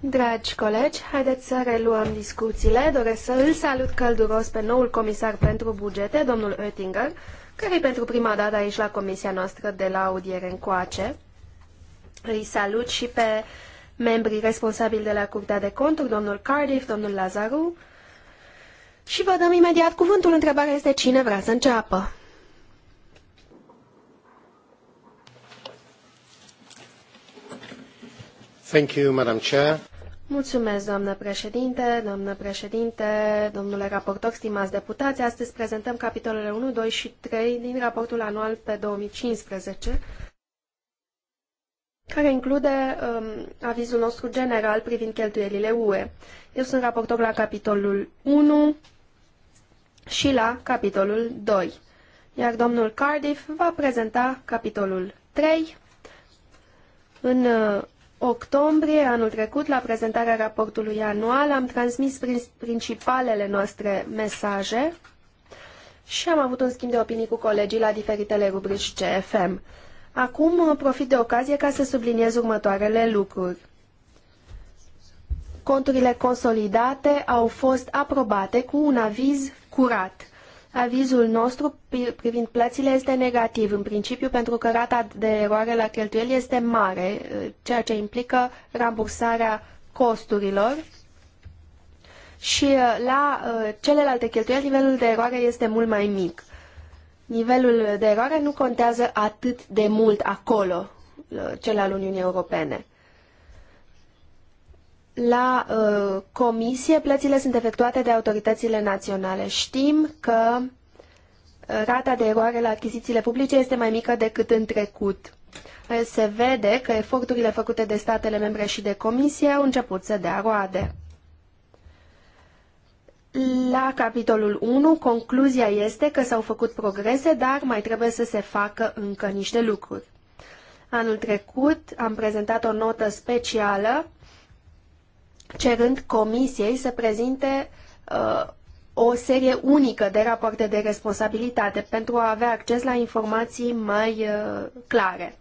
Dragi colegi, haideți să reluăm discuțiile. Doresc să îl salut călduros pe noul comisar pentru bugete, domnul Oettinger, care e pentru prima dată aici la comisia noastră de la audiere încoace. Îi salut și pe membrii responsabili de la Curtea de Conturi, domnul Cardiff, domnul Lazaru. Și vă dăm imediat cuvântul. Întrebarea este cine vrea să înceapă. Thank you, Madam Chair. Mulțumesc, doamnă președinte, doamnă președinte, domnule raportor, stimați deputați. Astăzi prezentăm capitolele 1, 2 și 3 din raportul anual pe 2015, care include um, avizul nostru general privind cheltuielile UE. Eu sunt raportor la capitolul 1 și la capitolul 2, iar domnul Cardiff va prezenta capitolul 3 în uh, octombrie anul trecut, la prezentarea raportului anual, am transmis principalele noastre mesaje și am avut un schimb de opinii cu colegii la diferitele rubrici CFM. Acum uh, profit de ocazie ca să subliniez următoarele lucruri. Conturile consolidate au fost aprobate cu un aviz curat. Avizul nostru privind plățile este negativ în principiu pentru că rata de eroare la cheltuieli este mare, ceea ce implică rambursarea costurilor și uh, la uh, celelalte cheltuieli nivelul de eroare este mult mai mic. Nivelul de eroare nu contează atât de mult acolo, uh, cel al Uniunii Europene. La uh, comisie, plățile sunt efectuate de autoritățile naționale. Știm că uh, rata de eroare la achizițiile publice este mai mică decât în trecut. Uh, se vede că eforturile făcute de statele membre și de comisie au început să dea roade. La capitolul 1, concluzia este că s-au făcut progrese, dar mai trebuie să se facă încă niște lucruri. Anul trecut am prezentat o notă specială cerând comisiei să prezinte uh, o serie unică de rapoarte de responsabilitate pentru a avea acces la informații mai uh, clare.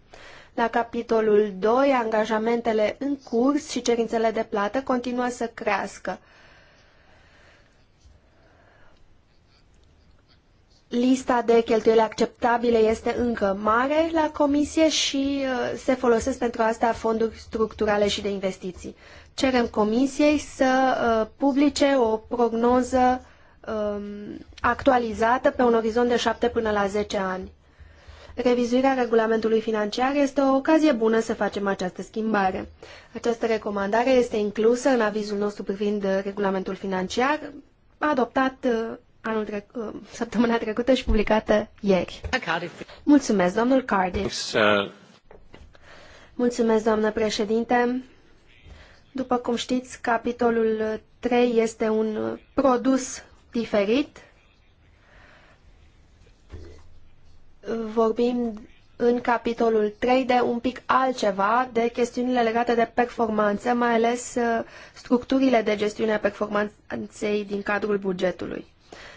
La capitolul 2, angajamentele în curs și cerințele de plată continuă să crească. Lista de cheltuieli acceptabile este încă mare la comisie și uh, se folosesc pentru asta fonduri structurale și de investiții cerem Comisiei să uh, publice o prognoză um, actualizată pe un orizont de 7 până la 10 ani. Revizuirea regulamentului financiar este o ocazie bună să facem această schimbare. Această recomandare este inclusă în avizul nostru privind uh, regulamentul financiar, adoptat uh, anul trec săptămâna trecută și publicată ieri. Mulțumesc, domnul Cardiff. Mulțumesc, doamnă președinte. După cum știți, capitolul 3 este un produs diferit. Vorbim în capitolul 3 de un pic altceva, de chestiunile legate de performanță, mai ales uh, structurile de gestiune a performanței din cadrul bugetului.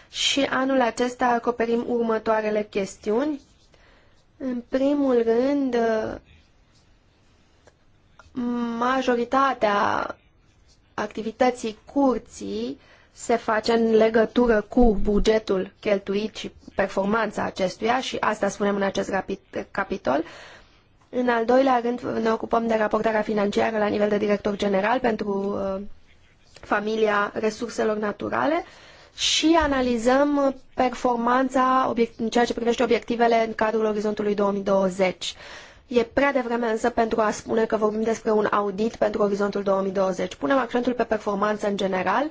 Și anul acesta acoperim următoarele chestiuni. În primul rând, uh, majoritatea activității curții se face în legătură cu bugetul cheltuit și performanța acestuia și asta spunem în acest rapid, capitol. În al doilea rând ne ocupăm de raportarea financiară la nivel de director general pentru uh, familia resurselor naturale și analizăm performanța în ceea ce privește obiectivele în cadrul orizontului 2020. E prea devreme însă pentru a spune că vorbim despre un audit pentru orizontul 2020. Punem accentul pe performanță în general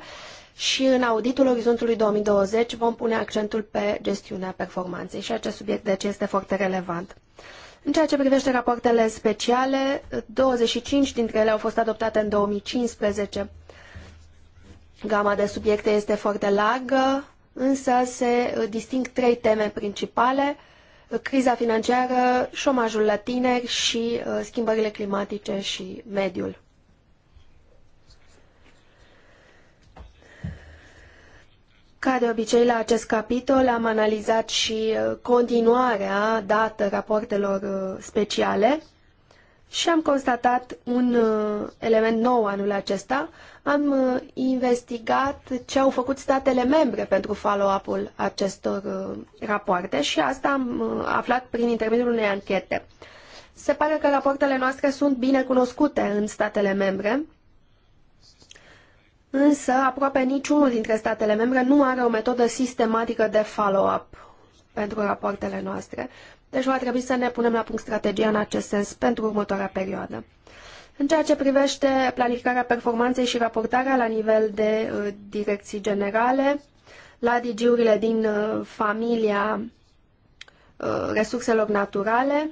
și în auditul orizontului 2020 vom pune accentul pe gestiunea performanței și acest subiect deci este foarte relevant. În ceea ce privește rapoartele speciale, 25 dintre ele au fost adoptate în 2015. Gama de subiecte este foarte largă, însă se uh, disting trei teme principale – criza financiară, șomajul la tineri și uh, schimbările climatice și mediul. Ca de obicei, la acest capitol am analizat și uh, continuarea dată rapoartelor uh, speciale și am constatat un element nou anul acesta, am uh, investigat ce au făcut statele membre pentru follow-up-ul acestor uh, rapoarte și asta am uh, aflat prin intermediul unei anchete. Se pare că rapoartele noastre sunt bine cunoscute în statele membre, însă aproape niciunul dintre statele membre nu are o metodă sistematică de follow-up pentru rapoartele noastre. Deci va trebui să ne punem la punct strategia în acest sens pentru următoarea perioadă. În ceea ce privește planificarea performanței și raportarea la nivel de uh, direcții generale, la digiurile din uh, familia uh, resurselor naturale,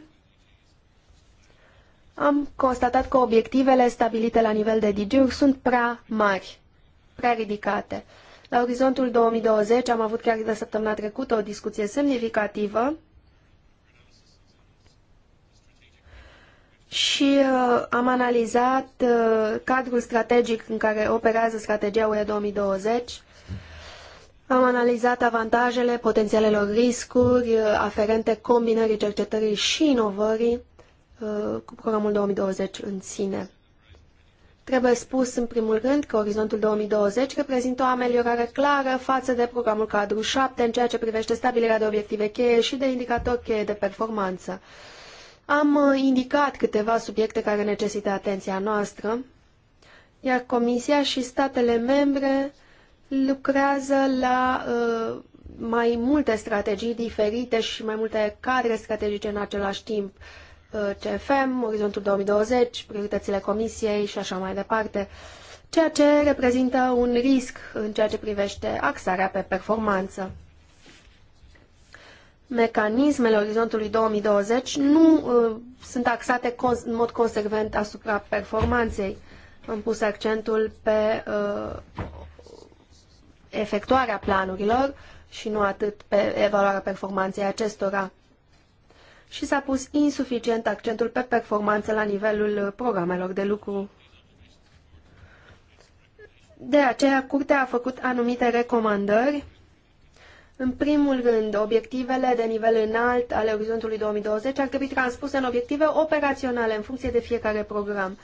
am constatat că obiectivele stabilite la nivel de digiuri sunt prea mari, prea ridicate. La orizontul 2020 am avut chiar de săptămâna trecută o discuție semnificativă și uh, am analizat uh, cadrul strategic în care operează strategia UE 2020. Am analizat avantajele, potențialelor riscuri uh, aferente combinării cercetării și inovării uh, cu programul 2020 în sine. Trebuie spus în primul rând că Orizontul 2020 reprezintă o ameliorare clară față de programul cadru 7 în ceea ce privește stabilirea de obiective cheie și de indicatori cheie de performanță. Uh, am uh, indicat câteva subiecte care necesită atenția noastră, iar Comisia și statele membre lucrează la uh, mai multe strategii diferite și mai multe cadre strategice în același timp. Uh, CFM, Orizontul 2020, prioritățile Comisiei și așa mai departe, ceea ce reprezintă un risc în ceea ce privește axarea pe performanță mecanismele orizontului 2020 nu uh, sunt axate în mod consecvent asupra performanței. Am pus accentul pe uh, efectuarea planurilor și nu atât pe evaluarea performanței acestora. Și s-a pus insuficient accentul pe performanță la nivelul uh, programelor de lucru. De aceea, Curtea a făcut anumite recomandări în primul rând, obiectivele de nivel înalt ale orizontului 2020 ar trebui transpuse în obiective operaționale în funcție de fiecare program,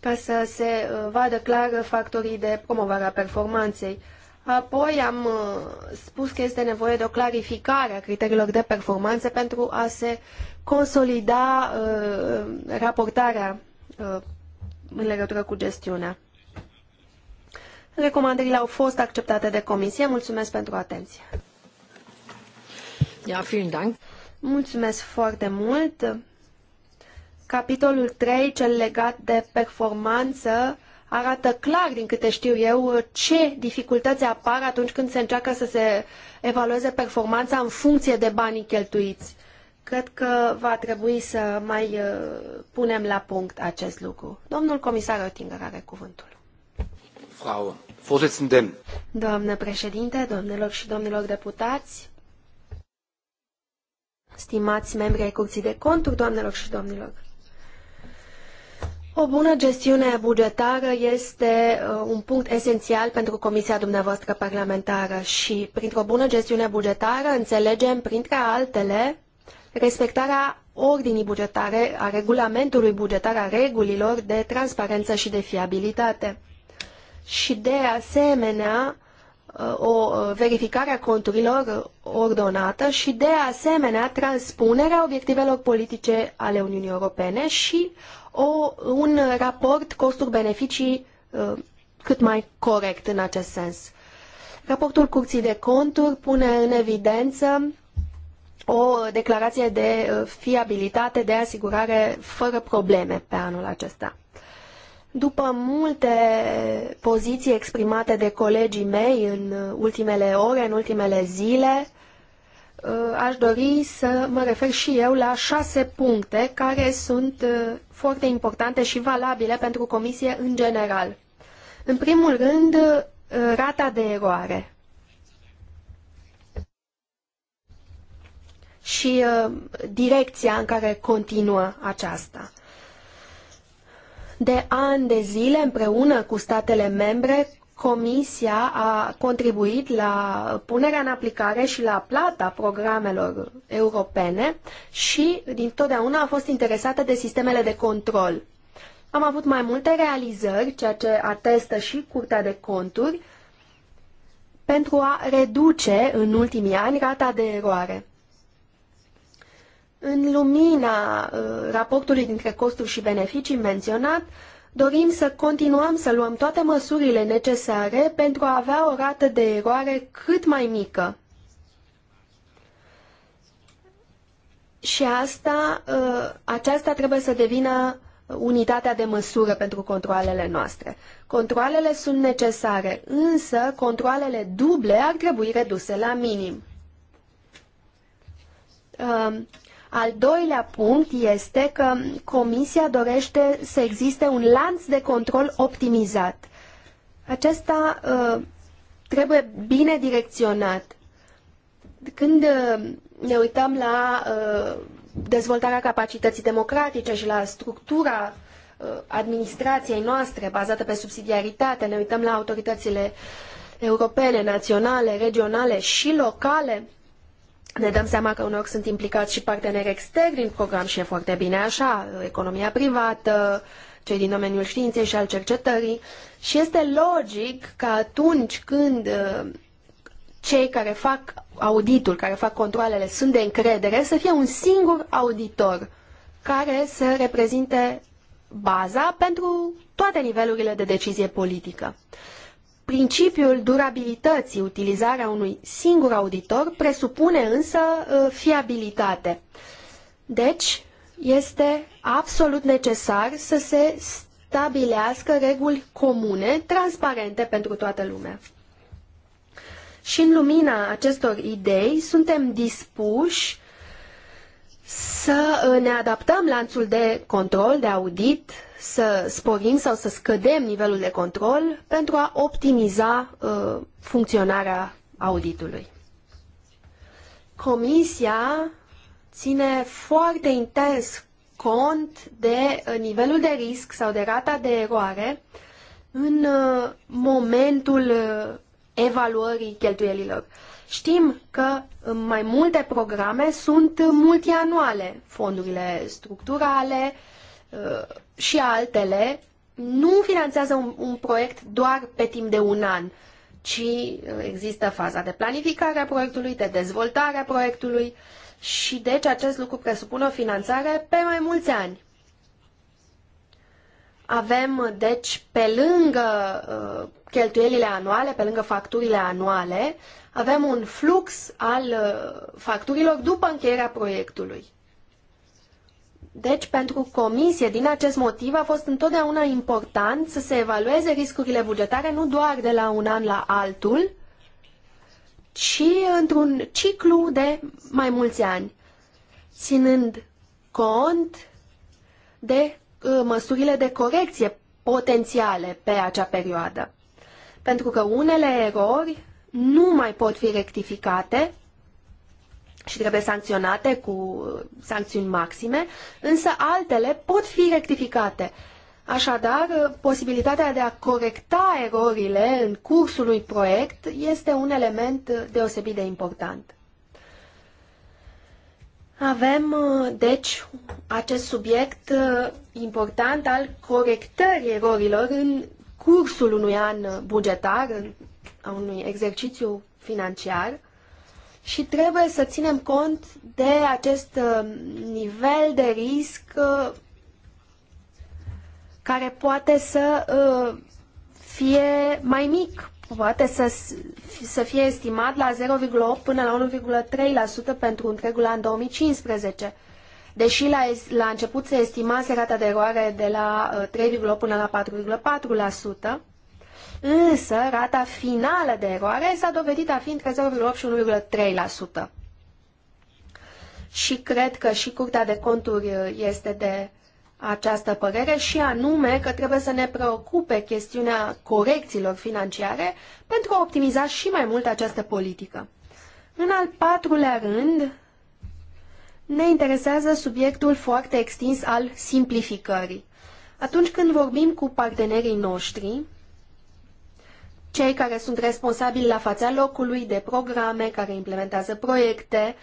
ca să se uh, vadă clar factorii de promovare a performanței. Apoi am uh, spus că este nevoie de o clarificare a criteriilor de performanță pentru a se consolida uh, raportarea în legătură cu gestiunea. Recomandările au fost acceptate de comisie. Mulțumesc pentru atenție. Ja, vielen Dank. Mulțumesc foarte mult. Capitolul 3, cel legat de performanță, arată clar, din câte știu eu, ce dificultăți apar atunci când se încearcă să se evalueze performanța în funcție de banii cheltuiți. Cred că va trebui să mai uh, punem la punct acest lucru. Domnul comisar Oettinger are cuvântul. Frau Vorsitzende. Doamnă președinte, domnilor și domnilor deputați, stimați membri ai Curții de Conturi, doamnelor și domnilor, o bună gestiune bugetară este uh, un punct esențial pentru Comisia dumneavoastră parlamentară și printr-o bună gestiune bugetară înțelegem, printre altele, respectarea ordinii bugetare, a regulamentului bugetar, a regulilor de transparență și de fiabilitate și de asemenea uh, o uh, verificare a conturilor ordonată și de asemenea transpunerea obiectivelor politice ale Uniunii Europene și o, un raport costuri-beneficii uh, cât mai corect în acest sens. Raportul Curții de Conturi pune în evidență o declarație de fiabilitate de asigurare fără probleme pe anul acesta. După multe poziții exprimate de colegii mei în ultimele ore, în ultimele zile, uh, aș dori să mă refer și eu la șase puncte care sunt uh, foarte importante și valabile pentru comisie în general. În primul rând, uh, rata de eroare. și direcția în care continuă aceasta. De ani de zile, împreună cu statele membre, Comisia a contribuit la punerea în aplicare și la plata programelor europene și din a fost interesată de sistemele de control. Am avut mai multe realizări, ceea ce atestă și Curtea de Conturi, pentru a reduce în ultimii ani rata de eroare. În lumina uh, raportului dintre costuri și beneficii menționat, dorim să continuăm să luăm toate măsurile necesare pentru a avea o rată de eroare cât mai mică. Și asta, uh, aceasta trebuie să devină unitatea de măsură pentru controalele noastre. Controalele sunt necesare, însă controalele duble ar trebui reduse la minim. Uh, al doilea punct este că Comisia dorește să existe un lanț de control optimizat. Acesta uh, trebuie bine direcționat. Când uh, ne uităm la uh, dezvoltarea capacității democratice și la structura uh, administrației noastre bazată pe subsidiaritate, ne uităm la autoritățile europene, naționale, regionale și locale, ne dăm seama că uneori sunt implicați și parteneri externi în program și e foarte bine așa, economia privată, cei din domeniul științei și al cercetării și este logic că atunci când uh, cei care fac auditul, care fac controlele, sunt de încredere, să fie un singur auditor care să reprezinte baza pentru toate nivelurile de decizie politică. Principiul durabilității, utilizarea unui singur auditor, presupune însă ă, fiabilitate. Deci, este absolut necesar să se stabilească reguli comune, transparente pentru toată lumea. Și în lumina acestor idei, suntem dispuși să ă, ne adaptăm lanțul de control, de audit, să sporim sau să scădem nivelul de control pentru a optimiza uh, funcționarea auditului. Comisia ține foarte intens cont de uh, nivelul de risc sau de rata de eroare în uh, momentul uh, evaluării cheltuielilor. Știm că mai multe programe sunt multianuale, fondurile structurale, Uh, și altele nu finanțează un, un proiect doar pe timp de un an, ci uh, există faza de planificare a proiectului, de dezvoltare a proiectului și deci acest lucru presupune o finanțare pe mai mulți ani. Avem, deci, pe lângă uh, cheltuielile anuale, pe lângă facturile anuale, avem un flux al uh, facturilor după încheierea proiectului. Deci, pentru comisie, din acest motiv, a fost întotdeauna important să se evalueze riscurile bugetare nu doar de la un an la altul, ci într-un ciclu de mai mulți ani, ținând cont de uh, măsurile de corecție potențiale pe acea perioadă. Pentru că unele erori nu mai pot fi rectificate și trebuie sancționate cu sancțiuni maxime, însă altele pot fi rectificate. Așadar, posibilitatea de a corecta erorile în cursul unui proiect este un element deosebit de important. Avem, deci, acest subiect important al corectării erorilor în cursul unui an bugetar, a unui exercițiu financiar, și trebuie să ținem cont de acest uh, nivel de risc uh, care poate să uh, fie mai mic, poate să, să fie estimat la 0,8 până la 1,3% pentru întregul an 2015. Deși la, la început se estimase rata de eroare de la 3,8 până la 4,4%, Însă, rata finală de eroare s-a dovedit a fi între 0,8 și 1,3%. Și cred că și Curtea de Conturi uh, este de această părere și anume că trebuie să ne preocupe chestiunea corecțiilor financiare pentru a optimiza și mai mult această politică. În al patrulea rând, ne interesează subiectul foarte extins al simplificării. Atunci când vorbim cu partenerii noștri, cei care sunt responsabili la fața locului de programe, care implementează proiecte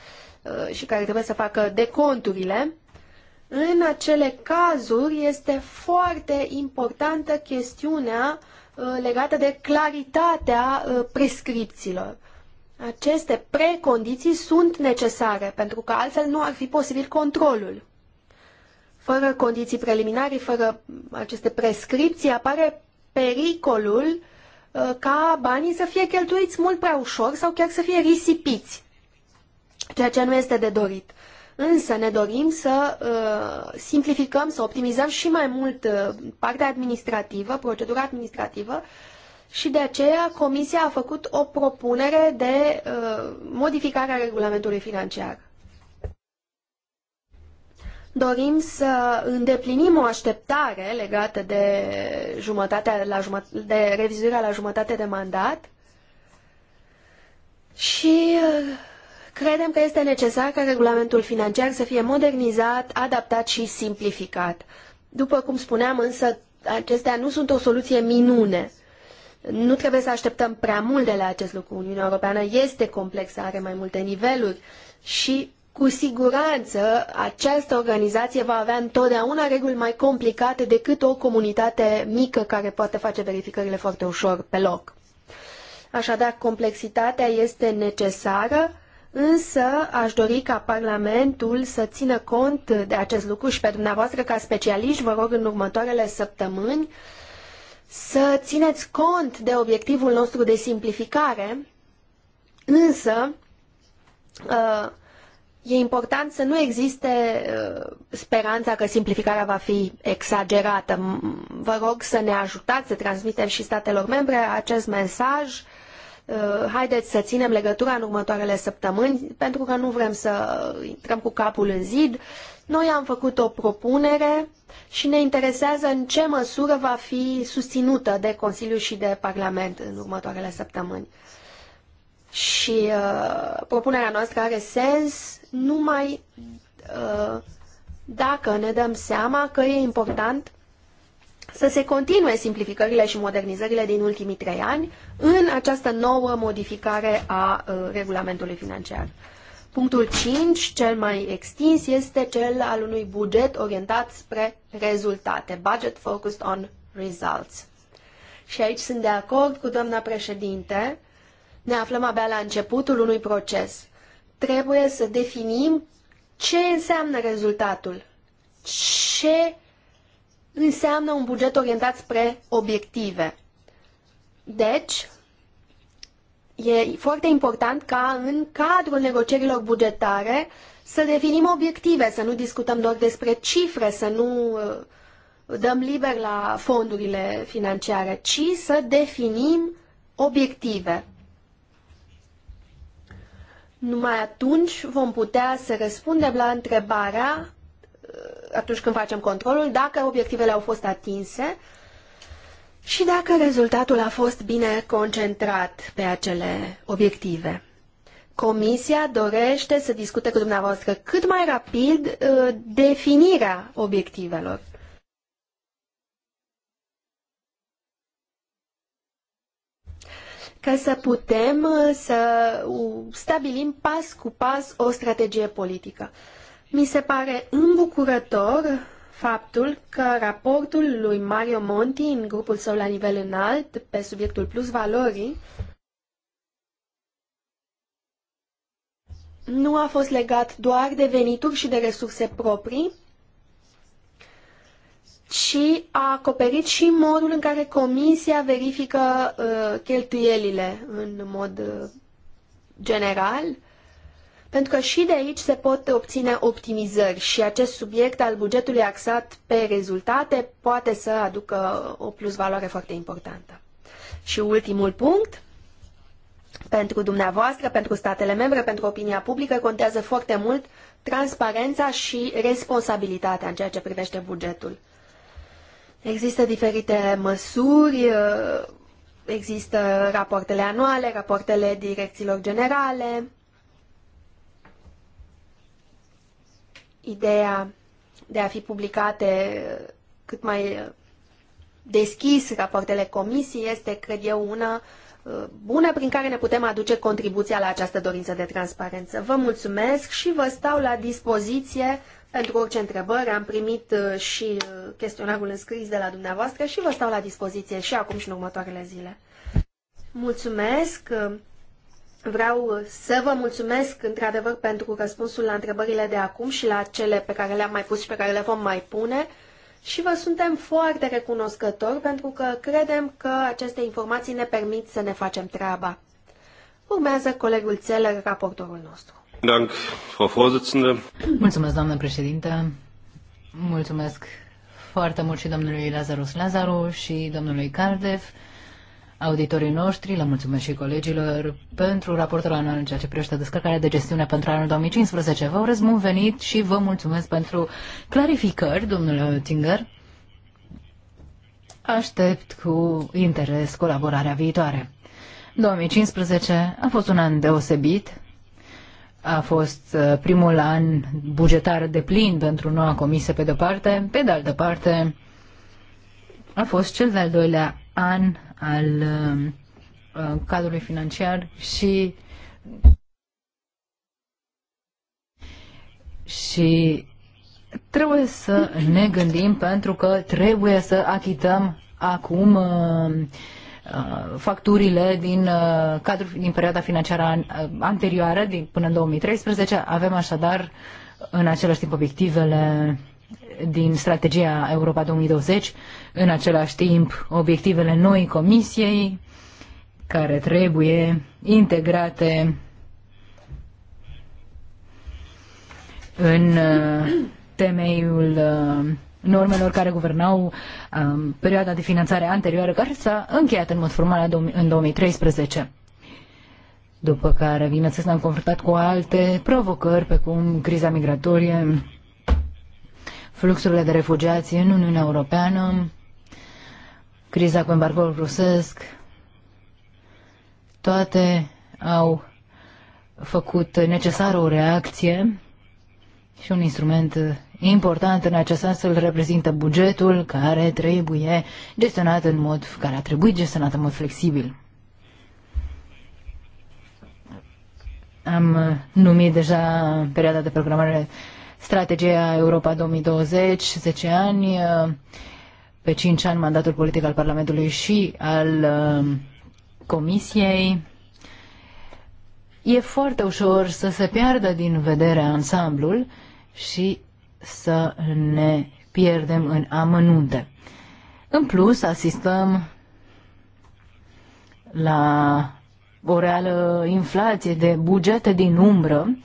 uh, și care trebuie să facă deconturile. În acele cazuri este foarte importantă chestiunea uh, legată de claritatea uh, prescripțiilor. Aceste precondiții sunt necesare, pentru că altfel nu ar fi posibil controlul. Fără condiții preliminare, fără aceste prescripții, apare pericolul Uh, ca banii să fie cheltuiți mult prea ușor sau chiar să fie risipiți, ceea ce nu este de dorit. Însă ne dorim să uh, simplificăm, să optimizăm și mai mult uh, partea administrativă, procedura administrativă și de aceea Comisia a făcut o propunere de uh, modificare a regulamentului financiar dorim să îndeplinim o așteptare legată de, jumătatea la jumătate, de revizuirea la jumătate de mandat și uh, credem că este necesar ca regulamentul financiar să fie modernizat, adaptat și simplificat. După cum spuneam, însă, acestea nu sunt o soluție minune. Nu trebuie să așteptăm prea mult de la acest lucru. Uniunea Europeană este complexă, are mai multe niveluri și cu siguranță, această organizație va avea întotdeauna reguli mai complicate decât o comunitate mică care poate face verificările foarte ușor pe loc. Așadar, complexitatea este necesară, însă aș dori ca Parlamentul să țină cont de acest lucru și pe dumneavoastră ca specialiști vă rog în următoarele săptămâni să țineți cont de obiectivul nostru de simplificare, însă uh, e important să nu existe uh, speranța că simplificarea va fi exagerată. Vă rog să ne ajutați să transmitem și statelor membre acest mesaj. Uh, haideți să ținem legătura în următoarele săptămâni, pentru că nu vrem să intrăm cu capul în zid. Noi am făcut o propunere și ne interesează în ce măsură va fi susținută de Consiliu și de Parlament în următoarele săptămâni. Și uh, propunerea noastră are sens numai uh, dacă ne dăm seama că e important să se continue simplificările și modernizările din ultimii trei ani în această nouă modificare a uh, regulamentului financiar. Punctul 5, cel mai extins, este cel al unui buget orientat spre rezultate, budget focused on results. Și aici sunt de acord cu doamna președinte, ne aflăm abia la începutul unui proces. Trebuie să definim ce înseamnă rezultatul, ce înseamnă un buget orientat spre obiective. Deci, e foarte important ca în cadrul negocierilor bugetare să definim obiective, să nu discutăm doar despre cifre, să nu uh, dăm liber la fondurile financiare, ci să definim obiective. Numai atunci vom putea să răspundem la întrebarea, uh, atunci când facem controlul, dacă obiectivele au fost atinse și dacă rezultatul a fost bine concentrat pe acele obiective. Comisia dorește să discute cu dumneavoastră cât mai rapid uh, definirea obiectivelor. ca să putem uh, să stabilim pas cu pas o strategie politică. Mi se pare îmbucurător faptul că raportul lui Mario Monti în grupul său la nivel înalt pe subiectul plus valorii nu a fost legat doar de venituri și de resurse proprii, și a acoperit și modul în care comisia verifică uh, cheltuielile în mod uh, general, pentru că și de aici se pot obține optimizări și acest subiect al bugetului axat pe rezultate poate să aducă o plusvaloare foarte importantă. Și ultimul punct, pentru dumneavoastră, pentru statele membre, pentru opinia publică, contează foarte mult transparența și responsabilitatea în ceea ce privește bugetul. Există diferite măsuri, uh, există rapoartele anuale, rapoartele direcțiilor generale. Ideea de a fi publicate cât mai deschis rapoartele comisiei este, cred eu, una uh, bună prin care ne putem aduce contribuția la această dorință de transparență. Vă mulțumesc și vă stau la dispoziție pentru orice întrebări am primit uh, și uh, chestionarul înscris de la dumneavoastră și vă stau la dispoziție și acum și în următoarele zile. Mulțumesc! Uh, vreau să vă mulțumesc într-adevăr pentru răspunsul la întrebările de acum și la cele pe care le-am mai pus și pe care le vom mai pune și vă suntem foarte recunoscători pentru că credem că aceste informații ne permit să ne facem treaba. Urmează colegul Țeler, raportorul nostru. Mulțumesc, doamnă președinte. Mulțumesc foarte mult și domnului Lazarus Lazaru și domnului Cardef, auditorii noștri, le mulțumesc și colegilor pentru raportul anual în ceea ce privește descărcarea de gestiune pentru anul 2015. Vă urez bun venit și vă mulțumesc pentru clarificări, domnule Tinger. Aștept cu interes colaborarea viitoare. 2015 a fost un an deosebit, a fost uh, primul an bugetar de plin pentru noua comisie pe de-o parte, pe de altă parte a fost cel de-al doilea an al uh, uh, cadrului financiar și și trebuie să ne gândim pentru că trebuie să achităm acum uh, Uh, facturile din, uh, cadru, din perioada financiară uh, anterioară, din, până în 2013. Avem așadar în același timp obiectivele din strategia Europa 2020, în același timp obiectivele noi comisiei, care trebuie integrate în temeiul normelor care guvernau um, perioada de finanțare anterioară, care s-a încheiat în mod formal în 2013. După care, bineînțeles, ne-am confruntat cu alte provocări, pe cum criza migratorie, fluxurile de refugiați în Uniunea Europeană, criza cu embargoul rusesc, toate au făcut necesară o reacție și un instrument Important în acest sens îl reprezintă bugetul care trebuie gestionat în mod, care a trebuit gestionat în mod flexibil. Am numit deja perioada de programare Strategia Europa 2020, 10 ani, pe 5 ani mandatul politic al Parlamentului și al uh, Comisiei. E foarte ușor să se piardă din vedere ansamblul și să ne pierdem în amănunte. În plus, asistăm la o reală inflație de bugete din umbră,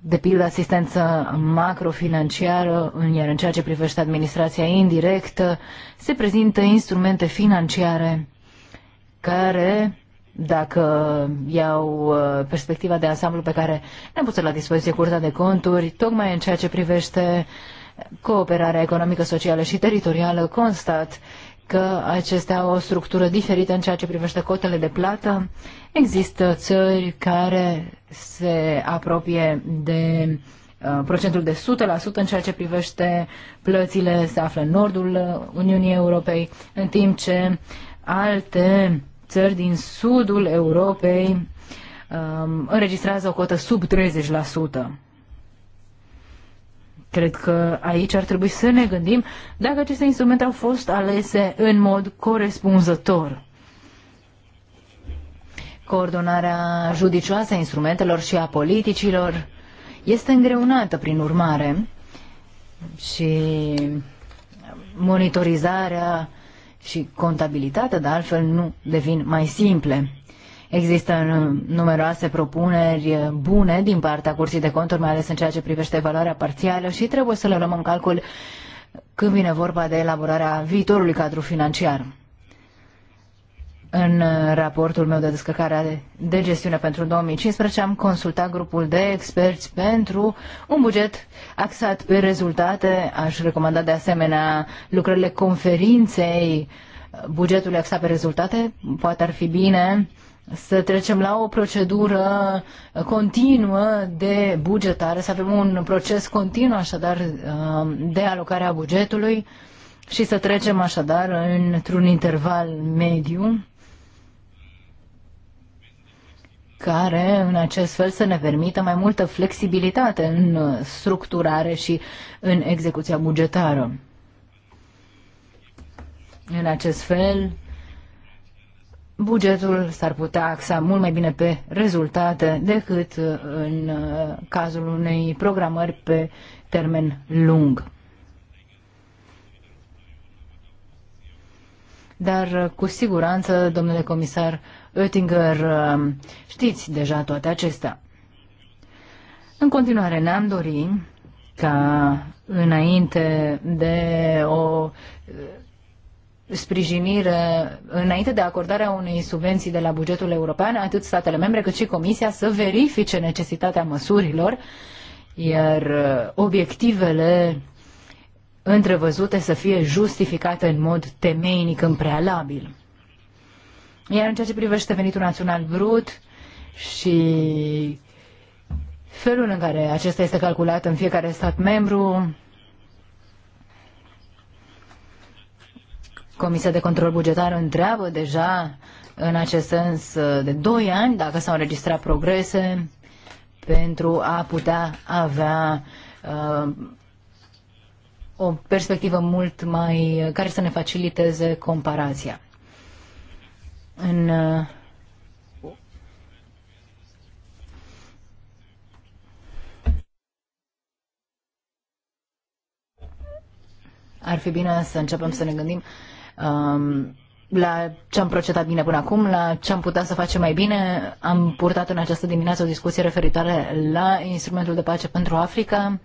de pildă asistență macrofinanciară, iar în ceea ce privește administrația indirectă, se prezintă instrumente financiare care dacă iau uh, perspectiva de ansamblu pe care ne-am pus la dispoziție Curtea de Conturi, tocmai în ceea ce privește cooperarea economică, socială și teritorială, constat că acestea au o structură diferită în ceea ce privește cotele de plată. Există țări care se apropie de uh, procentul de 100% în ceea ce privește plățile se află în nordul uh, Uniunii Europei, în timp ce alte țări din sudul Europei um, înregistrează o cotă sub 30%. Cred că aici ar trebui să ne gândim dacă aceste instrumente au fost alese în mod corespunzător. Coordonarea judicioasă a instrumentelor și a politicilor este îngreunată, prin urmare, și monitorizarea și contabilitate, dar altfel nu devin mai simple. Există uh, numeroase propuneri uh, bune din partea Curții de Conturi, mai ales în ceea ce privește valoarea parțială și trebuie să le luăm în calcul când vine vorba de elaborarea viitorului cadru financiar. În raportul meu de descărcare de gestiune pentru 2015 am consultat grupul de experți pentru un buget axat pe rezultate. Aș recomanda de asemenea lucrările conferinței bugetului axat pe rezultate. Poate ar fi bine să trecem la o procedură continuă de bugetare, să avem un proces continuu așadar um, de alocarea bugetului și să trecem așadar într-un interval mediu care în acest fel să ne permită mai multă flexibilitate în structurare și în execuția bugetară. În acest fel, bugetul s-ar putea axa mult mai bine pe rezultate decât uh, în uh, cazul unei programări pe termen lung. Dar uh, cu siguranță, domnule comisar, Oettinger, um, știți deja toate acestea. În continuare, ne-am dorit ca înainte de o uh, sprijinire, înainte de acordarea unei subvenții de la bugetul european, atât statele membre cât și Comisia să verifice necesitatea măsurilor, iar uh, obiectivele întrevăzute să fie justificate în mod temeinic în prealabil. Iar în ceea ce privește venitul național brut și felul în care acesta este calculat în fiecare stat membru, Comisia de Control Bugetar întreabă deja în acest sens de 2 ani dacă s-au înregistrat progrese pentru a putea avea uh, o perspectivă mult mai care să ne faciliteze comparația în uh, ar fi bine să începem să ne gândim um, la ce am procedat bine până acum, la ce am putea să facem mai bine. Am purtat în această dimineață o discuție referitoare la instrumentul de pace pentru Africa.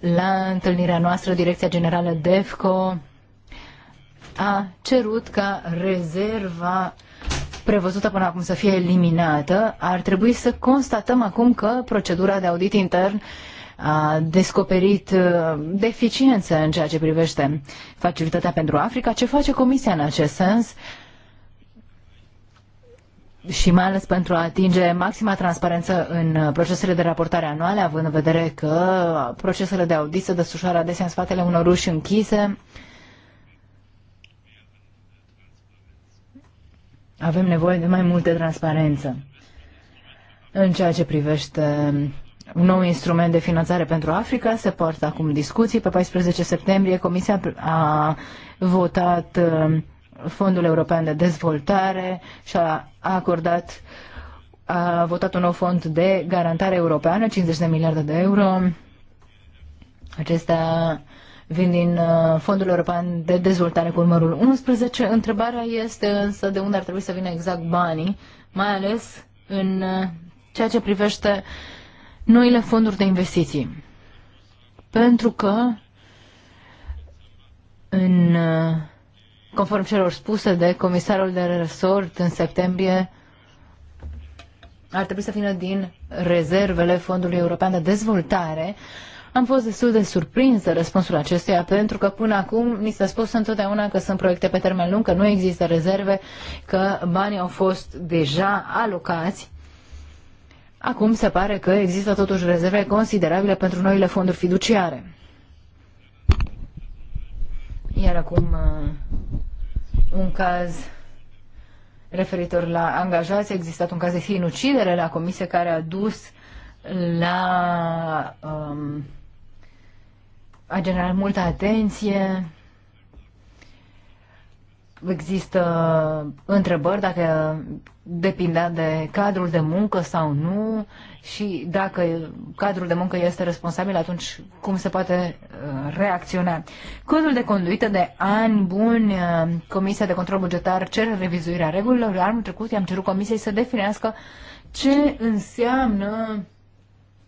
La întâlnirea noastră, Direcția Generală DEFCO a cerut ca rezerva prevăzută până acum să fie eliminată, ar trebui să constatăm acum că procedura de audit intern a descoperit uh, deficiențe în ceea ce privește facilitatea pentru Africa. Ce face Comisia în acest sens? și mai ales pentru a atinge maxima transparență în procesele de raportare anuale, având în vedere că procesele de audit se desfășoară adesea în spatele unor uși închise, uh, Avem nevoie de mai multă transparență în ceea ce privește un nou instrument de finanțare pentru Africa. Se poartă acum discuții. Pe 14 septembrie Comisia a votat uh, Fondul European de Dezvoltare și a acordat a votat un nou fond de garantare europeană, 50 de miliarde de euro. Acestea vin din uh, Fondul European de Dezvoltare cu numărul 11. Întrebarea este însă de unde ar trebui să vină exact banii, mai ales în uh, ceea ce privește noile fonduri de investiții. Pentru că în uh, conform celor spuse de comisarul de resort în septembrie, ar trebui să vină din rezervele Fondului European de Dezvoltare am fost destul de surprins de răspunsul acestuia, pentru că până acum ni s-a spus întotdeauna că sunt proiecte pe termen lung, că nu există rezerve, că banii au fost deja alocați. Acum se pare că există totuși rezerve considerabile pentru noile fonduri fiduciare. Iar acum uh, un caz referitor la angajați, a existat un caz de sinucidere la comisie care a dus la um, a generat multă atenție. Există întrebări dacă depindea de cadrul de muncă sau nu și dacă cadrul de muncă este responsabil, atunci cum se poate uh, reacționa. Codul de conduită de ani buni, uh, Comisia de Control Bugetar cere revizuirea regulilor. Anul trecut i-am cerut Comisiei să definească ce înseamnă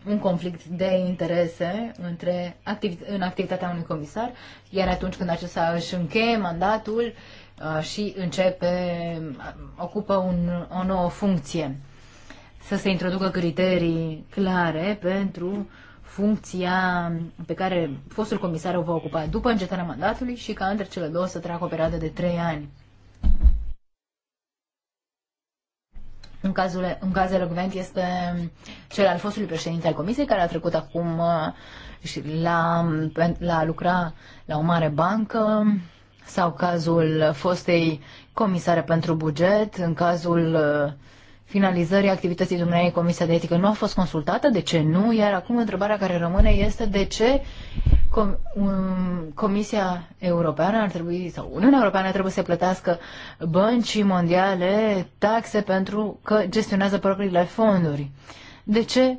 un conflict de interese între activ- în activitatea unui comisar, iar atunci când acesta își încheie mandatul uh, și începe, uh, ocupă un, o nouă funcție. Să se introducă criterii clare pentru funcția pe care fostul comisar o va ocupa după încetarea mandatului și ca între cele două să treacă o perioadă de trei ani. În cazul, în caz elocvent este cel al fostului președinte al comisiei care a trecut acum uh, și la, la lucra la o mare bancă sau cazul fostei comisare pentru buget, în cazul uh, finalizării activității dumneavoastră Comisia de Etică nu a fost consultată, de ce nu? Iar acum întrebarea care rămâne este de ce Comisia Europeană ar trebui, sau Uniunea Europeană trebuie să plătească băncii mondiale taxe pentru că gestionează propriile fonduri. De ce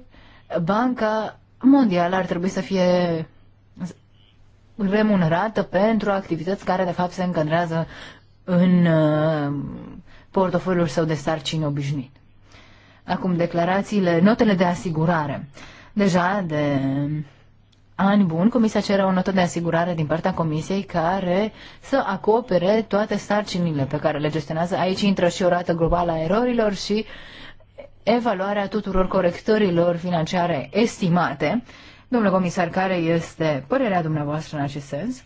Banca Mondială ar trebui să fie remunerată pentru activități care de fapt se încadrează în uh, portofoliul său de sarcini obișnuit. Acum declarațiile, notele de asigurare. Deja de ani buni, Comisia cere o notă de asigurare din partea Comisiei care să acopere toate sarcinile pe care le gestionează. Aici intră și o rată globală a erorilor și evaluarea tuturor corectărilor financiare estimate. Domnule comisar, care este părerea dumneavoastră în acest sens?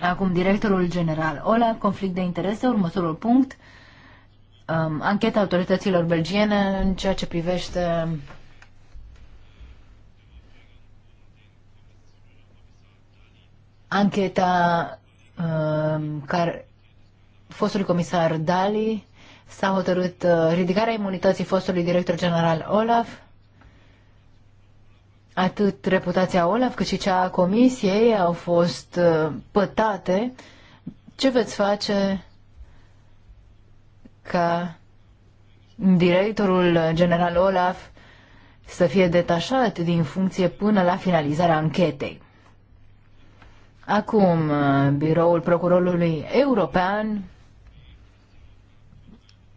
Acum, directorul general Ola, conflict de interese, următorul punct um, ancheta autorităților belgiene în ceea ce privește ancheta um, care fostului comisar Dali s-a hotărât uh, ridicarea imunității fostului director general Olaf atât reputația Olaf cât și cea a comisiei au fost uh, pătate. Ce veți face ca directorul general Olaf să fie detașat din funcție până la finalizarea anchetei. Acum, uh, biroul procurorului european,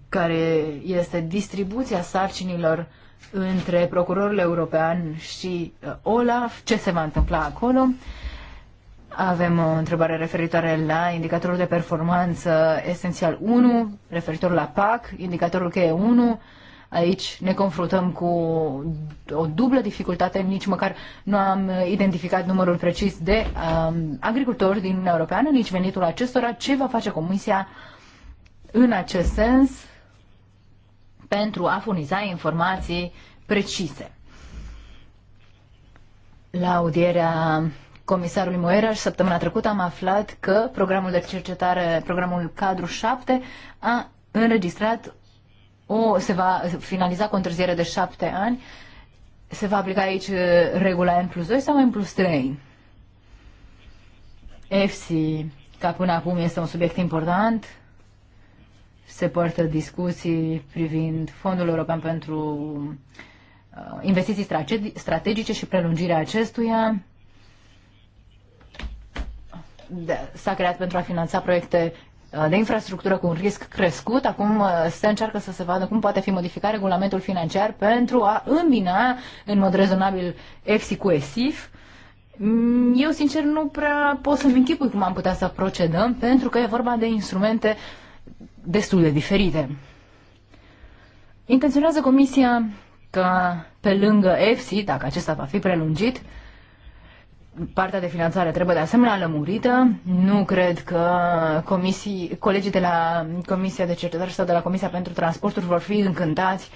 care este distribuția sarcinilor între procurorul european și uh, Olaf, ce se va întâmpla acolo, avem o întrebare referitoare la indicatorul de performanță esențial 1, referitor la PAC, indicatorul cheie 1. Aici ne confruntăm cu o dublă dificultate, nici măcar nu am identificat numărul precis de um, agricultori din Uniunea Europeană, nici venitul acestora. Ce va face Comisia în acest sens pentru a furniza informații precise? La audierea comisarului Moera și săptămâna trecută am aflat că programul de cercetare, programul cadru 7, a înregistrat o, se va finaliza cu o întârziere de 7 ani. Se va aplica aici uh, regula N plus 2 sau N plus 3? EFSI, ca până acum este un subiect important, se poartă discuții privind Fondul European pentru uh, investiții strategice și prelungirea acestuia s-a creat pentru a finanța proiecte uh, de infrastructură cu un risc crescut. Acum uh, se încearcă să se vadă cum poate fi modificat regulamentul financiar pentru a îmbina în mod rezonabil EFSI cu ESIF. Mm, eu, sincer, nu prea pot să-mi închipui cum am putea să procedăm, pentru că e vorba de instrumente destul de diferite. Intenționează Comisia ca pe lângă EFSI, dacă acesta va fi prelungit, Partea de finanțare trebuie de asemenea lămurită. Nu cred că comisii, colegii de la Comisia de Cercetare sau de la Comisia pentru Transporturi vor fi încântați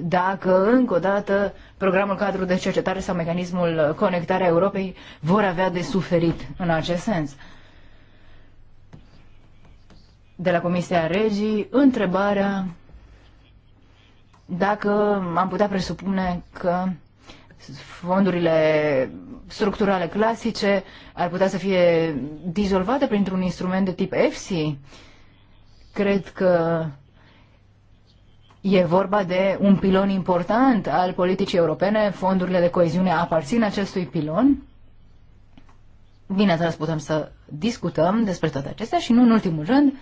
dacă încă o dată programul cadru de cercetare sau mecanismul conectarea Europei vor avea de suferit în acest sens. De la Comisia Regii, întrebarea dacă am putea presupune că fondurile structurale clasice ar putea să fie dizolvate printr-un instrument de tip EFSI. Cred că e vorba de un pilon important al politicii europene. Fondurile de coeziune aparțin acestui pilon. Bineînțeles, putem să discutăm despre toate acestea și nu în ultimul rând.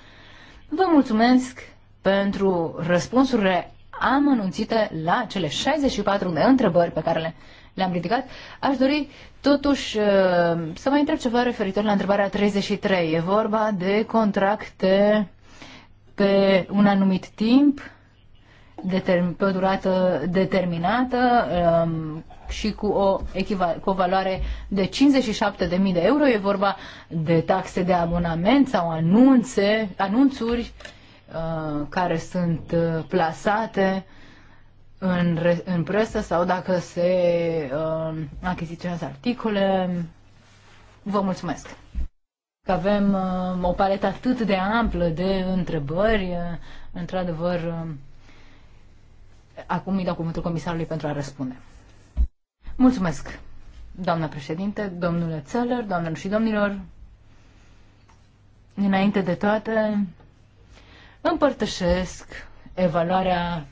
Vă mulțumesc pentru răspunsurile amănunțite la cele 64 de întrebări pe care le, le-am ridicat. Aș dori totuși uh, să mai întreb ceva referitor la întrebarea 33. E vorba de contracte pe un anumit timp, pe o durată determinată um, și cu o, cu o valoare de 57.000 de euro. E vorba de taxe de abonament sau anunțe, anunțuri Uh, care sunt uh, plasate în, în presă sau dacă se uh, achiziționează articole. Vă mulțumesc! Că avem uh, o paletă atât de amplă de întrebări, uh, într-adevăr, uh, acum îi dau cuvântul comisarului pentru a răspunde. Mulțumesc, doamna președinte, domnule Țeller, doamnelor și domnilor. Înainte de toate, împărtășesc evaluarea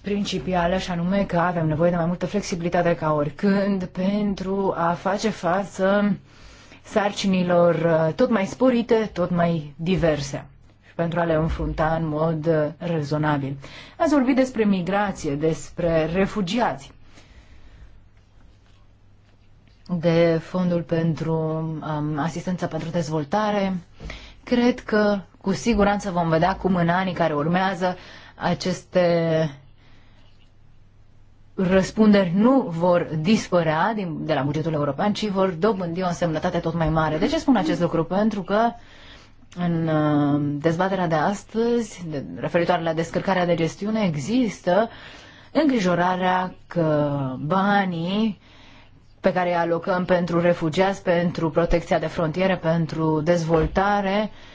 principială și anume că avem nevoie de mai multă flexibilitate ca oricând pentru a face față sarcinilor uh, tot mai sporite, tot mai diverse și pentru a le înfrunta în mod uh, rezonabil. Ați vorbit despre migrație, despre refugiați, de fondul pentru um, asistența pentru dezvoltare. Cred că cu siguranță vom vedea cum în anii care urmează aceste răspunderi nu vor dispărea din, de la bugetul european, ci vor dobândi o însemnătate tot mai mare. De ce spun acest lucru? Pentru că în uh, dezbaterea de astăzi, de, referitoare la descărcarea de gestiune, există îngrijorarea că banii pe care îi alocăm pentru refugiați, pentru protecția de frontiere, pentru dezvoltare, uh,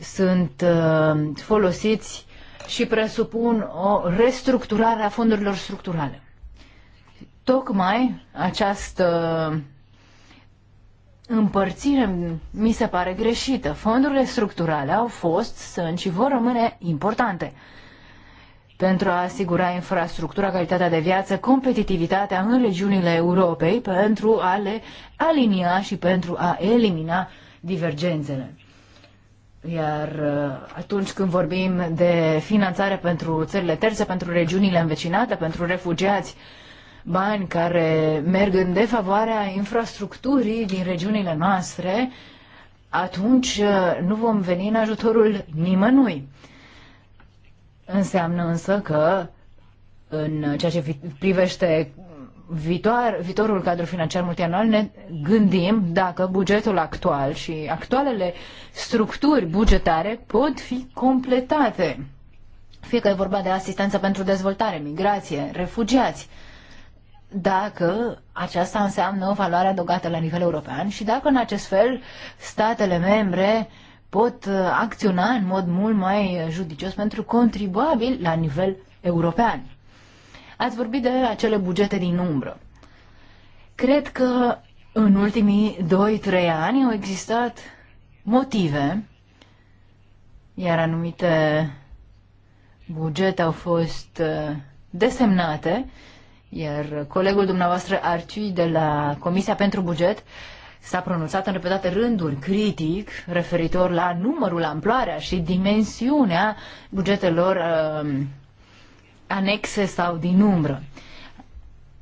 sunt uh, folosiți și presupun o restructurare a fondurilor structurale. Tocmai această împărțire mi se pare greșită. Fondurile structurale au fost, sunt și vor rămâne importante pentru a asigura infrastructura, calitatea de viață, competitivitatea în regiunile Europei, pentru a le alinia și pentru a elimina divergențele. Iar uh, atunci când vorbim de finanțare pentru țările terțe, pentru regiunile învecinate, pentru refugiați, bani care merg în defavoarea infrastructurii din regiunile noastre, atunci uh, nu vom veni în ajutorul nimănui. Înseamnă însă că în ceea ce privește viitor, viitorul cadru financiar multianual ne gândim dacă bugetul actual și actualele structuri bugetare pot fi completate. Fie că e vorba de asistență pentru dezvoltare, migrație, refugiați, dacă aceasta înseamnă o valoare adăugată la nivel european și dacă în acest fel statele membre pot uh, acționa în mod mult mai uh, judicios pentru contribuabil la nivel european. Ați vorbit de acele bugete din umbră. Cred că în ultimii 2-3 ani au existat motive, iar anumite bugete au fost uh, desemnate, iar colegul dumneavoastră Arciui de la Comisia pentru Buget s-a pronunțat în repetate rânduri critic referitor la numărul, amploarea și dimensiunea bugetelor uh, anexe sau din umbră.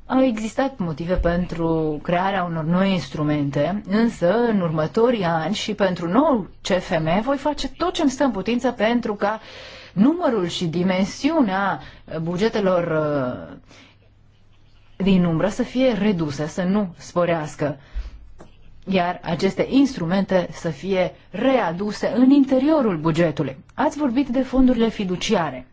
Au existat motive pentru crearea unor noi instrumente, însă în următorii ani și pentru noul CFM voi face tot ce îmi stă în putință pentru ca numărul și dimensiunea bugetelor uh, din umbră să fie reduse, să nu sporească, iar aceste instrumente să fie readuse în interiorul bugetului. Ați vorbit de fondurile fiduciare.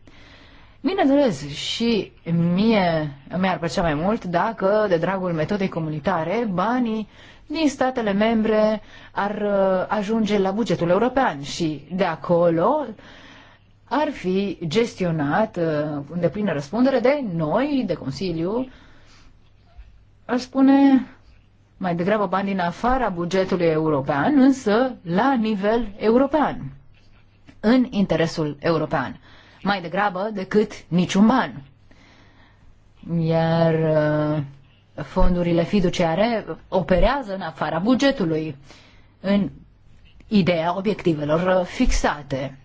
Bineînțeles, și mie mi-ar plăcea mai mult dacă, de dragul metodei comunitare, banii din statele membre ar uh, ajunge la bugetul european și de acolo ar fi gestionat uh, de plină răspundere de noi, de Consiliu, aș spune mai degrabă bani din afara bugetului european, însă la nivel european, în interesul european mai degrabă decât niciun ban. Iar uh, fondurile fiduciare operează în afara bugetului, în ideea obiectivelor uh, fixate,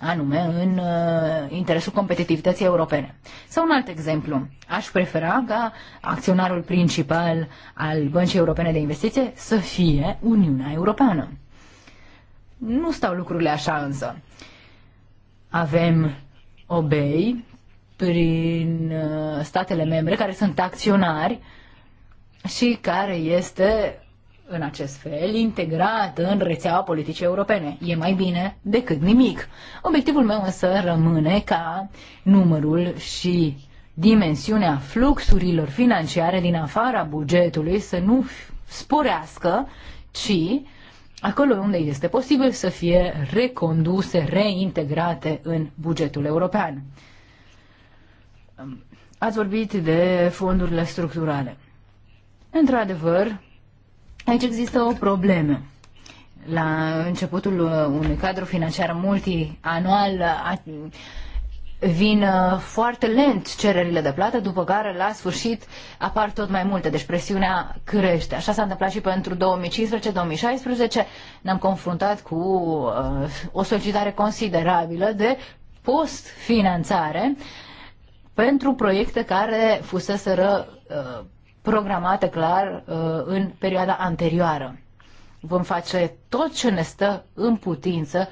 anume în uh, interesul competitivității europene. Sau un alt exemplu, aș prefera ca acționarul principal al Băncii Europene de Investiție să fie Uniunea Europeană. Nu stau lucrurile așa însă. Uh, avem obei prin uh, statele membre care sunt acționari și care este în acest fel integrat în rețeaua politice europene. E mai bine decât nimic. Obiectivul meu însă rămâne ca numărul și dimensiunea fluxurilor financiare din afara bugetului să nu sporească, ci acolo unde este posibil să fie reconduse, reintegrate în bugetul european. Ați vorbit de fondurile structurale. Într-adevăr, aici există o problemă. La începutul unui cadru financiar multianual, vin uh, foarte lent cererile de plată, după care la sfârșit apar tot mai multe, deci presiunea crește. Așa s-a întâmplat și pentru 2015-2016, ne-am confruntat cu uh, o solicitare considerabilă de postfinanțare pentru proiecte care fuseseră uh, programate clar în perioada anterioară. Vom face tot ce ne stă în putință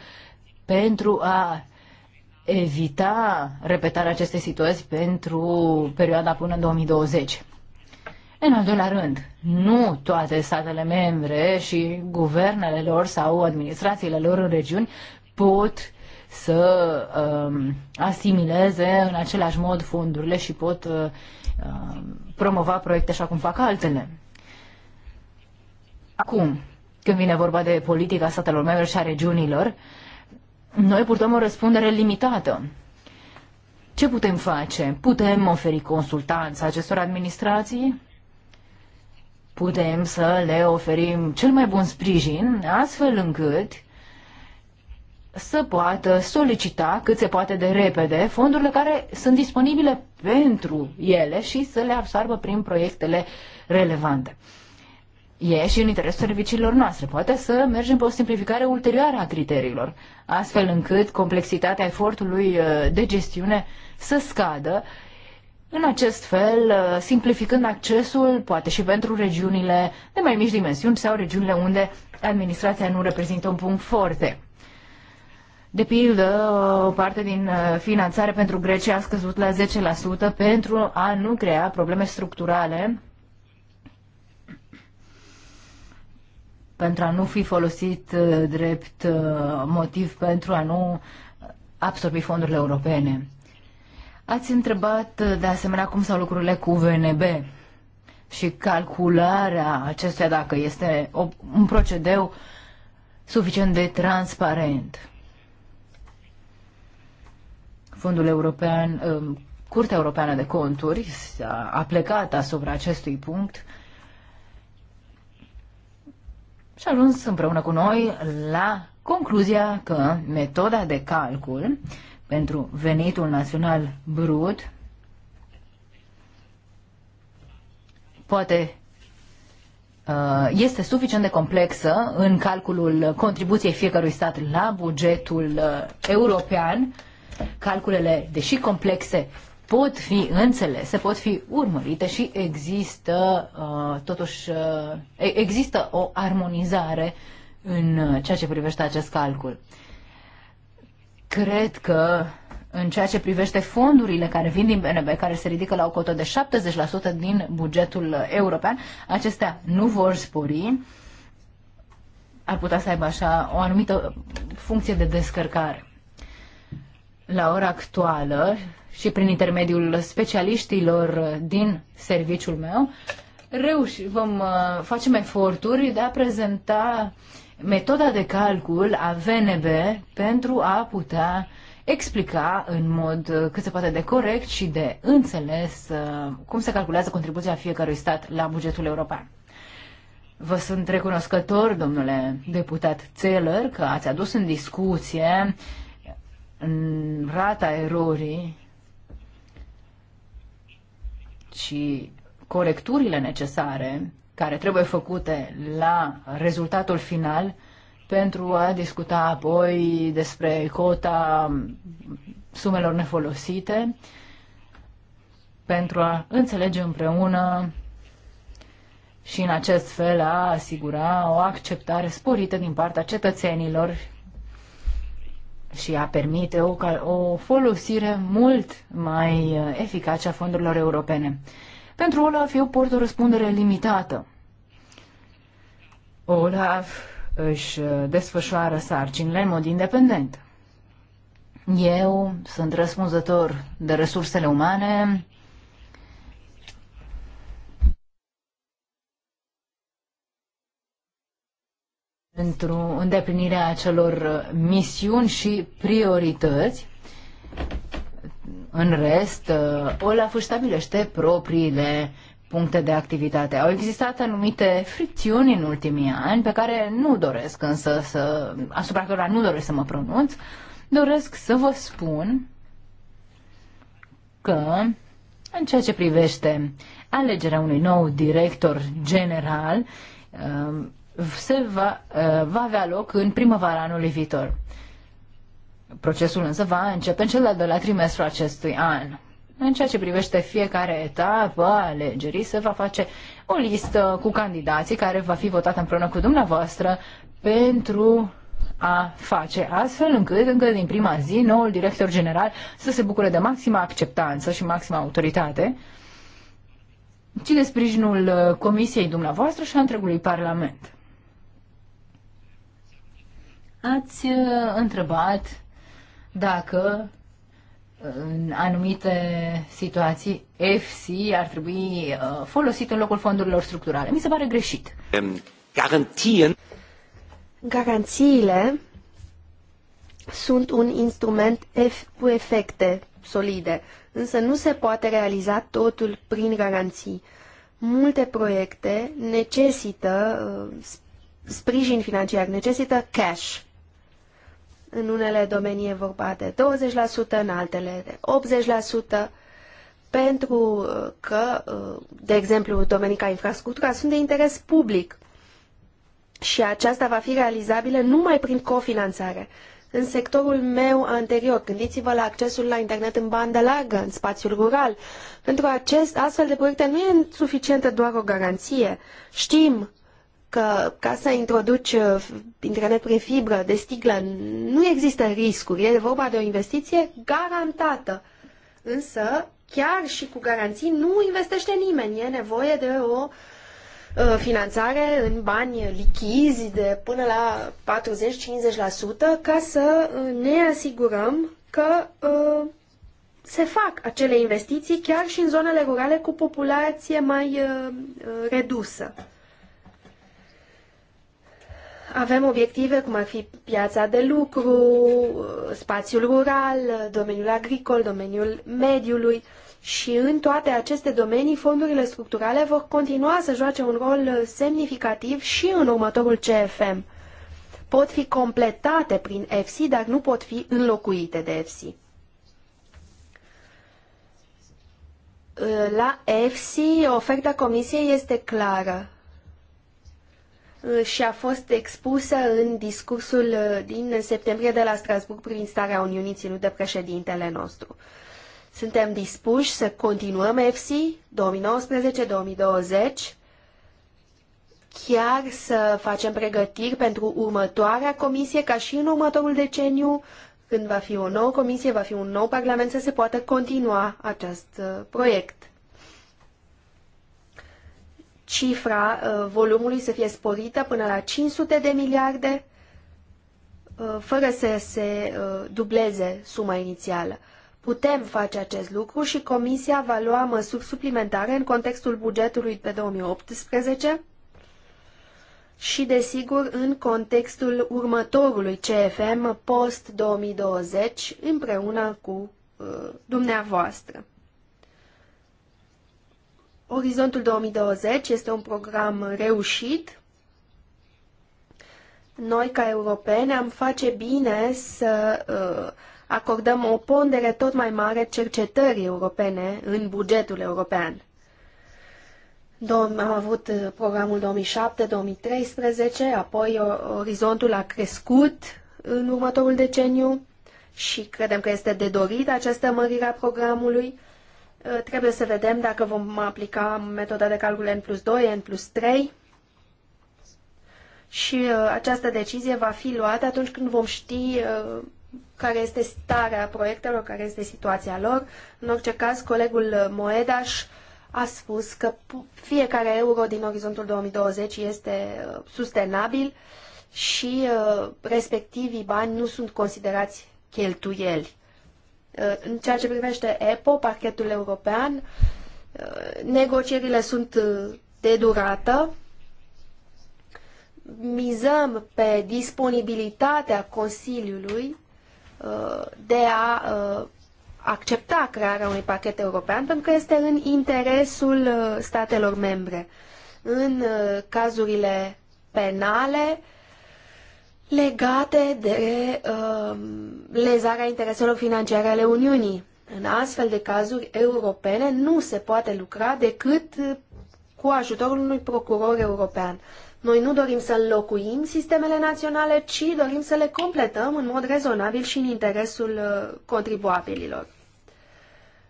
pentru a evita repetarea acestei situații pentru perioada până în 2020. În al doilea rând, nu toate statele membre și guvernele lor sau administrațiile lor în regiuni pot să um, asimileze în același mod fondurile și pot uh, um, promova proiecte așa cum fac altele. Acum, când vine vorba de politica statelor membre și a regiunilor, uh, noi purtăm o răspundere limitată. Ce putem face? Putem oferi consultanță acestor administrații? Putem să le oferim cel mai bun sprijin, astfel încât să poată solicita cât se poate de repede fondurile care sunt disponibile pentru ele și să le absorbă prin proiectele relevante e și în interesul serviciilor noastre. Poate să mergem pe o simplificare ulterioară a criteriilor, astfel încât complexitatea efortului uh, de gestiune să scadă, în acest fel uh, simplificând accesul, poate și pentru regiunile de mai mici dimensiuni sau regiunile unde administrația nu reprezintă un punct forte. De pildă, o parte din uh, finanțare pentru Grecia a scăzut la 10% pentru a nu crea probleme structurale pentru a nu fi folosit uh, drept uh, motiv pentru a nu absorbi fondurile europene. Ați întrebat uh, de asemenea cum stau lucrurile cu VNB și calcularea acestuia dacă este un procedeu suficient de transparent. Fondul European, um, Curtea Europeană de Conturi a plecat asupra acestui punct și a ajuns împreună cu noi la concluzia că metoda de calcul pentru venitul național brut poate uh, este suficient de complexă în calculul contribuției fiecărui stat la bugetul uh, european. Calculele, deși complexe, pot fi înțelese, pot fi urmărite și există uh, totuși uh, există o armonizare în uh, ceea ce privește acest calcul. Cred că în ceea ce privește fondurile care vin din BNB, care se ridică la o cotă de 70% din bugetul european, acestea nu vor spori, ar putea să aibă așa o anumită funcție de descărcare la ora actuală și prin intermediul specialiștilor din serviciul meu, reuși, vom uh, facem eforturi de a prezenta metoda de calcul a VNB pentru a putea explica în mod uh, cât se poate de corect și de înțeles uh, cum se calculează contribuția fiecărui stat la bugetul european. Vă sunt recunoscător, domnule deputat Țelăr, că ați adus în discuție uh, rata erorii și corecturile necesare care trebuie făcute la rezultatul final pentru a discuta apoi despre cota sumelor nefolosite, pentru a înțelege împreună și în acest fel a asigura o acceptare sporită din partea cetățenilor și a permite o, o folosire mult mai uh, eficace a fondurilor europene. Pentru Olaf eu port o răspundere limitată. Olaf își uh, desfășoară sarcinile în mod independent. Eu sunt răspunzător de resursele umane, pentru îndeplinirea acelor uh, misiuni și priorități. În rest, uh, Olaf își stabilește propriile puncte de activitate. Au existat anumite fricțiuni în ultimii ani pe care nu doresc însă să, asupra cărora nu doresc să mă pronunț, doresc să vă spun că în ceea ce privește alegerea unui nou director general, uh, se va, uh, va avea loc în primăvara anului viitor. Procesul însă va începe în cel de-al doilea trimestru acestui an. În ceea ce privește fiecare etapă a alegerii, se va face o listă cu candidații care va fi votată împreună cu dumneavoastră pentru a face astfel încât încă din prima zi noul director general să se bucure de maxima acceptanță și maxima autoritate ci de sprijinul uh, comisiei dumneavoastră și a întregului Parlament ați uh, întrebat dacă în anumite situații FC ar trebui uh, folosit în locul fondurilor structurale. Mi se pare greșit. Garantien. Garanțiile sunt un instrument cu efecte solide, însă nu se poate realiza totul prin garanții. Multe proiecte necesită uh, sprijin financiar, necesită cash. În unele domenii e vorba de 20%, în altele de 80%, pentru uh, că, uh, de exemplu, domenica infrastructura sunt de interes public și aceasta va fi realizabilă numai prin cofinanțare. În sectorul meu anterior, gândiți-vă la accesul la internet în bandă largă, în spațiul rural. Pentru acest astfel de proiecte nu e suficientă doar o garanție. Știm că ca să introduci uh, internet prin fibră de sticlă nu există riscuri, e vorba de o investiție garantată. Însă, chiar și cu garanții, nu investește nimeni. E nevoie de o uh, finanțare în bani lichizi de până la 40-50% ca să uh, ne asigurăm că se fac acele investiții chiar și în zonele rurale cu populație mai redusă. Avem obiective cum ar fi piața de lucru, spațiul rural, domeniul agricol, domeniul mediului și în toate aceste domenii fondurile structurale vor continua să joace un rol semnificativ și în următorul CFM. Pot fi completate prin EFSI, dar nu pot fi înlocuite de EFSI. La EFSI, oferta Comisiei este clară și a fost expusă în discursul uh, din septembrie de la Strasbourg prin starea Uniunii ținut de președintele nostru. Suntem dispuși să continuăm EFSI 2019-2020, chiar să facem pregătiri pentru următoarea comisie, ca și în următorul deceniu, când va fi o nouă comisie, va fi un nou parlament, să se poată continua acest uh, proiect cifra uh, volumului să fie sporită până la 500 de miliarde, uh, fără să se uh, dubleze suma inițială. Putem face acest lucru și Comisia va lua măsuri suplimentare în contextul bugetului pe 2018 și, desigur, în contextul următorului CFM post-2020 împreună cu uh, dumneavoastră. Orizontul 2020 este un program reușit. Noi, ca europeni, am face bine să uh, acordăm o pondere tot mai mare cercetării europene în bugetul european. Am avut uh, programul 2007-2013, apoi uh, orizontul a crescut în următorul deceniu și credem că este de dorit această mărire a programului. Uh, trebuie să vedem dacă vom aplica metoda de calcul N plus 2, N plus 3 și uh, această decizie va fi luată atunci când vom ști uh, care este starea proiectelor, care este situația lor. În orice caz, colegul Moedaș a spus că fiecare euro din orizontul 2020 este sustenabil și respectivii bani nu sunt considerați cheltuieli. În ceea ce privește EPO, parchetul european, uh, negocierile sunt uh, de durată. Mizăm pe disponibilitatea Consiliului uh, de a accepta crearea unui pachet european pentru că este în interesul statelor membre. În cazurile penale, legate de uh, lezarea intereselor financiare ale Uniunii. În astfel de cazuri europene nu se poate lucra decât uh, cu ajutorul unui procuror european. Noi nu dorim să înlocuim sistemele naționale, ci dorim să le completăm în mod rezonabil și în interesul uh, contribuabililor.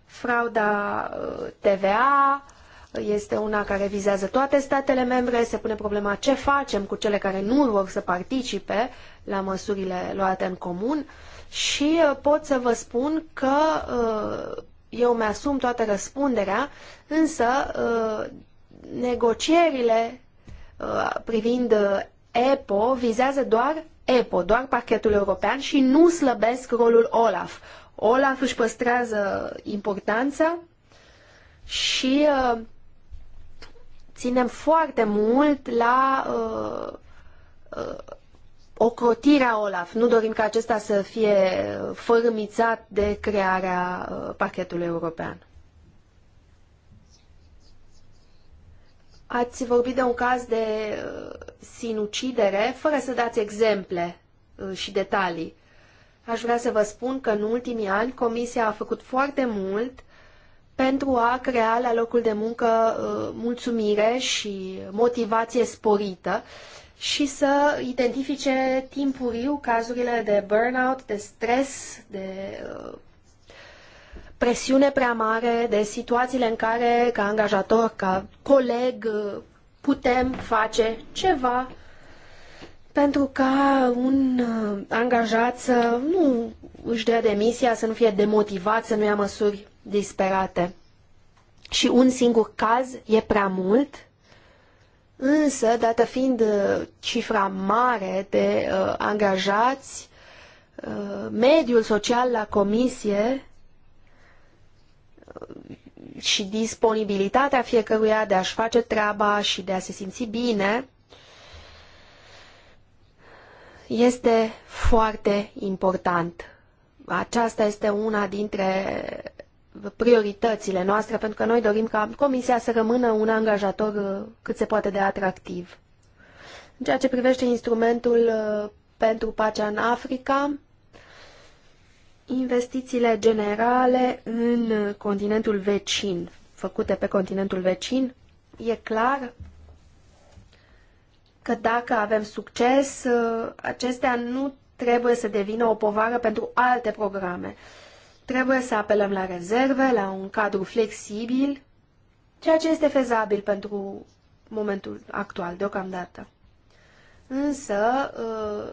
Frauda uh, TVA, este una care vizează toate statele membre, se pune problema ce facem cu cele care nu vor să participe la măsurile luate în comun și uh, pot să vă spun că uh, eu mi-asum toată răspunderea, însă uh, negocierile privind EPO vizează doar EPO, doar pachetul european și nu slăbesc rolul OLAF. OLAF își păstrează importanța și uh, ținem foarte mult la uh, uh, ocrotirea Olaf. Nu dorim ca acesta să fie fărâmițat de crearea uh, pachetului european. Ați vorbit de un caz de uh, sinucidere, fără să dați exemple uh, și detalii. Aș vrea să vă spun că în ultimii ani Comisia a făcut foarte mult pentru a crea la locul de muncă uh, mulțumire și motivație sporită și să identifice timpuriu cazurile de burnout, de stres, de uh, presiune prea mare, de situațiile în care, ca angajator, ca coleg, uh, putem face ceva pentru ca un angajat să nu își dea demisia, să nu fie demotivat, să nu ia măsuri disperate. Și un singur caz e prea mult, însă, dată fiind uh, cifra mare de uh, angajați, uh, mediul social la comisie uh, și disponibilitatea fiecăruia de a-și face treaba și de a se simți bine, este foarte important. Aceasta este una dintre prioritățile noastre, pentru că noi dorim ca Comisia să rămână un angajator uh, cât se poate de atractiv. În ceea ce privește instrumentul uh, pentru pacea în Africa, investițiile generale în continentul vecin, făcute pe continentul vecin, e clar că dacă avem succes, uh, acestea nu trebuie să devină o povară pentru alte programe. Trebuie să apelăm la rezerve, la un cadru flexibil, ceea ce este fezabil pentru momentul actual, deocamdată. Însă, uh,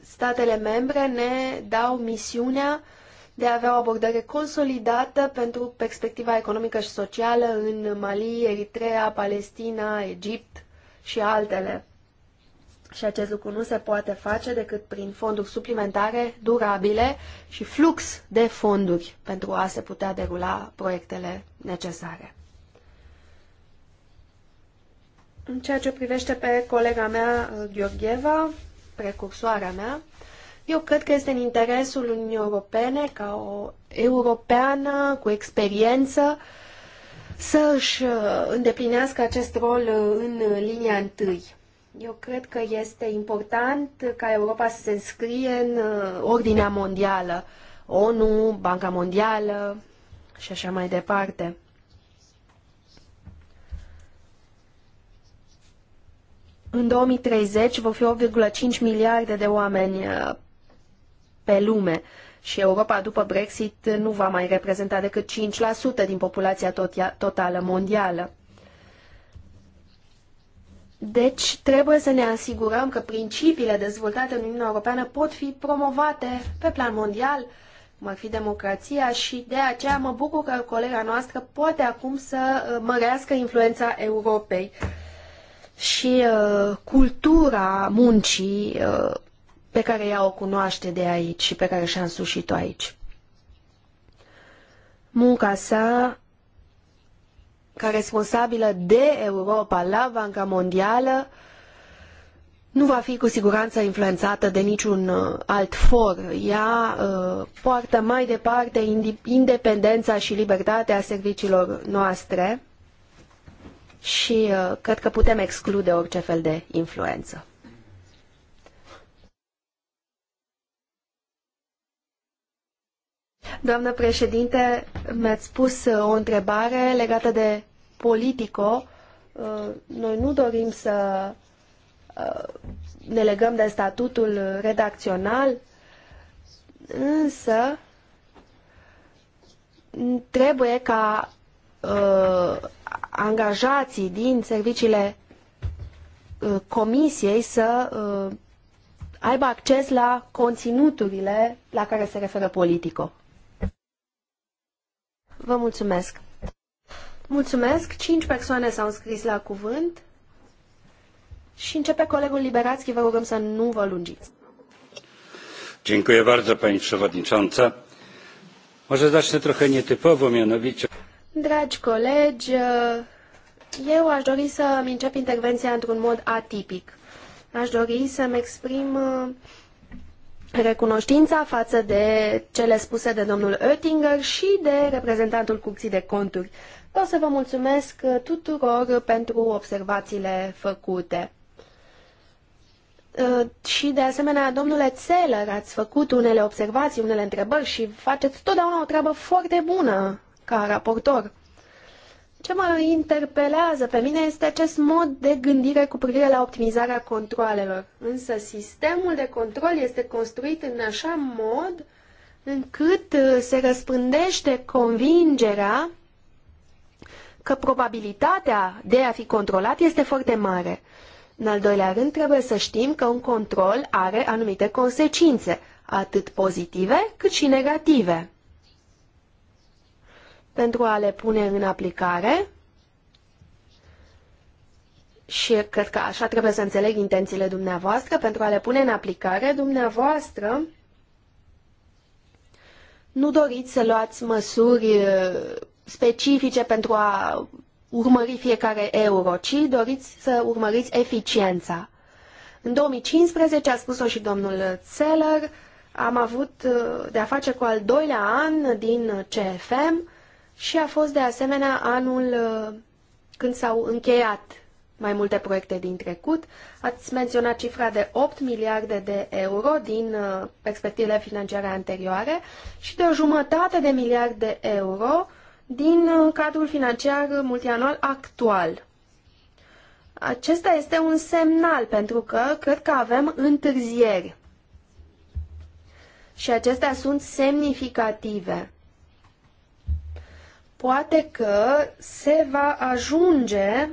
statele membre ne dau misiunea de a avea o abordare consolidată pentru perspectiva economică și socială în Mali, Eritrea, Palestina, Egipt și altele. Și acest lucru nu se poate face decât prin fonduri suplimentare, durabile și flux de fonduri pentru a se putea derula proiectele necesare. În ceea ce privește pe colega mea, uh, Gheorgheva, precursoarea mea, eu cred că este în interesul Uniunii Europene ca o europeană cu experiență să își uh, îndeplinească acest rol uh, în linia întâi. Eu cred că este important ca Europa să se înscrie în uh, ordinea mondială, ONU, Banca Mondială și așa mai departe. În 2030 vor fi 8,5 miliarde de oameni uh, pe lume și Europa după Brexit nu va mai reprezenta decât 5% din populația totală mondială. Deci trebuie să ne asigurăm că principiile dezvoltate în Uniunea Europeană pot fi promovate pe plan mondial, cum ar fi democrația și de aceea mă bucur că colega noastră poate acum să uh, mărească influența Europei și uh, cultura muncii uh, pe care ea o cunoaște de aici și pe care și-a însușit-o aici. Munca sa ca responsabilă de Europa la Banca Mondială nu va fi cu siguranță influențată de niciun uh, alt for. Ea uh, poartă mai departe independența și libertatea serviciilor noastre și uh, cred că putem exclude orice fel de influență. Doamnă președinte, mi-ați spus uh, o întrebare legată de Politico. Uh, noi nu dorim să uh, ne legăm de statutul redacțional, însă trebuie ca uh, angajații din serviciile uh, comisiei să uh, aibă acces la conținuturile la care se referă politico. Vă mulțumesc. Mulțumesc. Cinci persoane s-au înscris la cuvânt. Și începe colegul Liberațchi, vă rugăm să nu vă lungiți. Dziękuję bardzo, pani przewodnicząca. Może zacznę trochę nietypowo, mianowicie... Dragi colegi, eu aș dori să-mi încep intervenția într-un mod atipic. Aș dori să-mi exprim uh, recunoștința față de cele spuse de domnul Oettinger și de reprezentantul Curții de Conturi. Vreau să vă mulțumesc tuturor pentru observațiile făcute. Uh, și de asemenea, domnule Țeler, ați făcut unele observații, unele întrebări și faceți totdeauna o treabă foarte bună ca raportor. Ce mă interpelează pe mine este acest mod de gândire cu privire la optimizarea controlelor. Însă sistemul de control este construit în așa mod încât uh, se răspândește convingerea că probabilitatea de a fi controlat este foarte mare. În al doilea rând, trebuie să știm că un control are anumite consecințe, atât pozitive cât și negative pentru a le pune în aplicare și cred că așa trebuie să înțeleg intențiile dumneavoastră, pentru a le pune în aplicare, dumneavoastră nu doriți să luați măsuri uh, specifice pentru a urmări fiecare euro, ci doriți să urmăriți eficiența. În 2015, a spus-o și domnul Țeller, am avut uh, de-a face cu al doilea an din CFM și a fost de asemenea anul uh, când s-au încheiat mai multe proiecte din trecut. Ați menționat cifra de 8 miliarde de euro din uh, perspectivele financiare anterioare și de o jumătate de miliard de euro din uh, cadrul financiar multianual actual. Acesta este un semnal pentru că cred că avem întârzieri. Și acestea sunt semnificative poate că se va ajunge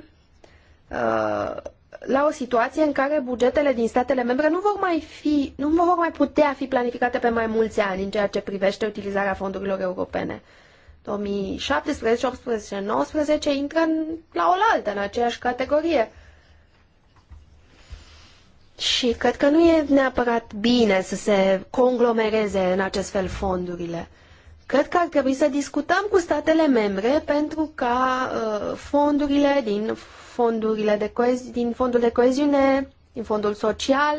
uh, la o situație în care bugetele din statele membre nu vor mai fi, nu vor mai putea fi planificate pe mai mulți ani în ceea ce privește utilizarea fondurilor europene. 2017, 18, 19 intră în, la oaltă, în aceeași categorie. Și cred că nu e neapărat bine să se conglomereze în acest fel fondurile. Cred că ar trebui să discutăm cu statele membre pentru ca uh, fondurile din fondurile de coezi, din fondul de coeziune, din fondul social,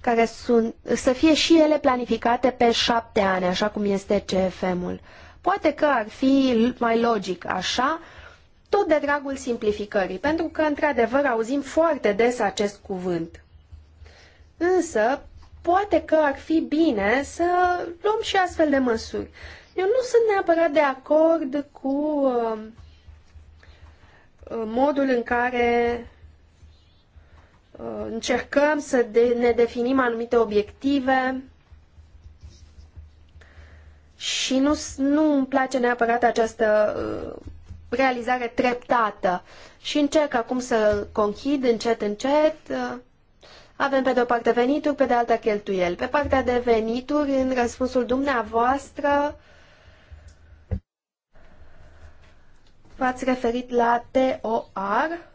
care sunt, să fie și ele planificate pe șapte ani, așa cum este CFM-ul. Poate că ar fi mai logic așa, tot de dragul simplificării, pentru că, într-adevăr, auzim foarte des acest cuvânt. Însă, poate că ar fi bine să luăm și astfel de măsuri. Eu nu sunt neapărat de acord cu um, uh, modul în care uh, încercăm să ne definim anumite obiective și nu, nu îmi place neapărat această uh, realizare treptată. Și încerc acum să conchid încet, încet. Uh, avem pe de o parte venituri, pe de alta cheltuieli. Pe partea de venituri, în răspunsul dumneavoastră, v-ați referit la TOR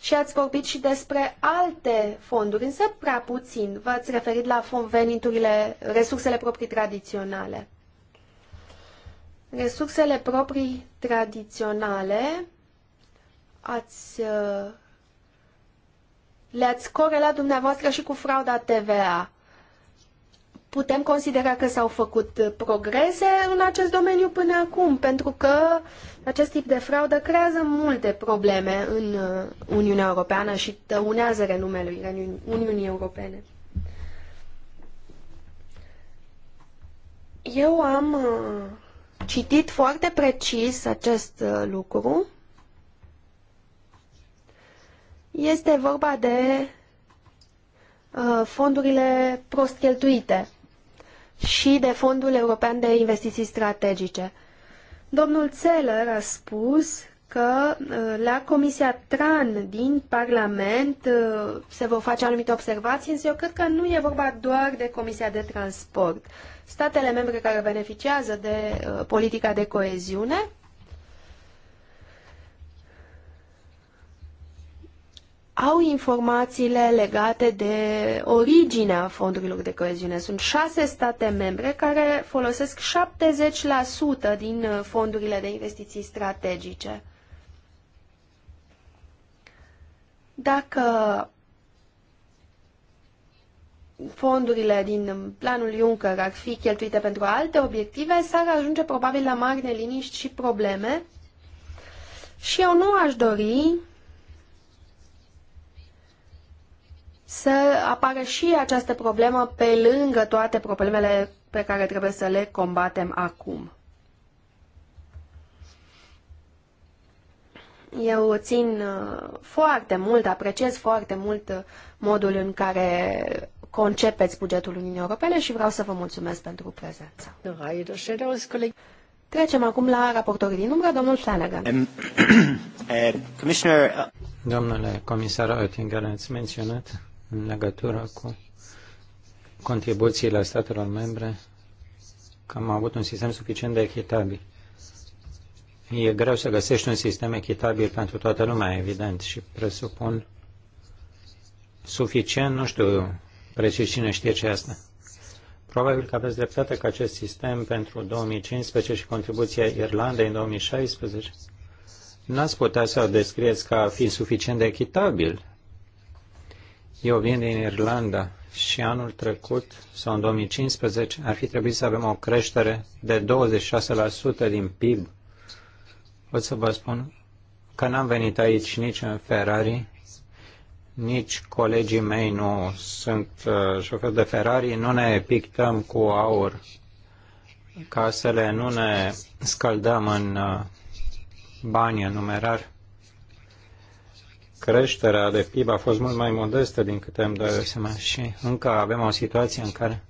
și ați vorbit și despre alte fonduri, însă prea puțin. V-ați referit la fond veniturile, resursele proprii tradiționale. Resursele proprii tradiționale ați uh, le-ați corelat dumneavoastră și cu frauda TVA. Putem considera că s-au făcut progrese în acest domeniu până acum, pentru că acest tip de fraudă creează multe probleme în uh, Uniunea Europeană și tăunează renumelui Uniunii Europene. Eu am uh, citit foarte precis acest uh, lucru este vorba de uh, fondurile prost cheltuite și de Fondul European de Investiții Strategice. Domnul Zeller a spus că uh, la Comisia TRAN din Parlament uh, se vor face anumite observații, însă eu cred că nu e vorba doar de Comisia de Transport. Statele membre care beneficiază de politica de coeziune au informațiile legate de originea fondurilor de coeziune. Sunt șase state membre care folosesc 70% din uh, fondurile de investiții strategice. Dacă fondurile din planul Juncker ar fi cheltuite pentru alte obiective, s-ar ajunge probabil la mari neliniști și probleme. Și eu nu aș dori să apară și această problemă pe lângă toate problemele pe care trebuie să le combatem acum. Eu țin uh, foarte mult, apreciez foarte mult uh, modul în care concepeți bugetul Uniunii Europene și vreau să vă mulțumesc pentru prezența. Trecem acum la raportorii din umbră, domnul Flanagan. Um, uh, Domnule comisar Oettinger, ați menționat în legătură cu contribuțiile statelor membre, că am avut un sistem suficient de echitabil. E greu să găsești un sistem echitabil pentru toată lumea, evident, și presupun suficient, nu știu precis cine știe ce asta. Probabil că aveți dreptate că acest sistem pentru 2015 și contribuția Irlandei în 2016 n-ați putea să o descrieți ca fiind suficient de echitabil, eu vin din Irlanda și anul trecut, sau în 2015, ar fi trebuit să avem o creștere de 26% din PIB. Pot să vă spun că n-am venit aici nici în Ferrari, nici colegii mei nu sunt uh, șoferi de Ferrari, nu ne pictăm cu aur casele, nu ne scăldăm în uh, bani, în creșterea de PIB a fost mult mai modestă din câte am dat seama și încă avem o situație în care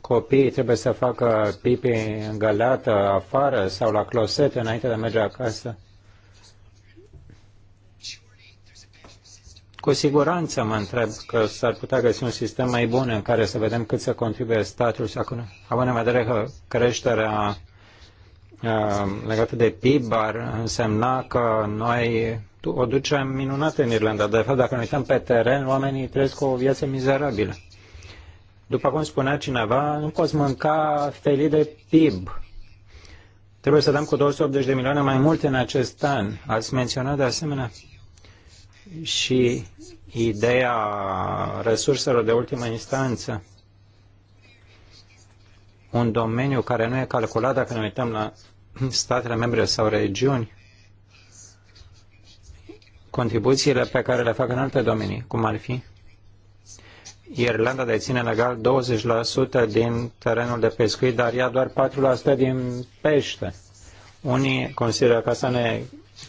copiii trebuie să facă pipi în găleată afară sau la closete înainte de a merge acasă. Cu siguranță mă întreb că s-ar putea găsi un sistem mai bun în care să vedem cât să contribuie statul și acum, având în vedere că creșterea uh, legată de PIB ar însemna că noi o duce minunată în Irlanda. De fapt, dacă ne uităm pe teren, oamenii trăiesc o viață mizerabilă. După cum spunea cineva, nu poți mânca felii de PIB. Trebuie să dăm cu 280 de milioane mai mult în acest an. Ați menționat de asemenea și ideea resurselor de ultimă instanță. Un domeniu care nu e calculat dacă ne uităm la statele membre sau regiuni contribuțiile pe care le fac în alte domenii, cum ar fi Irlanda deține legal 20% din terenul de pescuit, dar ia doar 4% din pește. Unii consideră că asta ne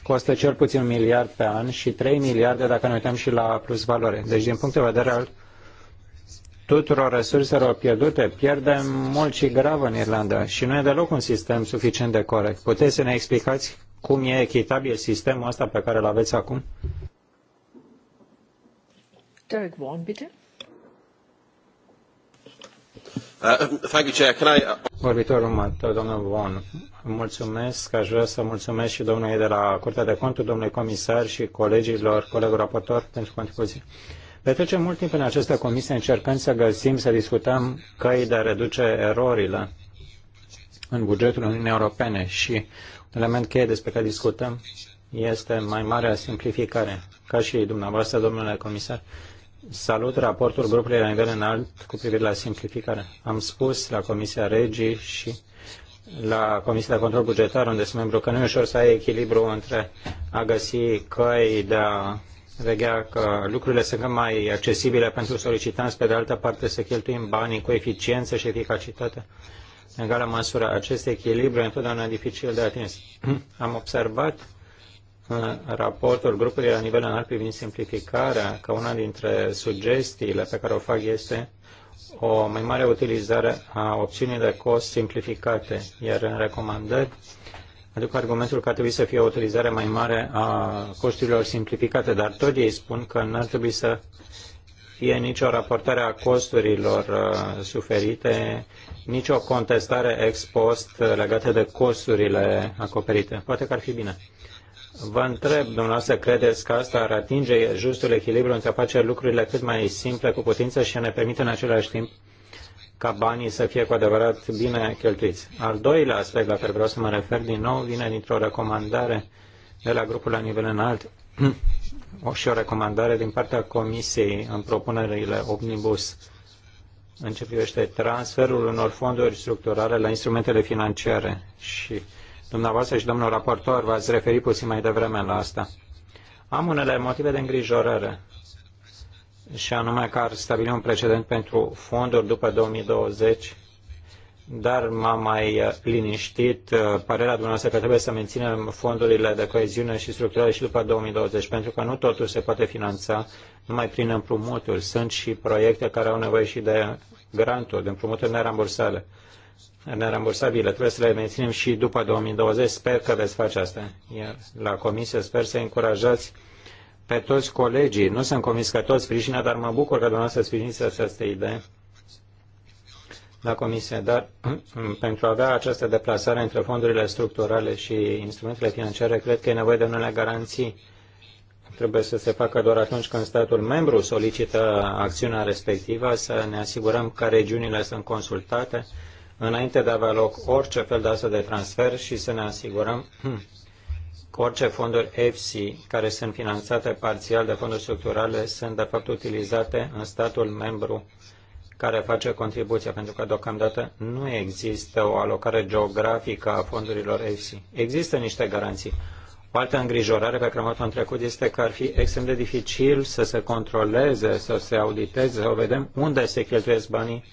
costă cel puțin un miliard pe an și 3 miliarde dacă ne uităm și la plus valoare. Deci, din punct de vedere al tuturor resurselor pierdute, pierdem mult și grav în Irlanda și nu e deloc un sistem suficient de corect. Puteți să ne explicați cum e echitabil sistemul ăsta pe care îl aveți acum? Derek Vaughan, bitte. Uh, uh, Vorbitorul următor, domnul Von, mulțumesc, aș vrea să mulțumesc și domnului de la Curtea de Conturi, domnului comisar și colegilor, colegul raportor pentru contribuție. Petrecem mult timp în această comisie încercând să găsim, să discutăm căi de a reduce erorile în bugetul Uniunii Europene și element cheie despre care discutăm este mai marea simplificare. Ca și dumneavoastră, domnule comisar, salut raportul grupului la nivel înalt cu privire la simplificare. Am spus la Comisia Regii și la Comisia de Control Bugetar, unde sunt membru, că nu e ușor să ai echilibru între a găsi căi de a vedea că lucrurile sunt mai accesibile pentru solicitanți, pe de altă parte să cheltuim banii cu eficiență și eficacitate în egală măsură, acest echilibru e întotdeauna dificil de atins. Am observat în raportul grupului la nivel înalt privind simplificarea că una dintre sugestiile pe care o fac este o mai mare utilizare a opțiunii de cost simplificate, iar în recomandări aduc argumentul că ar trebui să fie o utilizare mai mare a costurilor simplificate, dar tot ei spun că nu ar trebui să fie nicio raportare a costurilor uh, suferite nicio contestare ex post legată de costurile acoperite. Poate că ar fi bine. Vă întreb, dumneavoastră, credeți că asta ar atinge justul echilibru între a face lucrurile cât mai simple cu putință și ne permite în același timp ca banii să fie cu adevărat bine cheltuiți? Al doilea aspect la care vreau să mă refer din nou vine dintr-o recomandare de la grupul la nivel înalt și o recomandare din partea Comisiei în propunerile Omnibus în ce privește transferul unor fonduri structurale la instrumentele financiare și dumneavoastră și domnul raportor v-ați referit puțin mai devreme la asta. Am unele motive de îngrijorare și anume că ar stabili un precedent pentru fonduri după 2020 dar m-a mai uh, liniștit uh, părerea dumneavoastră că trebuie să menținem fondurile de coeziune și structurale și după 2020, pentru că nu totul se poate finanța numai prin împrumuturi. Sunt și proiecte care au nevoie și de granturi, de împrumuturi nerambursale, nerambursabile. Trebuie să le menținem și după 2020. Sper că veți face asta. Iar la comisie sper să încurajați pe toți colegii. Nu sunt convins că toți sprijină, dar mă bucur că dumneavoastră sprijiniți această idee la Comisie, dar pentru a avea această deplasare între fondurile structurale și instrumentele financiare, cred că e nevoie de unele garanții. Trebuie să se facă doar atunci când statul membru solicită acțiunea respectivă, să ne asigurăm că regiunile sunt consultate înainte de a avea loc orice fel de astfel de transfer și să ne asigurăm că orice fonduri EFSI care sunt finanțate parțial de fonduri structurale sunt de fapt utilizate în statul membru care face contribuția, pentru că deocamdată nu există o alocare geografică a fondurilor EFSI. Există niște garanții. O altă îngrijorare pe care am avut-o în trecut este că ar fi extrem de dificil să se controleze, să se auditeze, să vedem unde se cheltuiesc banii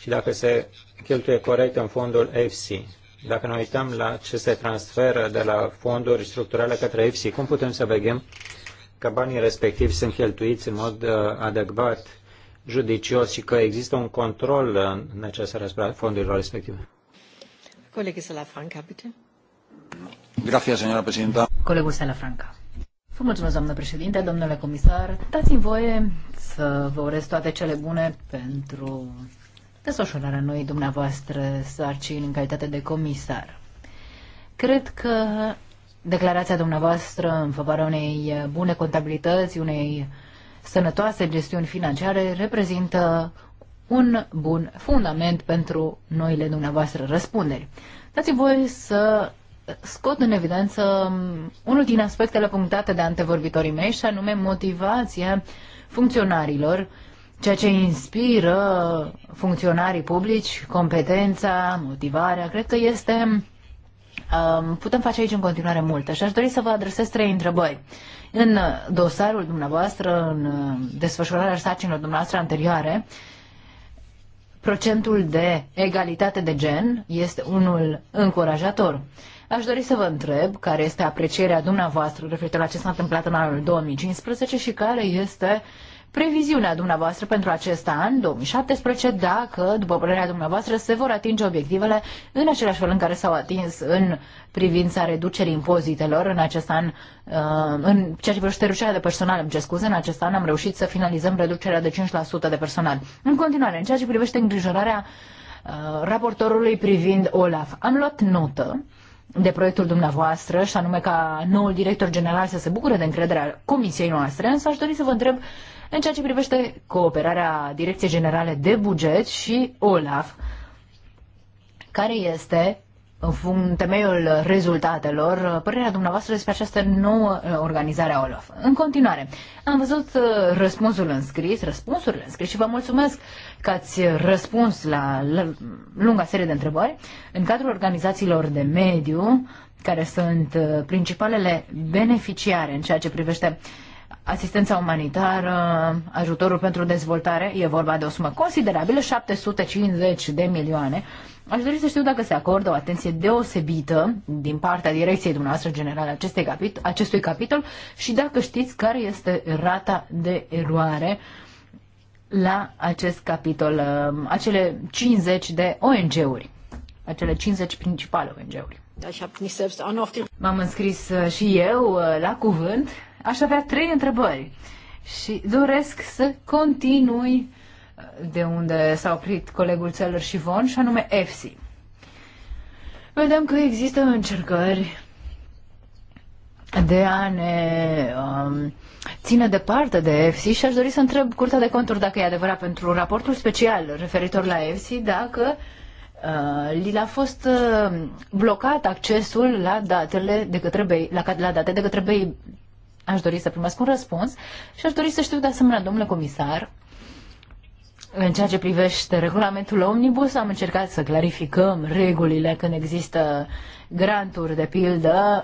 și dacă se cheltuie corect în fondul EFSI. Dacă ne uităm la ce se transferă de la fonduri structurale către EFSI, cum putem să vegem că banii respectivi sunt cheltuiți în mod uh, adecvat judicios și că există un control uh, necesar asupra fondurilor respective. Colegul Salafranca, bitte. presidenta. Colegul Salafranca. Vă mulțumesc, doamnă președinte, domnule comisar. Dați-mi voie să vă urez toate cele bune pentru desfășurarea noi dumneavoastră sarcini în calitate de comisar. Cred că declarația dumneavoastră în favoarea unei bune contabilități, unei uh, sănătoase gestiuni financiare reprezintă un bun fundament pentru noile dumneavoastră răspunderi. Dați-mi să scot în evidență unul din aspectele punctate de antevorbitorii mei și anume motivația funcționarilor, ceea ce inspiră funcționarii publici, competența, motivarea. Cred că este um, putem face aici în continuare multe și aș dori să vă adresez trei întrebări. În uh, dosarul dumneavoastră, în uh, desfășurarea sarcinilor dumneavoastră anterioare, procentul de egalitate de gen este unul încurajator. Aș dori să vă întreb care este aprecierea dumneavoastră referitor la ce s-a întâmplat în anul 2015 și care este uh, previziunea dumneavoastră pentru acest an, 2017, dacă, după părerea dumneavoastră, se vor atinge obiectivele în același fel în care s-au atins în privința reducerii impozitelor în acest an, uh, în ceea ce privește reducerea de personal, îmi cer scuze, în acest an am reușit să finalizăm reducerea de 5% de personal. În continuare, în ceea ce privește îngrijorarea uh, raportorului privind OLAF, am luat notă de proiectul dumneavoastră și anume ca noul director general să se bucure de încrederea comisiei noastre, însă aș dori să vă întreb în ceea ce privește cooperarea Direcției Generale de Buget și OLAF, care este în temeiul rezultatelor, părerea dumneavoastră despre această nouă uh, organizare a OLAF. În continuare, am văzut uh, răspunsul în scris, răspunsurile în scris și vă mulțumesc că ați răspuns la lunga serie de întrebări. În cadrul organizațiilor de mediu, care sunt uh, principalele beneficiare în ceea ce privește uh, asistența umanitară, ajutorul pentru dezvoltare, e vorba de o sumă considerabilă, 750 de milioane. Aș dori să știu dacă se acordă o atenție deosebită din partea direcției dumneavoastră generale acestei capit- acestui capitol și dacă știți care este rata de eroare la acest capitol, um, acele 50 de ONG-uri, acele 50 principale ONG-uri. Da, M-am înscris uh, și eu uh, la cuvânt aș avea trei întrebări și doresc să continui uh, de unde s-a oprit colegul Țelăr și Von, și anume EFSI. Vedem că există încercări de a ne um, ține departe de EFSI și aș dori să întreb Curtea de Conturi dacă e adevărat pentru raportul special referitor la EFSI, dacă uh, li a fost uh, blocat accesul la datele de către BEI, la, la date de către BEI Aș dori să primesc un răspuns și aș dori să știu de asemenea, domnule comisar, în ceea ce privește regulamentul omnibus, am încercat să clarificăm regulile când există granturi, de pildă,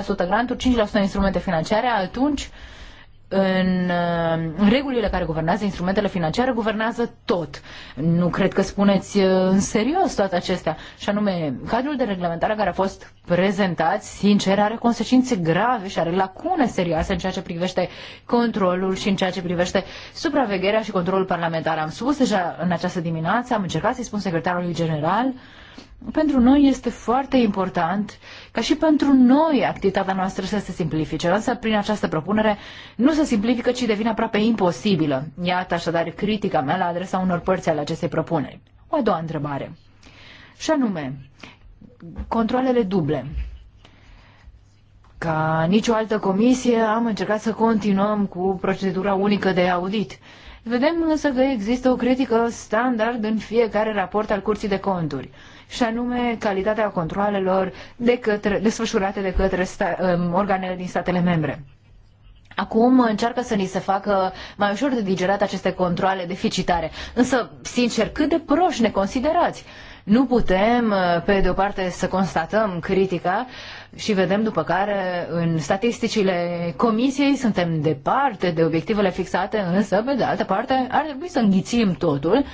85% granturi, 5% instrumente financiare, atunci uh, în uh, regulile care guvernează instrumentele financiare, guvernează tot. Nu cred că spuneți uh, în serios toate acestea. Și anume, cadrul de reglementare care a fost prezentat, sincer, are consecințe grave și are lacune serioase în ceea ce privește controlul și în ceea ce privește supravegherea și controlul parlamentar. Am spus deja în această dimineață, am încercat să-i spun secretarului general uh, pentru noi este foarte important ca și pentru noi activitatea noastră să se simplifice, însă prin această propunere nu se simplifică, ci devine aproape imposibilă. Iată așadar critica mea la adresa unor părți ale acestei propuneri. O a doua întrebare. Și anume, controlele duble. Ca nicio altă comisie am încercat să continuăm cu procedura unică de audit. Vedem însă că există o critică standard în fiecare raport al Curții de Conturi, și anume calitatea controalelor de către, desfășurate de către sta, um, organele din statele membre. Acum încearcă să ni se facă mai ușor de digerat aceste controle deficitare. Însă, sincer, cât de proști ne considerați? Nu putem, uh, pe de o parte, să constatăm critica și vedem după care în statisticile comisiei suntem departe de obiectivele fixate, însă, pe de altă parte, ar trebui să înghițim totul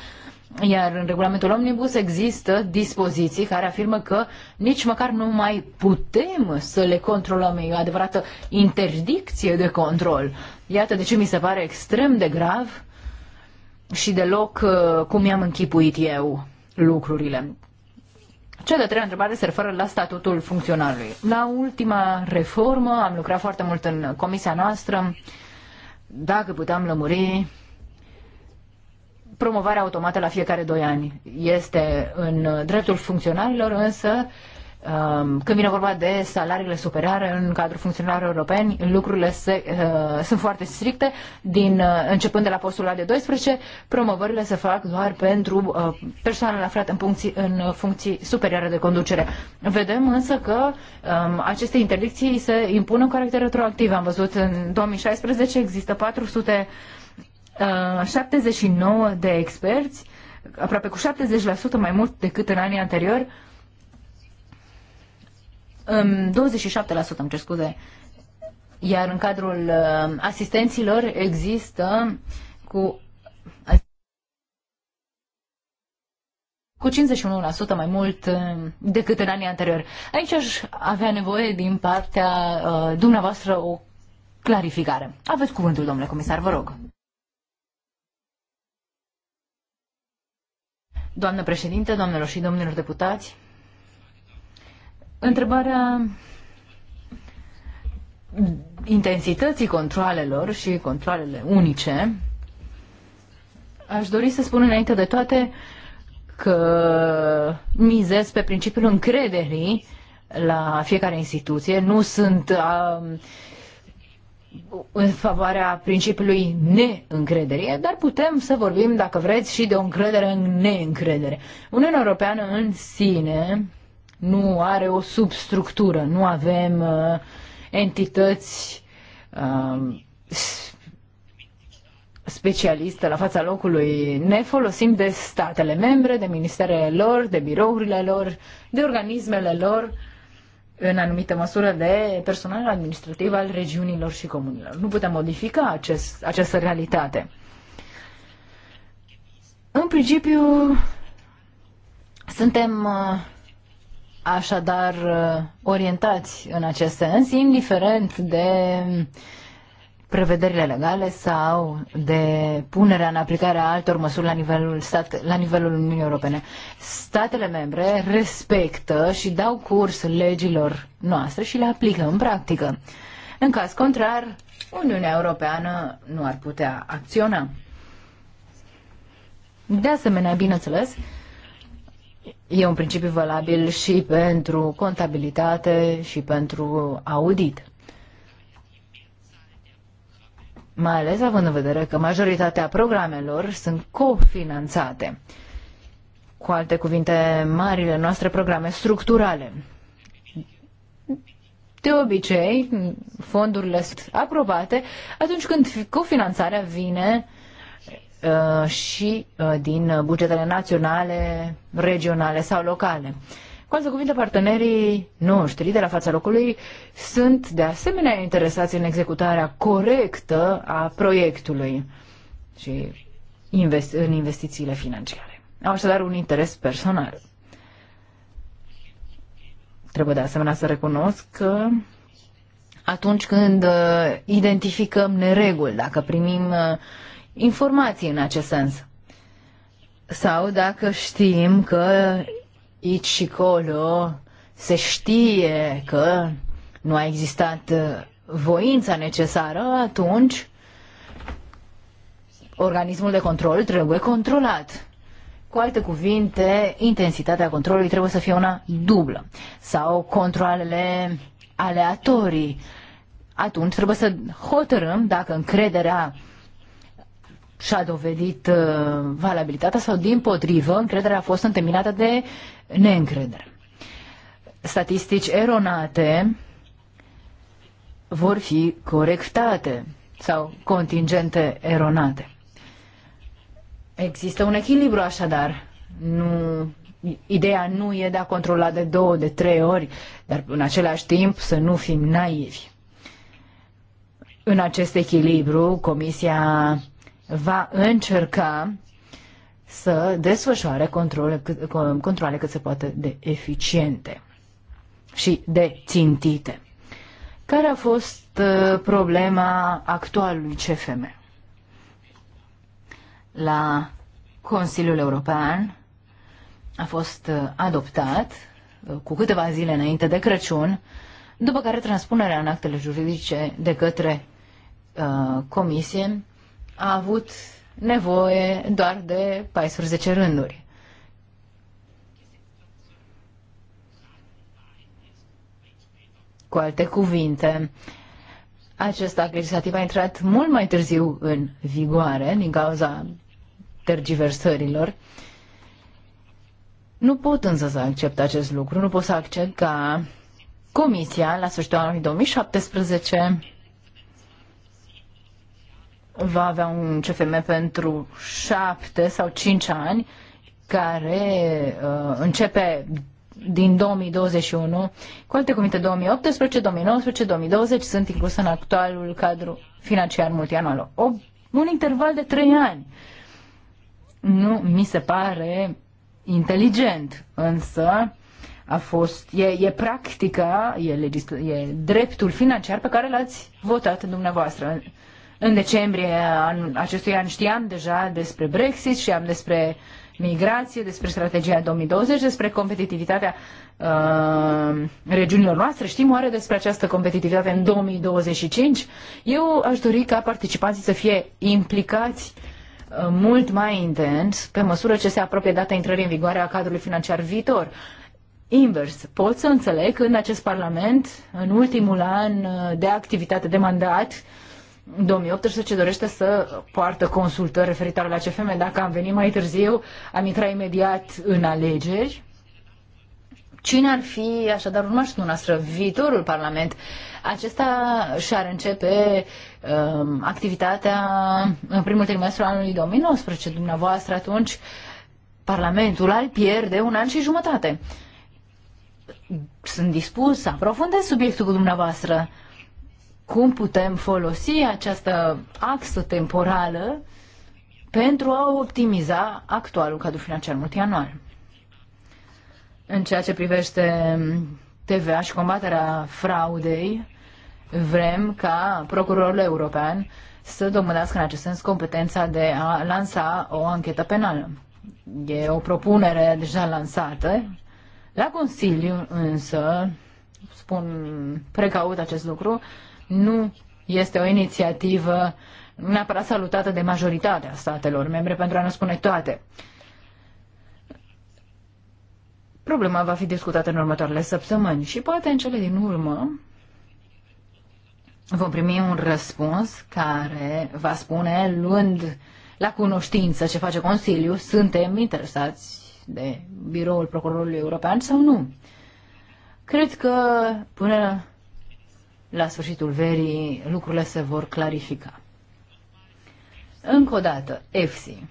iar în regulamentul Omnibus există dispoziții care afirmă că nici măcar nu mai putem să le controlăm. E o adevărată interdicție de control. Iată de ce mi se pare extrem de grav și deloc uh, cum i-am închipuit eu lucrurile. Cea de treia întrebare se referă la statutul funcționarului. La ultima reformă am lucrat foarte mult în comisia noastră. Dacă puteam lămuri promovarea automată la fiecare doi ani. Este în dreptul funcționarilor, însă uh, Um, când vine vorba de salariile superioare în cadrul funcționarilor europeni, lucrurile se, uh, sunt foarte stricte. Din, uh, începând de la postul la de 12, promovările se fac doar pentru uh, persoanele aflate în funcții, în funcții superioare de conducere. Vedem însă că um, aceste interdicții se impun în caracter retroactiv. Am văzut în 2016 există 479 uh, de experți, aproape cu 70% mai mult decât în anii anteriori, 27%, îmi cer scuze. Iar în cadrul uh, asistenților există cu cu 51% mai mult uh, decât în anii anteriori. Aici aș avea nevoie din partea uh, dumneavoastră o clarificare. Aveți cuvântul, domnule comisar, vă rog. Doamnă președinte, doamnelor și domnilor deputați, Întrebarea intensității controalelor și controalele unice, aș dori să spun înainte de toate că mizez pe principiul încrederii la fiecare instituție. Nu sunt a, um, în favoarea principiului neîncredere, dar putem să vorbim, dacă vreți, și de o încredere în neîncredere. Uniunea Europeană în sine nu are o substructură, nu avem uh, entități uh, specialiste la fața locului. Ne folosim de statele membre, de ministerele lor, de birourile lor, de organismele lor, în anumită măsură de personal administrativ al regiunilor și comunilor. Nu putem modifica acest, această realitate. În principiu, suntem uh, așadar uh, orientați în acest sens, indiferent de prevederile legale sau de punerea în aplicare a altor măsuri la nivelul, stat, la nivelul Uniunii Europene. Statele membre respectă și dau curs legilor noastre și le aplică în practică. În caz contrar, Uniunea Europeană nu ar putea acționa. De asemenea, bineînțeles, E un principiu valabil și pentru contabilitate și pentru audit. Mai ales având în vedere că majoritatea programelor sunt cofinanțate. Cu alte cuvinte, marile noastre programe structurale. De obicei, fondurile sunt aprobate atunci când cofinanțarea vine Uh, și uh, din bugetele naționale, regionale sau locale. Cu alte cuvinte, partenerii noștri de la fața locului sunt de asemenea interesați în executarea corectă a proiectului și invest- în investițiile financiare. Au așadar un interes personal. Trebuie de asemenea să recunosc că atunci când uh, identificăm nereguli, dacă primim informații în acest sens. Sau dacă știm că aici și colo se știe că nu a existat uh, voința necesară, atunci organismul de control trebuie controlat. Cu alte cuvinte, intensitatea controlului trebuie să fie una dublă. Sau controlele aleatorii. Atunci trebuie să hotărâm dacă încrederea și-a dovedit uh, valabilitatea sau, din potrivă, încrederea a fost întemeiată de neîncredere. Statistici eronate vor fi corectate sau contingente eronate. Există un echilibru așadar. Nu, ideea nu e de a controla de două, de trei ori, dar în același timp să nu fim naivi. În acest echilibru, Comisia va încerca să desfășoare controle, controle cât se poate de eficiente și de țintite. Care a fost uh, problema actualului CFM? La Consiliul European a fost uh, adoptat uh, cu câteva zile înainte de Crăciun, după care transpunerea în actele juridice de către uh, Comisie a avut nevoie doar de 14 rânduri. Cu alte cuvinte, acest act legislativ a intrat mult mai târziu în vigoare din cauza tergiversărilor. Nu pot însă să accept acest lucru, nu pot să accept ca Comisia, la sfârșitul anului 2017, va avea un CFM pentru șapte sau cinci ani, care uh, începe din 2021, cu alte cuvinte 2018, 2019, 2020 sunt incluse în actualul cadru financiar multianual. O, un interval de 3 ani. Nu mi se pare inteligent, însă a fost, e, e practica, e, legisl- e dreptul financiar pe care l-ați votat dumneavoastră. În decembrie acestui an știam deja despre Brexit, știam despre migrație, despre strategia 2020, despre competitivitatea uh, regiunilor noastre. Știm oare despre această competitivitate în 2025? Eu aș dori ca participanții să fie implicați uh, mult mai intens pe măsură ce se apropie data intrării în vigoare a cadrului financiar viitor. Invers, pot să înțeleg că în acest Parlament, în ultimul an uh, de activitate de mandat, uh, 2018 dorește să poartă consultări referitoare la CFM. Dacă am venit mai târziu, am intrat imediat în alegeri. Cine ar fi așadar urmașul dumneavoastră, viitorul Parlament? Acesta și-ar începe um, activitatea în primul trimestru anului 2019. Dumneavoastră atunci Parlamentul ar pierde un an și jumătate. Sunt dispus să aprofundez subiectul cu dumneavoastră cum putem folosi această axă temporală pentru a optimiza actualul cadru financiar multianual. În ceea ce privește TVA și combaterea fraudei, vrem ca procurorul european să domânească în acest sens competența de a lansa o anchetă penală. E o propunere deja lansată. La Consiliu, însă, spun precaut acest lucru, nu este o inițiativă neapărat salutată de majoritatea statelor membre, pentru a nu spune toate. Problema va fi discutată în următoarele săptămâni și poate în cele din urmă vom primi un răspuns care va spune, luând la cunoștință ce face Consiliul, suntem interesați de biroul Procurorului European sau nu. Cred că până la sfârșitul verii lucrurile se vor clarifica. Încă o dată, EFSI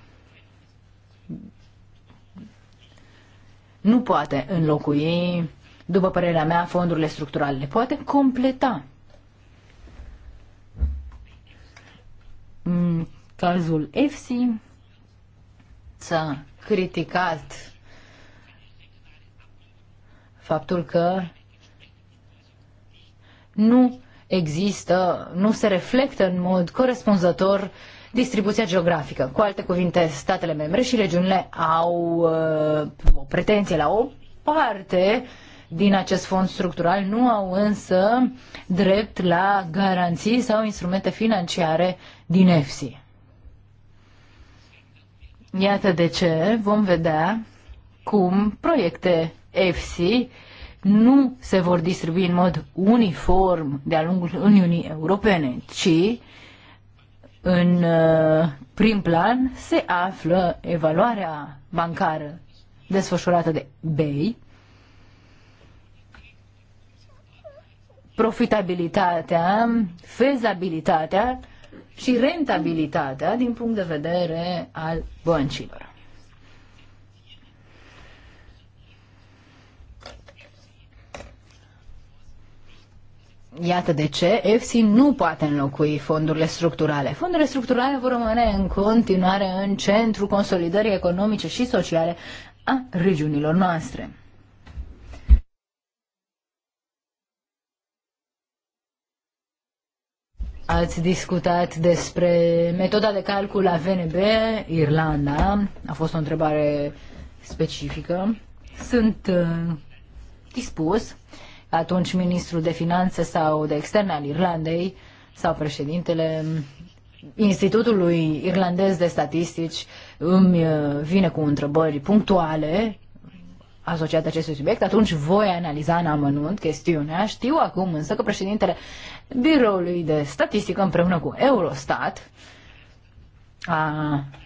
nu poate înlocui, după părerea mea, fondurile structurale. Le poate completa. În cazul EFSI s-a criticat faptul că nu există, nu se reflectă în mod corespunzător distribuția geografică. Cu alte cuvinte, statele membre și regiunile au uh, o pretenție la o parte din acest fond structural, nu au însă drept la garanții sau instrumente financiare din EFSI. Iată de ce vom vedea cum proiecte EFSI nu se vor distribui în mod uniform de-a lungul Uniunii Europene, ci în uh, prim plan se află evaluarea bancară desfășurată de BEI, profitabilitatea, fezabilitatea și rentabilitatea din punct de vedere al băncilor. Iată de ce EFSI nu poate înlocui fondurile structurale. Fondurile structurale vor rămâne în continuare în centru consolidării economice și sociale a regiunilor noastre. Ați discutat despre metoda de calcul a VNB, Irlanda. A fost o întrebare specifică. Sunt uh, dispus atunci ministrul de finanțe sau de externe al Irlandei sau președintele Institutului Irlandez de Statistici îmi uh, vine cu întrebări punctuale asociate acestui subiect, atunci voi analiza în amănunt chestiunea. Știu acum însă că președintele Biroului de Statistică împreună cu Eurostat a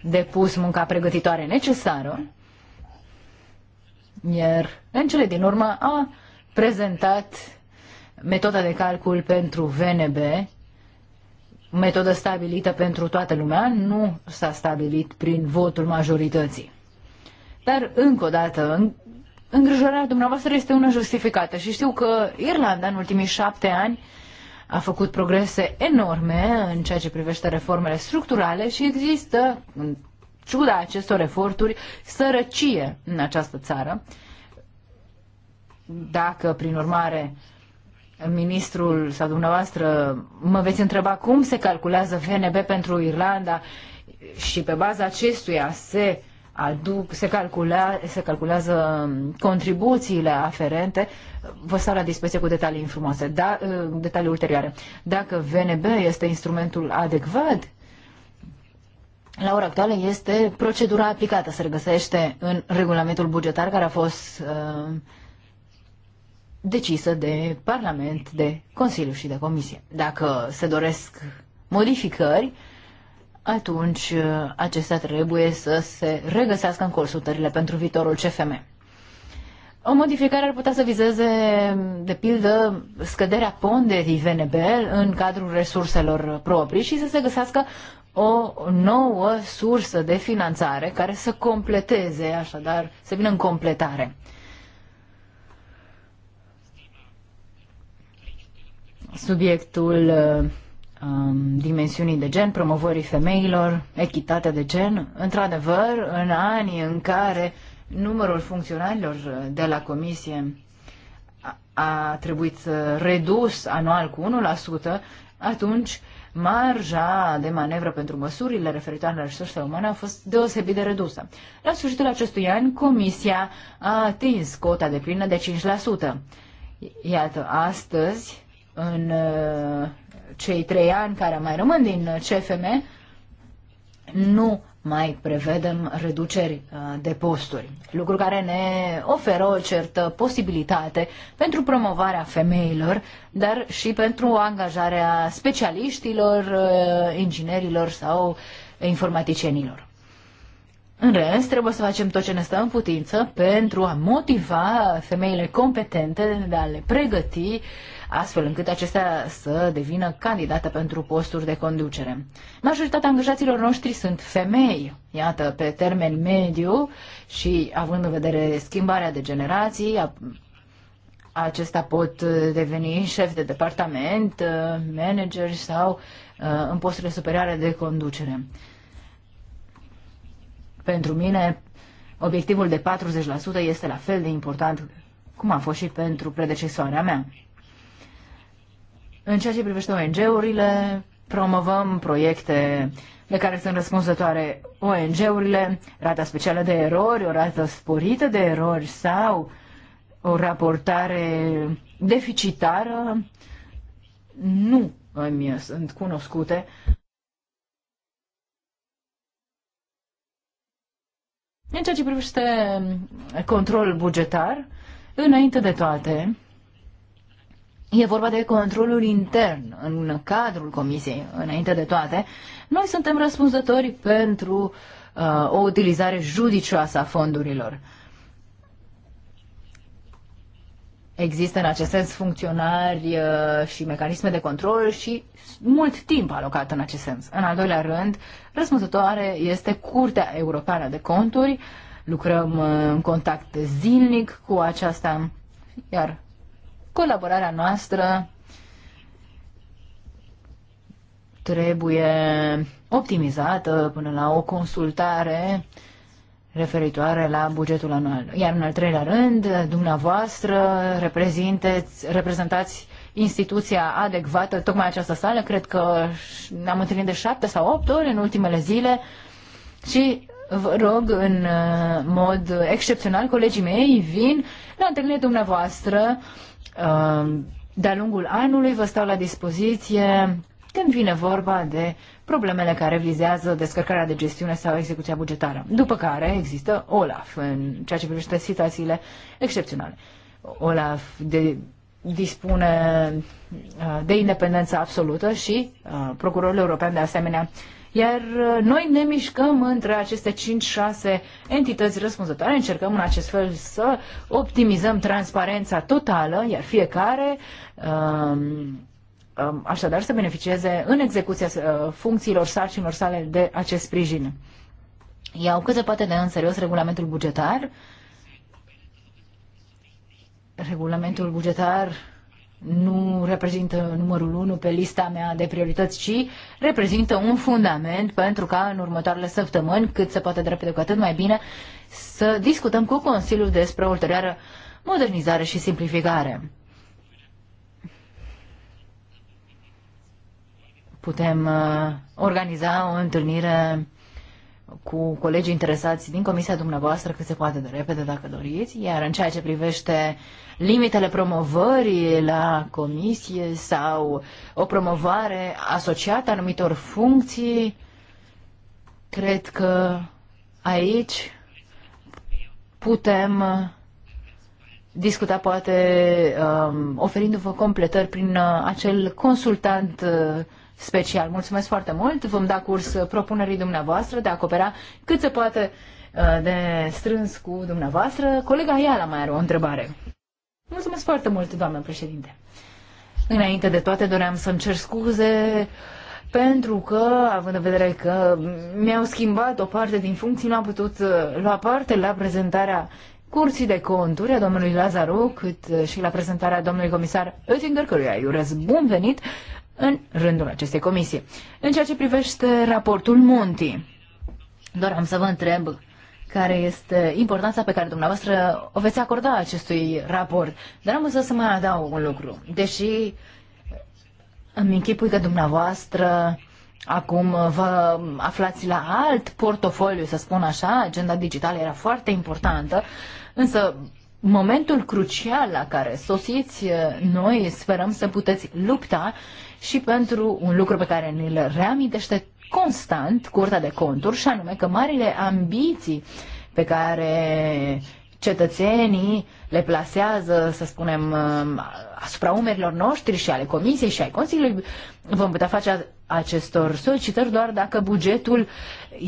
depus munca pregătitoare necesară, iar în cele din urmă a prezentat metoda de calcul pentru VNB, metodă stabilită pentru toată lumea, nu s-a stabilit prin votul majorității. Dar, încă o dată, îngrijorarea dumneavoastră este una justificată și știu că Irlanda în ultimii șapte ani a făcut progrese enorme în ceea ce privește reformele structurale și există, în ciuda acestor eforturi, sărăcie în această țară. Uh, dacă, prin urmare, ministrul sau dumneavoastră mă veți întreba cum se calculează VNB pentru Irlanda și pe baza acestuia se aduc, se, calcula, se calculează contribuțiile aferente, vă stau la dispoziție cu detalii frumoase, da, detalii ulterioare. Dacă VNB este instrumentul adecvat, la ora actuală este procedura aplicată, se regăsește în regulamentul bugetar care a fost uh, decisă de Parlament, de Consiliu și de Comisie. Dacă se doresc modificări, atunci uh, acestea trebuie să se regăsească în consultările pentru viitorul CFM. O modificare ar putea să vizeze, de pildă, scăderea ponderii VNB în cadrul resurselor proprii și să se găsească o nouă sursă de finanțare care să completeze, așadar, să vină în completare. subiectul uh, um, dimensiunii de gen, promovării femeilor, echitatea de gen. Într-adevăr, în anii în care numărul funcționarilor de la comisie a trebuit redus anual cu 1%, atunci marja de manevră pentru măsurile referitoare la resursele umane a fost deosebit de redusă. La sfârșitul acestui an, Comisia a atins cota de plină de 5%. Iată, astăzi în uh, cei trei ani care mai rămân din CFM, nu mai prevedem reduceri uh, de posturi, lucru care ne oferă o certă posibilitate pentru promovarea femeilor, dar și pentru angajarea specialiștilor, uh, inginerilor sau informaticienilor. În rest, trebuie să facem tot ce ne stă în putință pentru a motiva femeile competente, de a le pregăti uh, astfel încât acestea să devină candidată pentru posturi de conducere. Majoritatea angajaților noștri sunt femei, iată, pe termen mediu și având în vedere schimbarea de generații, acestea pot uh, deveni șef de departament, uh, manageri sau uh, în posturile superioare de conducere. Pentru mine, obiectivul de 40% este la fel de important cum a fost și pentru predecesoarea mea. În ceea ce privește ONG-urile, promovăm proiecte de care sunt răspunzătoare ONG-urile, rata specială de erori, o rată sporită de erori sau o raportare deficitară, nu îmi sunt cunoscute. În ceea ce privește control bugetar, înainte de toate, E vorba de controlul intern în cadrul comisiei, înainte de toate. Noi suntem răspunzători pentru uh, o utilizare judicioasă a fondurilor. Există în acest sens funcționari uh, și mecanisme de control și mult timp alocat în acest sens. În al doilea rând, răspunzătoare este Curtea Europeană de Conturi. Lucrăm uh, în contact zilnic cu aceasta, iar Colaborarea noastră trebuie optimizată până la o consultare referitoare la bugetul anual. Iar în al treilea rând, dumneavoastră reprezentați instituția adecvată, tocmai această sală, cred că ne-am întâlnit de șapte sau opt ori în ultimele zile și vă rog în uh, mod excepțional, colegii mei vin la întâlnire dumneavoastră Ehm, de-a lungul anului vă stau la dispoziție când vine vorba de problemele care vizează descărcarea de gestiune sau execuția bugetară. După care există OLAF în ceea ce privește situațiile excepționale. OLAF de, dispune eh, de independență absolută și uh, procurorul european de asemenea iar uh, noi ne mișcăm între aceste 5-6 entități răspunzătoare, încercăm în acest fel să optimizăm transparența totală, iar fiecare um, um așadar să beneficieze în execuția uh, funcțiilor sarcinilor sale de acest sprijin. Iau cât se poate de în serios regulamentul bugetar. Regulamentul bugetar nu reprezintă numărul unu pe lista mea de priorități, ci reprezintă un fundament pentru ca în următoarele săptămâni, cât se poate drept cu atât mai bine, să discutăm cu Consiliul despre ulterioară modernizare și simplificare. Putem uh, organiza o întâlnire cu colegii interesați din comisia dumneavoastră cât se poate de repede, dacă doriți, iar în ceea ce privește limitele promovării la comisie sau o promovare asociată anumitor funcții, cred că aici putem discuta poate um, oferindu-vă completări prin uh, acel consultant uh, special. Mulțumesc foarte mult, vom da curs propunerii dumneavoastră de a coopera cât se poate uh, de strâns cu dumneavoastră. Colega Iala mai are o întrebare. Mulțumesc foarte mult, doamnă președinte. Înainte de toate, doream să-mi cer scuze pentru că, având în vedere că mi-au schimbat o parte din funcții, nu am putut uh, lua parte la prezentarea curții de conturi a domnului Lazaru, cât uh, și la prezentarea domnului comisar Oettinger, căruia îi urez bun venit în rândul acestei comisii. În ceea ce privește raportul Monti, doar am să vă întreb care este importanța pe care dumneavoastră o veți acorda acestui raport. Dar am să mai adaug un lucru. Deși îmi închipui că dumneavoastră acum vă aflați la alt portofoliu, să spun așa, agenda digitală era foarte importantă, însă momentul crucial la care sosiți eh, noi sperăm să puteți lupta și pentru un lucru pe care ne-l reamintește constant Curtea de Conturi și anume că marile ambiții pe care cetățenii le plasează, să spunem, eh, asupra umerilor noștri și ale Comisiei și ai Consiliului, vom putea face acestor solicitări doar dacă bugetul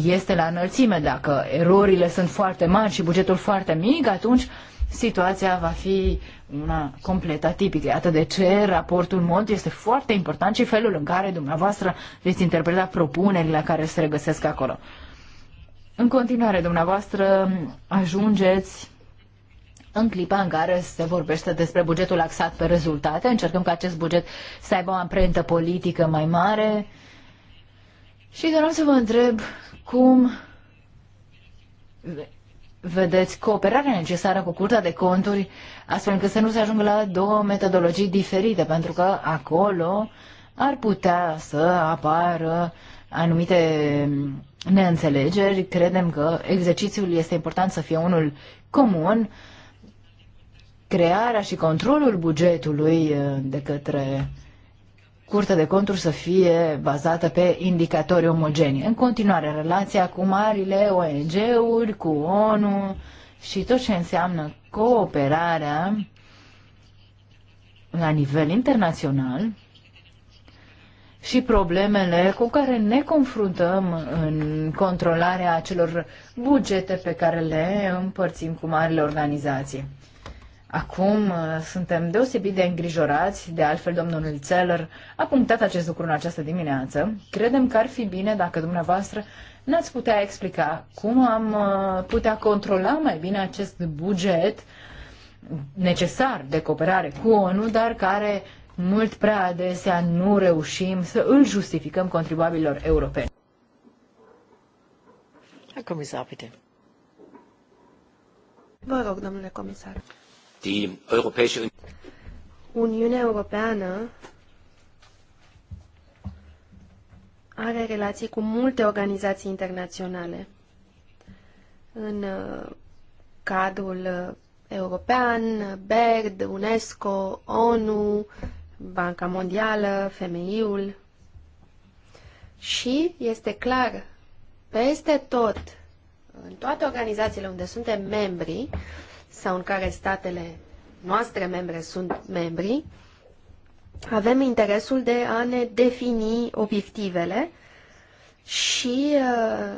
este la înălțime, dacă erorile sunt foarte mari și bugetul foarte mic, atunci uh, situația va fi una complet atipică. Iată de ce raportul Mont este foarte important și felul în care dumneavoastră veți interpreta propunerile care se regăsesc acolo. În continuare, dumneavoastră ajungeți în clipa în care se vorbește despre bugetul axat pe rezultate. Încercăm ca acest buget să aibă o amprentă politică mai mare. Și doar să vă întreb cum vedeți cooperarea necesară cu Curtea de Conturi, astfel încât să nu se ajungă la două metodologii diferite, pentru că acolo ar putea să apară anumite neînțelegeri. Credem că exercițiul este important să fie unul comun, crearea și controlul bugetului eh, de către Curtea de Conturi să fie bazată pe indicatori omogeni. În continuare, relația cu marile ONG-uri, cu ONU și tot ce înseamnă cooperarea la nivel internațional și problemele cu care ne confruntăm în controlarea acelor bugete pe care le împărțim cu marile organizații. Acum uh, suntem deosebit de îngrijorați, de altfel domnul Țeller a punctat acest lucru în această dimineață. Credem că ar fi bine dacă dumneavoastră n ați putea explica cum am uh, putea controla mai bine acest buget necesar de cooperare cu ONU, dar care mult prea adesea nu reușim să îl justificăm contribuabililor europeni. Comisar, Vă rog, domnule comisar. Die Europäische Uniunea Europeană are relații cu multe organizații internaționale. În uh, cadrul uh, european, BERD, UNESCO, ONU, Banca Mondială, Femeiul. Și este clar, peste tot, în toate organizațiile unde suntem membri, sau în care statele noastre membre sunt membri, avem interesul de a ne defini obiectivele și uh,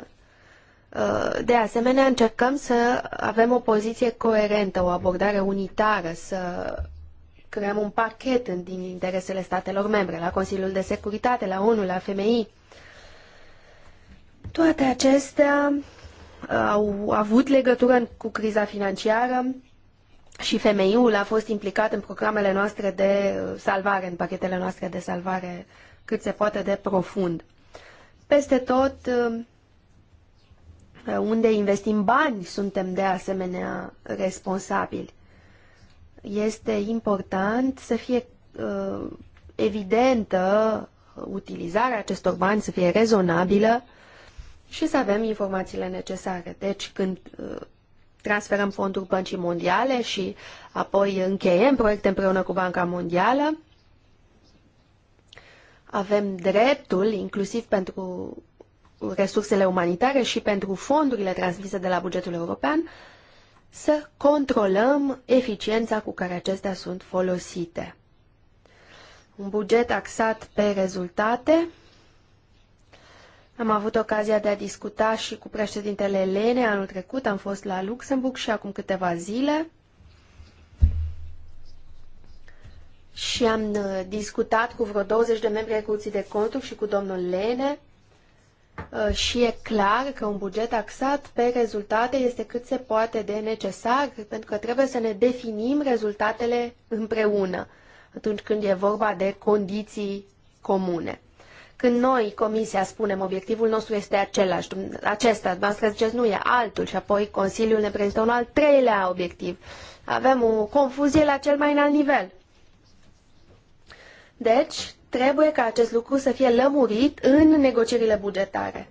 uh, de asemenea încercăm să avem o poziție coerentă, o abordare unitară, să creăm un pachet din interesele statelor membre, la Consiliul de Securitate, la ONU, la FMI. Toate acestea au avut legătură cu criza financiară și femeiul a fost implicat în programele noastre de uh, salvare, în pachetele noastre de salvare cât se poate de profund. Peste tot, uh, uh, unde investim bani, suntem de asemenea responsabili. Este important să fie evidentă utilizarea acestor bani, să fie rezonabilă și să avem informațiile necesare. Deci, când uh, transferăm fonduri băncii mondiale și apoi încheiem proiecte împreună cu Banca Mondială, avem dreptul, inclusiv pentru resursele umanitare și pentru fondurile transmise de la bugetul european, să controlăm eficiența cu care acestea sunt folosite. Un buget axat pe rezultate am avut ocazia de a discuta și cu președintele Elene anul trecut, am fost la Luxemburg și acum câteva zile. Și am uh, discutat cu vreo 20 de membri ai Curții de Conturi și cu domnul Lene uh, și e clar că un buget axat pe rezultate este cât se poate de necesar, pentru că trebuie să ne definim rezultatele împreună atunci când e vorba de condiții comune. Când noi, Comisia, spunem obiectivul nostru este același, acesta, dumneavoastră ziceți nu e altul și apoi Consiliul ne prezintă un al treilea obiectiv. Avem o confuzie la cel mai înalt nivel. Deci, trebuie ca acest lucru să fie lămurit în negocierile bugetare.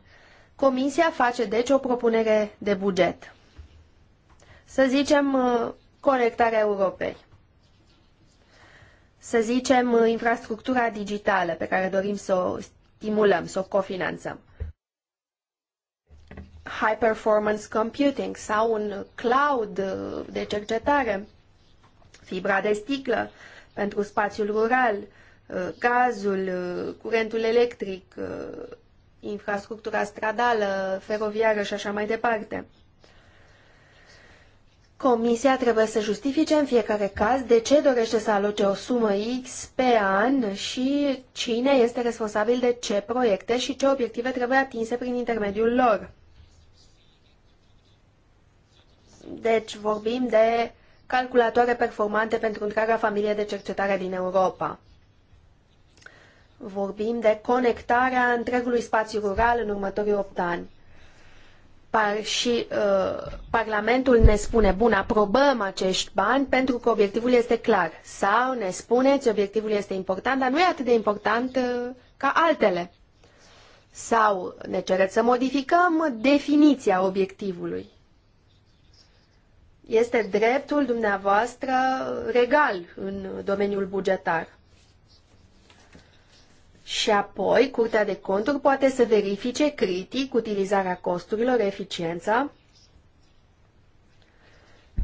Comisia face deci o propunere de buget. Să zicem uh, conectarea Europei. Să zicem uh, infrastructura digitală pe care dorim să o stimulăm, să o cofinanțăm. High performance computing sau un cloud de cercetare, fibra de sticlă pentru spațiul rural, uh, gazul, uh, curentul electric, uh, infrastructura stradală, feroviară și așa mai departe. Comisia trebuie să justifice în fiecare caz de ce dorește să aloce o sumă X pe an și cine este responsabil de ce proiecte și ce obiective trebuie atinse prin intermediul lor. Deci vorbim de calculatoare performante pentru întreaga familie de cercetare din Europa. Vorbim de conectarea întregului spațiu rural în următorii 8 ani par și uh, Parlamentul ne spune, bun, aprobăm acești bani pentru că obiectivul este clar. Sau ne spuneți, obiectivul este important, dar nu e atât de important uh, ca altele. Sau ne cereți să modificăm definiția obiectivului. Este dreptul dumneavoastră regal în domeniul bugetar. Și apoi, Curtea de Conturi poate să verifice critic utilizarea costurilor, eficiența,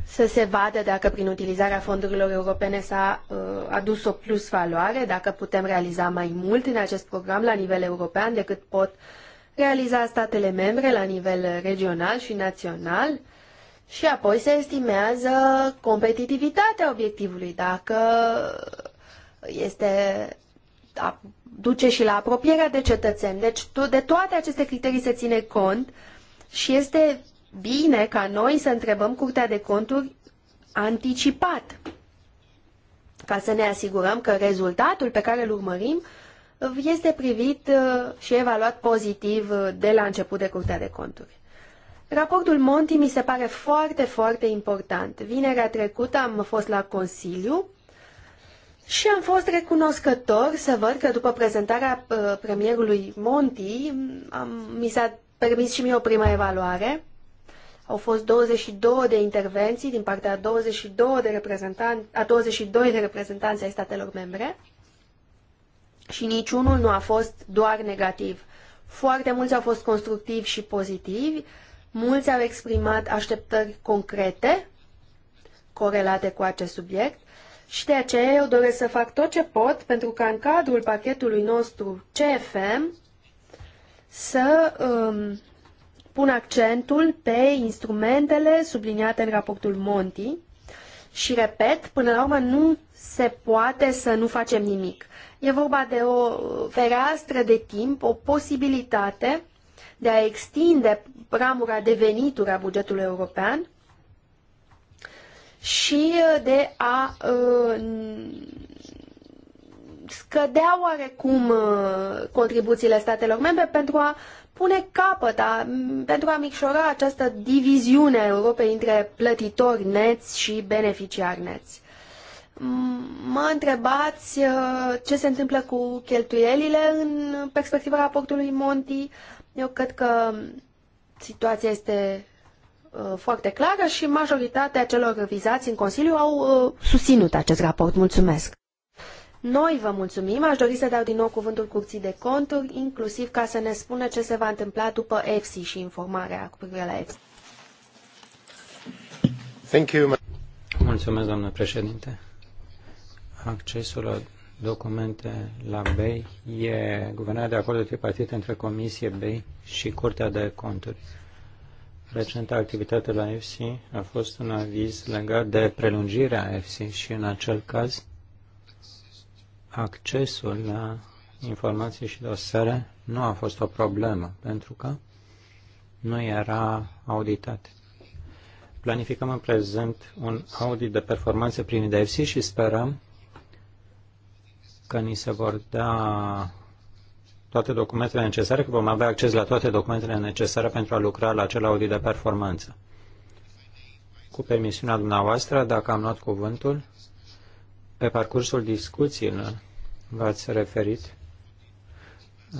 să se vadă dacă prin utilizarea fondurilor europene s-a uh, adus o plus valoare, dacă putem realiza mai mult în acest program la nivel european decât pot realiza statele membre la nivel regional și național. Și apoi se estimează competitivitatea obiectivului, dacă este duce și la apropierea de cetățeni. Deci de toate aceste criterii se ține cont și este bine ca noi să întrebăm Curtea de Conturi anticipat ca să ne asigurăm că rezultatul pe care îl urmărim este privit uh, și evaluat pozitiv uh, de la început de Curtea de Conturi. Raportul Monti mi se pare foarte, foarte important. Vinerea trecută am fost la Consiliu și am fost recunoscător să văd că după prezentarea uh, premierului Monti am, mi s-a permis și mie o prima evaluare. Au fost 22 de intervenții din partea a 22 de reprezentanți, a 22 de reprezentanți ai statelor membre și niciunul nu a fost doar negativ. Foarte mulți au fost constructivi și pozitivi, mulți au exprimat așteptări concrete corelate cu acest subiect și de aceea eu doresc să fac tot ce pot pentru ca în cadrul pachetului nostru CFM să um, pun accentul pe instrumentele subliniate în raportul Monti și, repet, până la urmă nu se poate să nu facem nimic. E vorba de o fereastră de timp, o posibilitate de a extinde ramura de venituri a bugetului european și uh, de a uh, scădea oarecum uh, contribuțiile statelor membre pentru a pune capăt, a, pentru a micșora această diviziune a Europei între plătitori neți și beneficiari neți. Mă întrebați ce se întâmplă cu cheltuielile în perspectiva raportului Monti. Eu cred că situația este Uh, foarte clară și majoritatea celor vizați în Consiliu au uh, susținut acest raport. Mulțumesc! Noi vă mulțumim, aș dori să dau din nou cuvântul Curții de Conturi, inclusiv ca să ne spună ce se va întâmpla după EFSI și informarea cu privire la EFSI. Thank you. Mulțumesc, doamnă președinte. Accesul la documente la BEI e guvernat de acordul tripartit între Comisie BEI și Curtea de Conturi. Recenta activitate la EFSI a fost un aviz legat de prelungirea EFSI și în acel caz accesul la informații și dosare nu a fost o problemă pentru că nu era auditat. Planificăm în prezent un audit de performanță de EFSI și sperăm că ni se vor da toate documentele necesare, că vom avea acces la toate documentele necesare pentru a lucra la acel audit de performanță. Cu permisiunea dumneavoastră, dacă am luat cuvântul, pe parcursul discuțiilor v-ați referit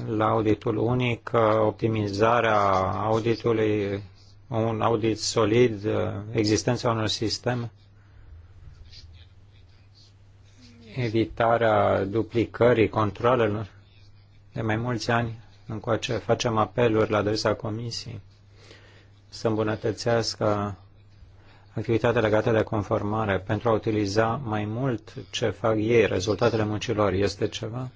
la auditul unic, optimizarea auditului, un audit solid, existența unor sistem, evitarea duplicării controlelor de mai mulți ani încoace facem apeluri la adresa Comisiei să îmbunătățească activitatea legată de conformare pentru a utiliza mai mult ce fac ei, rezultatele muncilor. Este ceva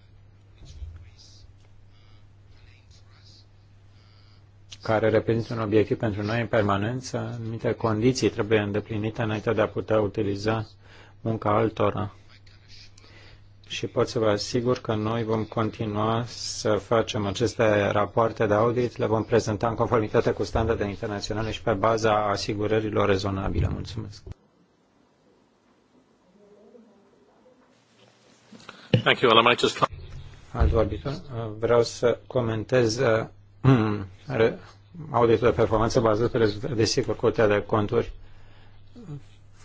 care reprezintă un obiectiv pentru noi în permanență. Anumite condiții trebuie îndeplinite înainte de a putea utiliza munca altora și pot să vă asigur că noi vom continua să facem aceste rapoarte de audit, le vom prezenta în conformitate cu standardele internaționale și pe baza asigurărilor rezonabile. Mulțumesc. Thank you, Well, I just... Alt vorbitor. Vreau să comentez uh, auditul de performanță bazat pe rezultate. Desigur, Curtea de Conturi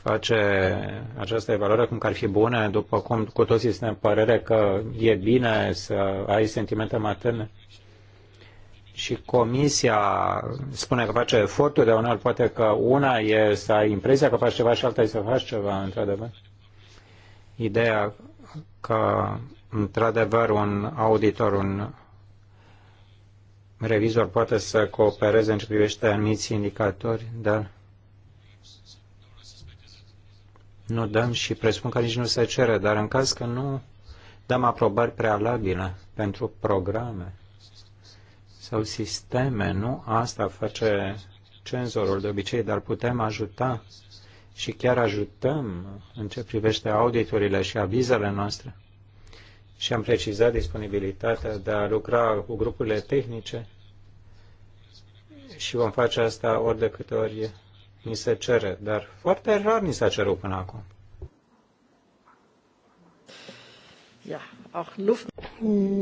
face această evaluare cum că ar fi bună, după cum cu este suntem părere că e bine să ai sentimente materne. Și comisia spune că face efortul de unul poate că una e să ai impresia că faci ceva și alta e să faci ceva, într-adevăr. Ideea că, într-adevăr, un auditor, un revizor poate să coopereze în ce privește anumiți indicatori, dar nu dăm și presupun că nici nu se cere, dar în caz că nu dăm aprobări prealabile pentru programe sau sisteme, nu asta face cenzorul de obicei, dar putem ajuta și chiar ajutăm în ce privește auditurile și avizele noastre. Și am precizat disponibilitatea de a lucra cu grupurile tehnice și vom face asta ori de câte ori ni se cere, dar foarte rar ni s-a cerut până acum.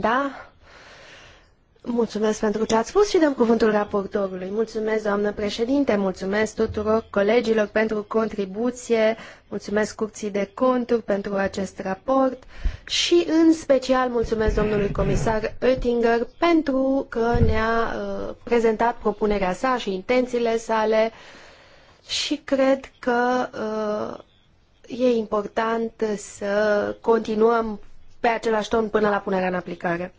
Da. Mulțumesc pentru ce ați spus și dăm cuvântul raportorului. Mulțumesc, doamnă președinte, mulțumesc tuturor colegilor pentru contribuție, mulțumesc Curții de Conturi pentru acest raport și în special mulțumesc domnului comisar Oettinger pentru că ne-a uh, prezentat propunerea sa și intențiile sale uh, și cred că uh, e important să continuăm pe același ton până la punerea în aplicare.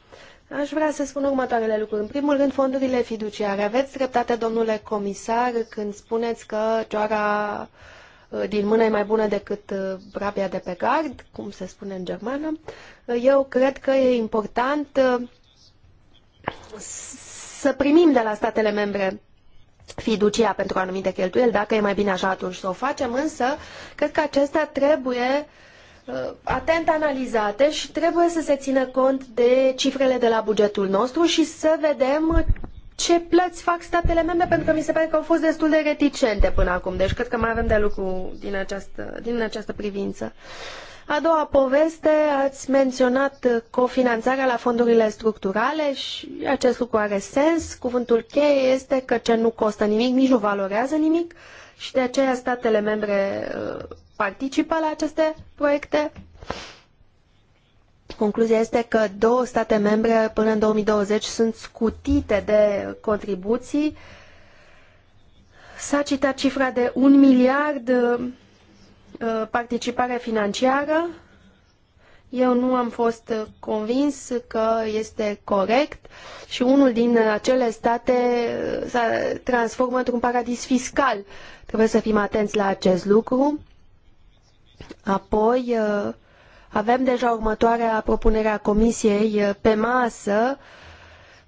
Aș vrea să spun următoarele lucruri. În primul rând, fondurile fiduciare. Aveți dreptate, domnule comisar, când spuneți că cioara uh, din mână e mai bună decât brabia uh, de pe gard, cum se spune în germană. Eu cred că e important să primim de la statele membre fiducia pentru anumite cheltuieli, dacă e mai bine așa atunci să o facem, însă cred că acestea trebuie uh, atent analizate și trebuie să se țină cont de cifrele de la bugetul nostru și să vedem ce plăți fac statele membre, pentru că mi se pare că au fost destul de reticente până acum. Deci cred că mai avem de lucru din această, din această privință. Uh, a doua poveste, ați menționat cofinanțarea la fondurile structurale și acest lucru are sens. Cuvântul cheie este că ce nu costă nimic, nici nu valorează nimic și de aceea statele membre uh, participă la aceste proiecte. Concluzia este că două state membre până în 2020 sunt scutite de contribuții. S-a citat cifra de un miliard uh, Uh, participare financiară. Eu nu am fost convins că este corect și unul din acele state uh, se transformă într-un paradis fiscal. Trebuie să fim atenți la acest lucru. Apoi uh, avem deja următoarea propunere a Comisiei pe masă,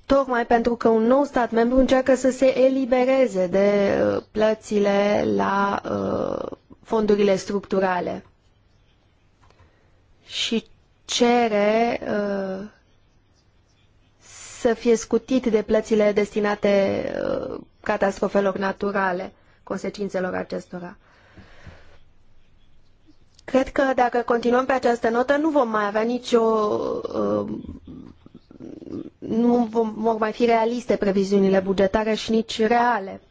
tocmai pentru că un nou stat membru încearcă să se elibereze de plățile la uh, fondurile structurale și cere uh, să fie scutit de plățile destinate uh, catastrofelor naturale, consecințelor acestora. Cred că dacă continuăm pe această notă, nu vom mai avea nicio... Uh, nu vom, vor mai fi realiste previziunile bugetare și nici reale.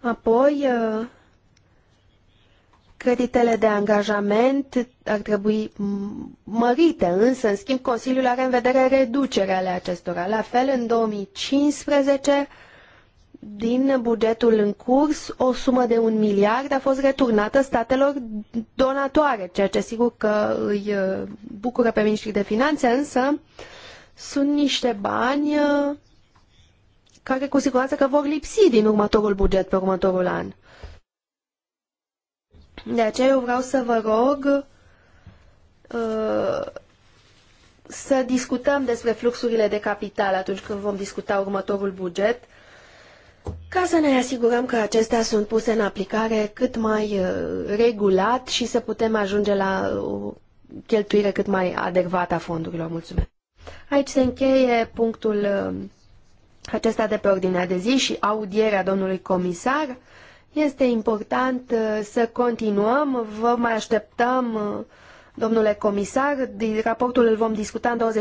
Apoi, uh, Creditele de angajament ar trebui mărite, însă, în schimb, Consiliul are în vedere reducerea ale acestora. La fel, în 2015, din bugetul în curs, o sumă de un miliard a fost returnată statelor donatoare, ceea ce sigur că îi uh, bucură pe ministrii de finanțe, însă sunt niște bani uh, care cu siguranță că vor lipsi din următorul buget pe următorul an. De aceea eu vreau să vă rog uh, să discutăm despre fluxurile de capital atunci când vom discuta următorul buget, ca să ne asigurăm că acestea sunt puse în aplicare cât mai uh, regulat și să putem ajunge la o cheltuire cât mai adecvată a fondurilor. Mulțumesc! Aici se încheie punctul uh, acesta de pe ordinea de zi și audierea domnului comisar. Este important uh, să continuăm, vă mai așteptăm, uh, domnule comisar, raportul îl vom discuta în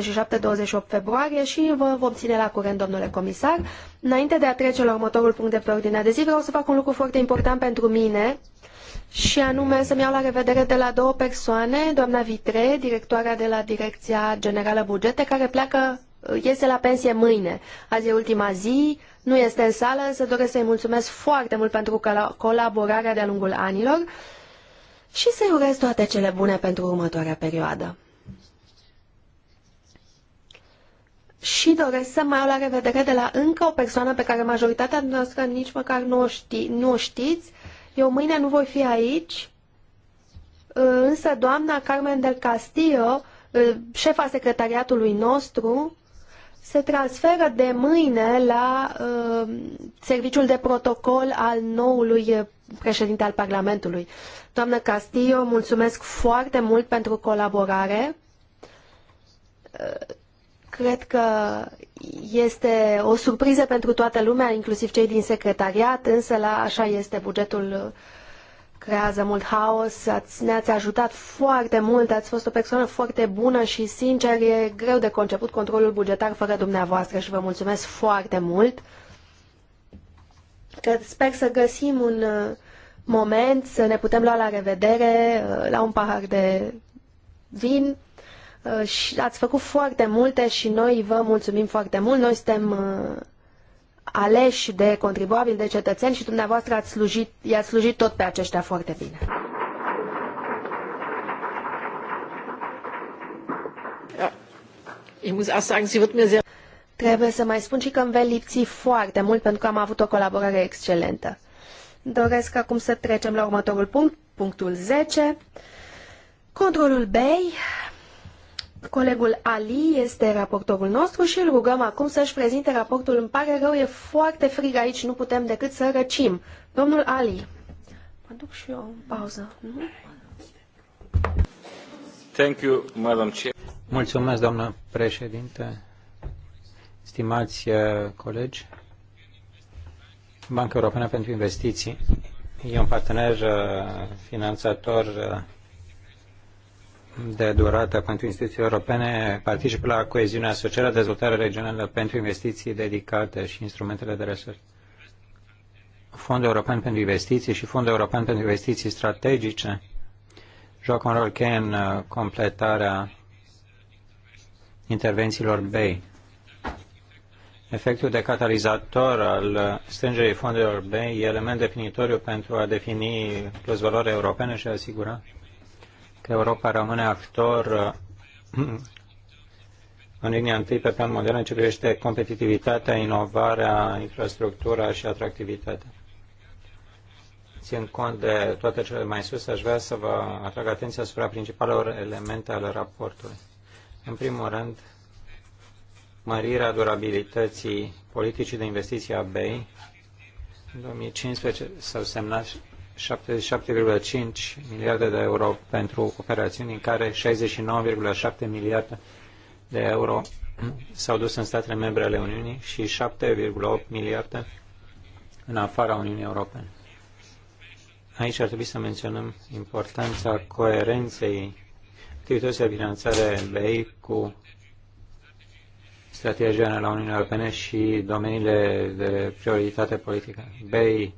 27-28 februarie și vă vom ține la curent, domnule comisar. Înainte de a trece la următorul punct de pe ordinea de zi, vreau să fac un lucru foarte important pentru mine și anume să-mi iau la revedere de la două persoane, doamna Vitre, directoarea de la Direcția Generală Bugete, care pleacă, uh, iese la pensie mâine. Azi e ultima zi, nu este în sală, însă doresc să-i mulțumesc foarte mult pentru colaborarea de-a lungul anilor și să-i urez toate cele bune pentru următoarea perioadă. Și doresc să mai au la revedere de la încă o persoană pe care majoritatea noastră nici măcar nu o, ști, nu o știți. Eu mâine nu voi fi aici, însă doamna Carmen del Castillo, șefa secretariatului nostru, se transferă de mâine la uh, serviciul de protocol al noului uh, președinte al Parlamentului. Doamnă Castillo, mulțumesc foarte mult pentru colaborare. Uh, cred că este o surpriză pentru toată lumea, inclusiv cei din secretariat, însă la așa este bugetul uh, creează mult haos, ați, ne-ați ajutat foarte mult, ați fost o persoană foarte bună și, sincer, e greu de conceput controlul bugetar fără dumneavoastră și vă mulțumesc foarte mult. Că sper să găsim un uh, moment să ne putem lua la revedere uh, la un pahar de vin uh, și ați făcut foarte multe și noi vă mulțumim foarte mult. Noi suntem aleși de contribuabili, de cetățeni și dumneavoastră ați slujit, i-ați slujit tot pe aceștia foarte bine. Trebuie să mai spun și că îmi vei lipsi foarte mult pentru că am avut o colaborare excelentă. Doresc acum să trecem la următorul punct, punctul 10. Controlul BEI, Colegul Ali este raportorul nostru și îl rugăm acum să-și prezinte raportul. Îmi pare rău, e foarte frig aici, nu putem decât să răcim. Domnul Ali. Mă duc și eu în pauză. Nu? Thank you, Madam Chair. Mulțumesc, doamnă președinte. Stimați uh, colegi, Banca Europeană pentru Investiții e un partener uh, finanțator uh, de durată pentru instituții europene participă la coeziunea socială, dezvoltarea regională pentru investiții dedicate și instrumentele de resurse. Fondul European pentru Investiții și Fondul European pentru Investiții Strategice joacă un rol cheie în uh, completarea intervențiilor BEI. Efectul de catalizator al uh, strângerii fondurilor BEI e element definitoriu pentru a defini valoare europeană și a asigura că Europa rămâne actor uh, în linia întâi pe plan modern în ce privește competitivitatea, inovarea, infrastructura și atractivitatea. Țin cont de toate cele mai sus, aș vrea să vă atrag atenția asupra principalelor elemente ale raportului. În primul rând, mărirea durabilității politicii de investiții a BEI. În 2015 s-au semnat 77,5 miliarde de euro pentru operațiuni în care 69,7 miliarde de euro s-au dus în statele membre ale Uniunii și 7,8 miliarde în afara Uniunii Europene. Aici ar trebui să menționăm importanța coerenței activității de finanțare BEI cu strategia la Uniunea Europene și domeniile de prioritate politică. BEI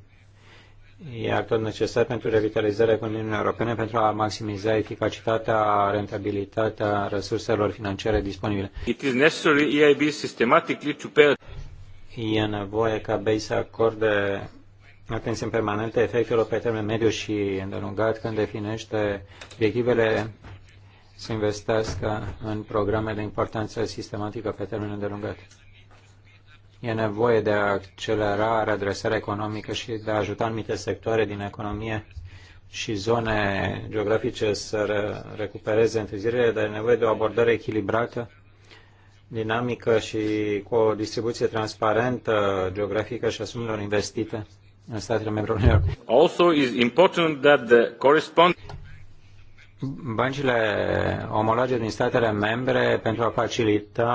e actul necesar pentru revitalizarea economiei europene pentru a maximiza eficacitatea, rentabilitatea resurselor financiare disponibile. It is necessary EIB systematically to pay... E nevoie ca BEI să acorde atenție permanentă efectelor pe termen mediu și îndelungat când definește obiectivele să investească în programe de importanță sistematică pe termen îndelungat. E nevoie de a accelera redresarea economică și de a ajuta anumite sectoare din economie și zone geografice să recupereze întârzierile, dar e nevoie de o abordare echilibrată, dinamică și cu o distribuție transparentă geografică și a sumelor investite în statele membre Uniunii băncile omologe din statele membre pentru a facilita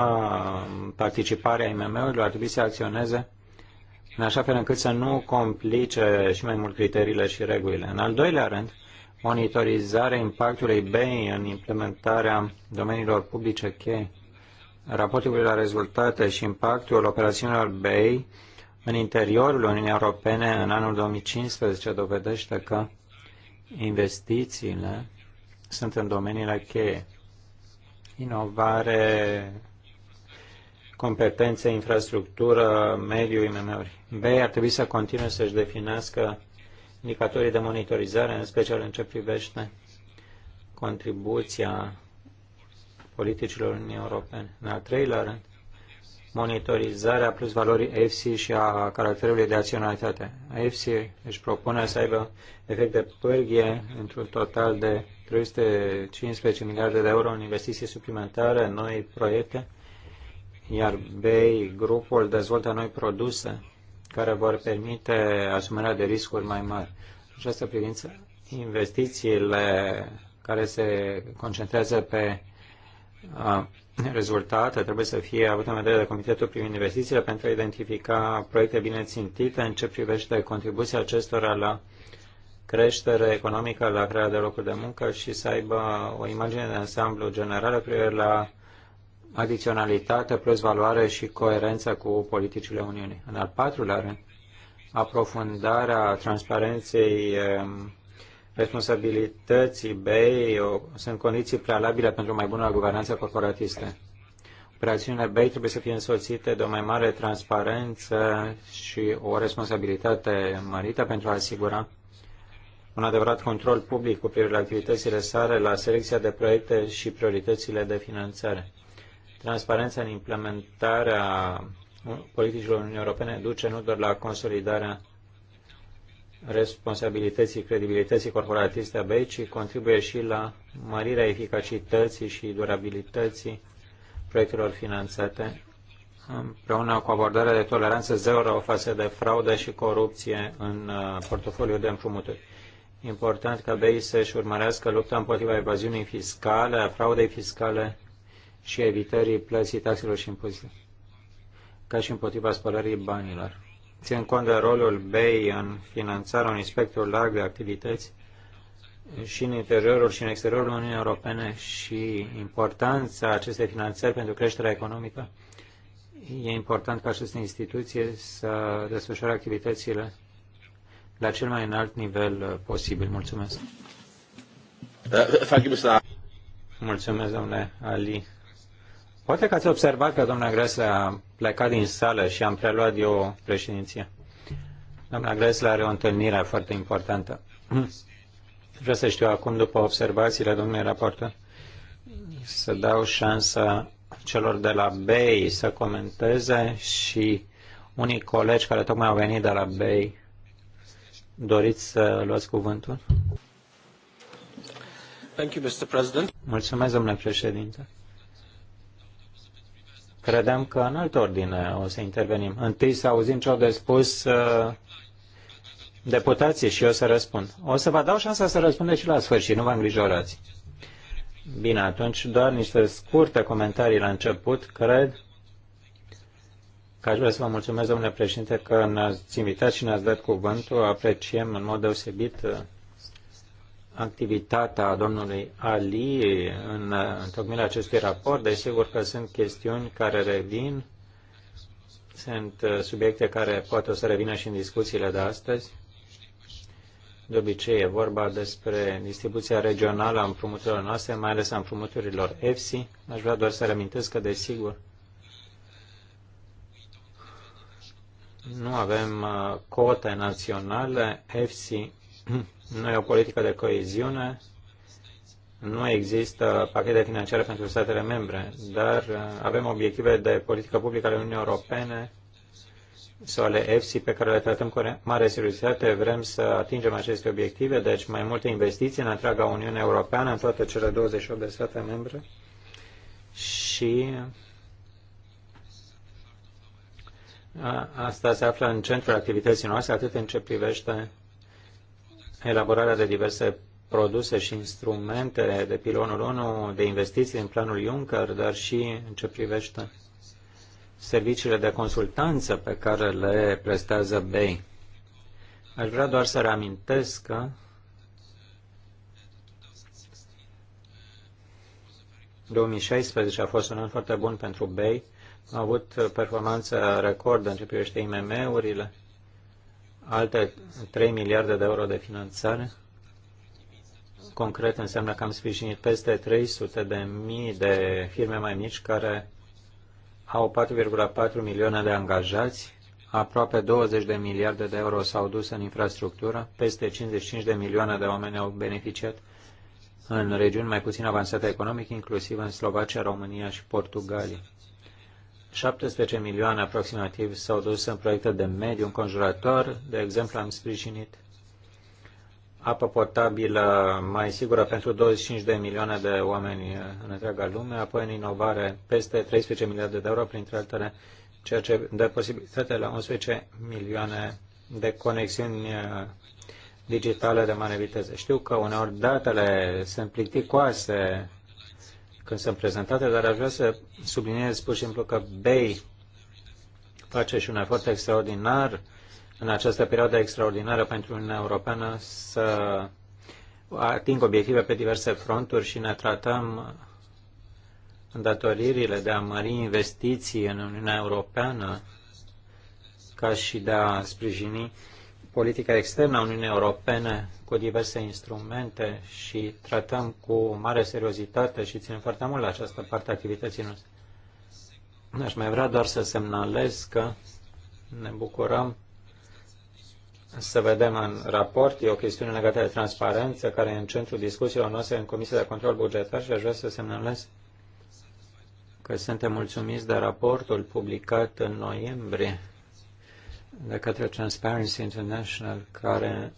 participarea IMM-urilor ar trebui să acționeze în așa fel încât să nu complice și mai mult criteriile și regulile. În al doilea rând, monitorizarea impactului BEI în implementarea domeniilor publice cheie, raportul la rezultate și impactul operațiunilor BEI în interiorul Uniunii Europene în anul 2015 dovedește că investițiile sunt în domeniile cheie. Inovare, competențe, infrastructură, mediu, IMM-uri. B. Ar trebui să continue să-și definească indicatorii de monitorizare, în special în ce privește contribuția politicilor Uniunii Europene. În al treilea rând, monitorizarea plus valorii EFSI și a caracterului de acționalitate. EFSI își propune să aibă efect de pârghie într-un total de 315 miliarde de euro în investiții suplimentare, noi proiecte, iar BEI, grupul, dezvoltă noi produse care vor permite asumarea de riscuri mai mari. În această privință, investițiile care se concentrează pe a, rezultate trebuie să fie avute în vedere de Comitetul privind investițiile pentru a identifica proiecte bine țintite în ce privește contribuția acestora la creștere economică, la crearea de locuri de muncă și să aibă o imagine de ansamblu generală privind la adiționalitate, plus valoare și coerență cu politicile Uniunii. În al patrulea rând, aprofundarea transparenței responsabilității BEI sunt condiții prealabile pentru mai bună guvernanță corporatistă. Operațiunile BEI trebuie să fie însoțite de o mai mare transparență și o responsabilitate mărită pentru a asigura un adevărat control public cu privire la activitățile sale, la selecția de proiecte și prioritățile de finanțare. Transparența în implementarea politicilor Uniunii Europene duce nu doar la consolidarea responsabilității, credibilității corporatiste a BEI, ci contribuie și la mărirea eficacității și durabilității proiectelor finanțate împreună cu abordarea de toleranță zero față de fraudă și corupție în uh, portofoliul de împrumuturi important ca BEI să-și urmărească lupta împotriva evaziunii fiscale, a fraudei fiscale și evitării plății taxelor și impozitelor, ca și împotriva spălării banilor. Țin cont de rolul BEI în finanțarea unui spectru larg de activități și în interiorul și în exteriorul Uniunii Europene și importanța acestei finanțări pentru creșterea economică, e important ca aceste instituții să desfășoare activitățile la cel mai înalt nivel uh, posibil. Mulțumesc. Mulțumesc, domnule Ali. Poate că ați observat că doamna Gresle a plecat din sală și am preluat eu președinția. Doamna Gresle are o întâlnire foarte importantă. Vreau să știu acum, după observațiile domnului raportor, să dau șansa celor de la BEI să comenteze și unii colegi care tocmai au venit de la BEI Doriți să luați cuvântul? Thank you, Mr. President. Mulțumesc, domnule președinte. Credeam că în altă ordine o să intervenim. Întâi să auzim ce au de spus uh, deputații și eu să răspund. O să vă dau șansa să răspundeți și la sfârșit, nu vă îngrijorați. Bine, atunci doar niște scurte comentarii la început. Cred că aș vrea să vă mulțumesc, domnule președinte, că ne-ați invitat și ne-ați dat cuvântul. Apreciem în mod deosebit uh, activitatea domnului Ali în uh, întocmirea acestui raport. Desigur că sunt chestiuni care revin, sunt uh, subiecte care poate o să revină și în discuțiile de astăzi. De obicei e vorba despre distribuția regională a împrumuturilor noastre, mai ales a împrumuturilor EFSI. Aș vrea doar să reamintesc că, desigur, nu avem uh, cote naționale, EFSI nu e o politică de coeziune, nu există pachete financiare pentru statele membre, dar uh, avem obiective de politică publică ale Uniunii Europene sau ale EFSI pe care le tratăm cu mare seriozitate. Vrem să atingem aceste obiective, deci mai multe investiții în întreaga Uniune Europeană, în toate cele 28 de state membre și Asta se află în centrul activității noastre, atât în ce privește elaborarea de diverse produse și instrumente de pilonul 1 de investiții în planul Juncker, dar și în ce privește serviciile de consultanță pe care le prestează BEI. Aș vrea doar să reamintesc că ...2016 a fost un an foarte bun pentru BEI a avut performanță record în ce privește IMM-urile, alte 3 miliarde de euro de finanțare. Concret înseamnă că am sprijinit peste 300 de mii de firme mai mici care au 4,4 milioane de angajați, aproape 20 de miliarde de euro s-au dus în infrastructură, peste 55 de milioane de oameni au beneficiat în regiuni mai puțin avansate economic, inclusiv în Slovacia, România și Portugalia. 17 milioane aproximativ s-au dus în proiecte de mediu înconjurător. De exemplu, am sprijinit apă potabilă mai sigură pentru 25 de milioane de oameni în întreaga lume, apoi în inovare peste 13 miliarde de euro, printre altele, ceea ce dă posibilitate la 11 milioane de conexiuni uh, digitale de mare viteză. Știu că uneori datele sunt plicticoase când sunt prezentate, dar aș vrea să subliniez pur și simplu că Bay face și un efort extraordinar în această perioadă extraordinară pentru Uniunea Europeană să ating obiective pe diverse fronturi și ne tratăm îndatoririle de a mări investiții în Uniunea Europeană ca și de a sprijini politica externă a Uniunii Europene cu diverse instrumente și tratăm cu mare seriozitate și ținem foarte mult la această parte a activității noastre. Aș mai vrea doar să semnalez că ne bucurăm să vedem în raport. E o chestiune legată de transparență care e în centrul discuțiilor noastre în Comisia de Control Bugetar și aș vrea să semnalez că suntem mulțumiți de raportul publicat în noiembrie de către Transparency International, care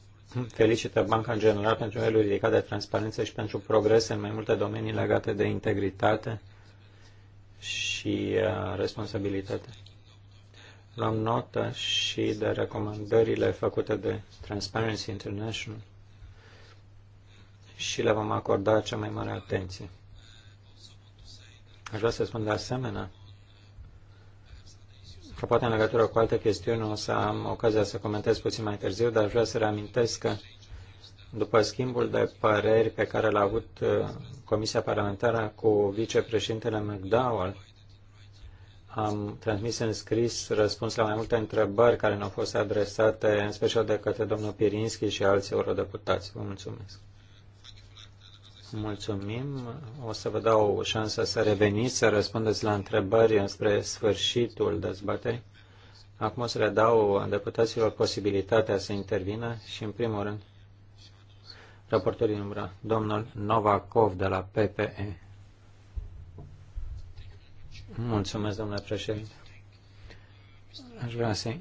felicită Banca în general pentru nivelul ridicat de transparență și pentru progrese în mai multe domenii legate de integritate și uh, responsabilitate. Luăm notă și de recomandările făcute de Transparency International și le vom acorda cea mai mare atenție. Aș vrea să spun de asemenea că poate în legătură cu alte chestiuni o să am ocazia să comentez puțin mai târziu, dar vreau să reamintesc că după schimbul de păreri pe care l-a avut uh, Comisia Parlamentară cu vicepreședintele McDowell, am transmis în scris răspuns la mai multe întrebări care ne-au fost adresate, în special de către domnul Pirinski și alți eurodeputați. Vă mulțumesc. Mulțumim. O să vă dau o șansă să reveniți, să răspundeți la întrebări spre sfârșitul dezbaterii. Acum o să le dau deputaților posibilitatea să intervină și, în primul rând, raportorii numără, domnul Novakov de la PPE. Mulțumesc, domnule președinte. Aș vrea să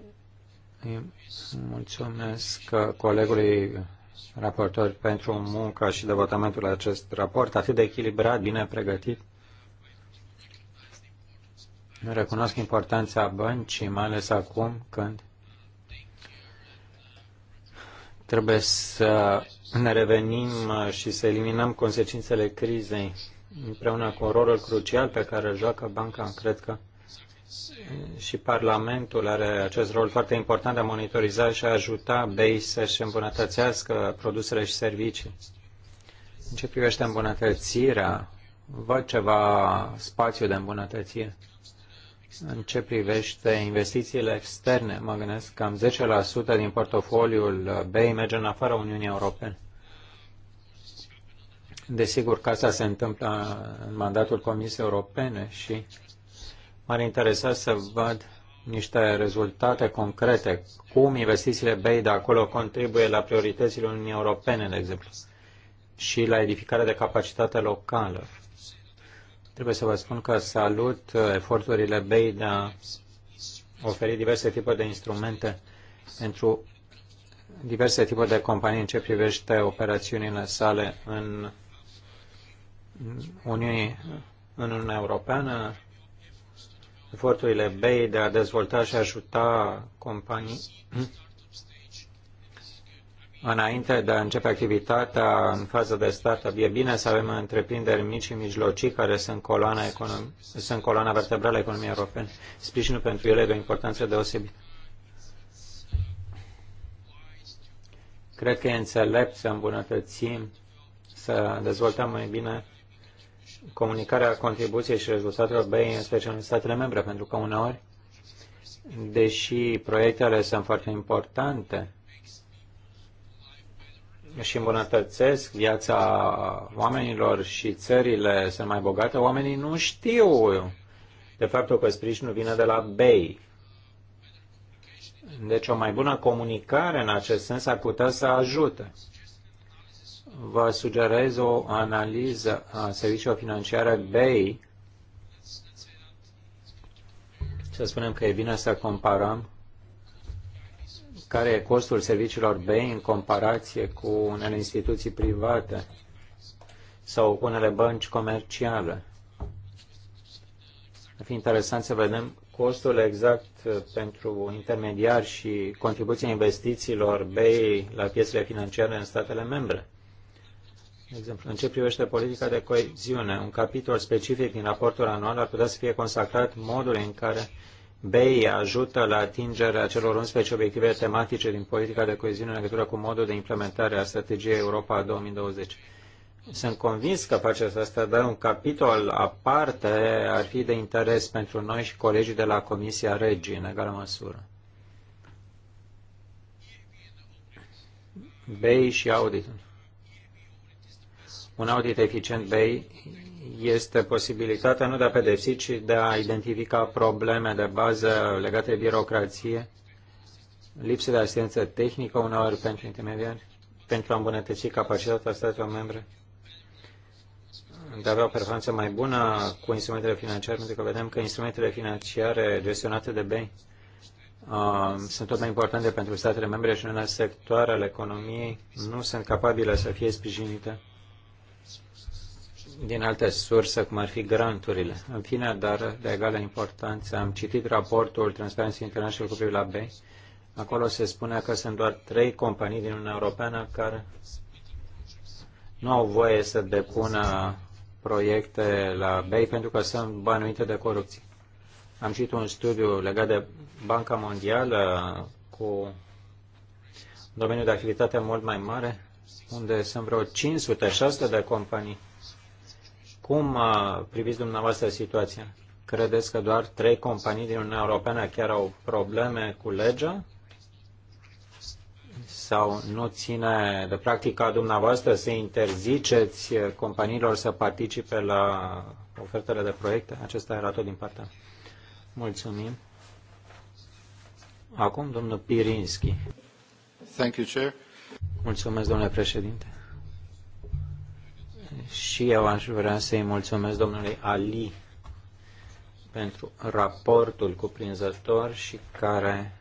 mulțumesc colegului raportori pentru munca și devotamentul la acest raport atât de echilibrat, bine pregătit. Recunosc importanța băncii, mai ales acum când trebuie să ne revenim și să eliminăm consecințele crizei împreună cu rolul crucial pe care îl joacă banca. Cred că și Parlamentul are acest rol foarte important de a monitoriza și a ajuta BEI să-și îmbunătățească produsele și servicii. În ce privește îmbunătățirea, văd ceva spațiu de îmbunătățire. În ce privește investițiile externe, mă gândesc că cam 10% din portofoliul BEI merge în afara Uniunii Europene. Desigur că asta se întâmplă în mandatul Comisiei Europene și M-ar interesa să văd niște rezultate concrete, cum investițiile BEI de acolo contribuie la prioritățile Uniunii Europene, de exemplu, și la edificarea de capacitate locală. Trebuie să vă spun că salut eforturile BEI de a oferi diverse tipuri de instrumente pentru diverse tipuri de companii în ce privește operațiunile sale în Uniunii, în Uniunea Europeană, eforturile BEI de a dezvolta și ajuta companii înainte de a începe activitatea în fază de startup. E bine să avem întreprinderi mici și mijlocii care sunt coloana, economi- sunt coloana vertebrală a economiei europene. Sprijinul pentru ele de o importanță deosebită. Cred că e înțelept să îmbunătățim, să dezvoltăm mai bine comunicarea contribuției și rezultatelor BEI, în special în statele membre, pentru că uneori, deși proiectele sunt foarte importante și îmbunătățesc viața oamenilor și țările sunt mai bogate, oamenii nu știu de faptul că sprijinul vine de la BEI. Deci o mai bună comunicare în acest sens ar putea să ajute vă sugerez o analiză a serviciilor financiare BEI. Să spunem că e bine să comparăm care e costul serviciilor BEI în comparație cu unele instituții private sau cu unele bănci comerciale. Ar fi interesant să vedem costul exact pentru intermediari și contribuția investițiilor BEI la piețele financiare în statele membre exemplu, în ce privește politica de coeziune, un capitol specific din raportul anual ar putea să fie consacrat modul în care BEI ajută la atingerea celor 11 obiective tematice din politica de coeziune în legătură cu modul de implementare a strategiei Europa 2020. Sunt convins că faceți asta, dar un capitol aparte ar fi de interes pentru noi și colegii de la Comisia Regii, în egală măsură. BEI și auditul. Un audit eficient BEI este posibilitatea nu de a pedepsi, ci de a identifica probleme de bază legate de birocrație, lipsă de asistență tehnică uneori pentru intermediari, pentru a îmbunătăți capacitatea statelor membre de a avea o performanță mai bună cu instrumentele financiare, pentru că vedem că instrumentele financiare gestionate de BEI uh, sunt tot mai importante pentru statele membre și în sectoare ale economiei nu sunt capabile să fie sprijinite din alte surse, cum ar fi granturile. În fine, dar de egală importanță, am citit raportul Transparency International cu privire la BEI. Acolo se spune că sunt doar trei companii din Uniunea Europeană care nu au voie să depună proiecte la BEI pentru că sunt banuite de corupție. Am citit un studiu legat de Banca Mondială cu un domeniu de activitate mult mai mare, unde sunt vreo 500-600 de companii cum uh, priviți dumneavoastră situația? Credeți că doar trei companii din Uniunea Europeană chiar au probleme cu legea? Sau nu ține de practica dumneavoastră să interziceți companiilor să participe la ofertele de proiecte? Acesta era tot din partea. Mulțumim. Acum domnul Pirinski. Thank you, Chair. Mulțumesc, domnule președinte. Și eu aș vrea să-i mulțumesc domnului Ali pentru raportul cuprinzător și care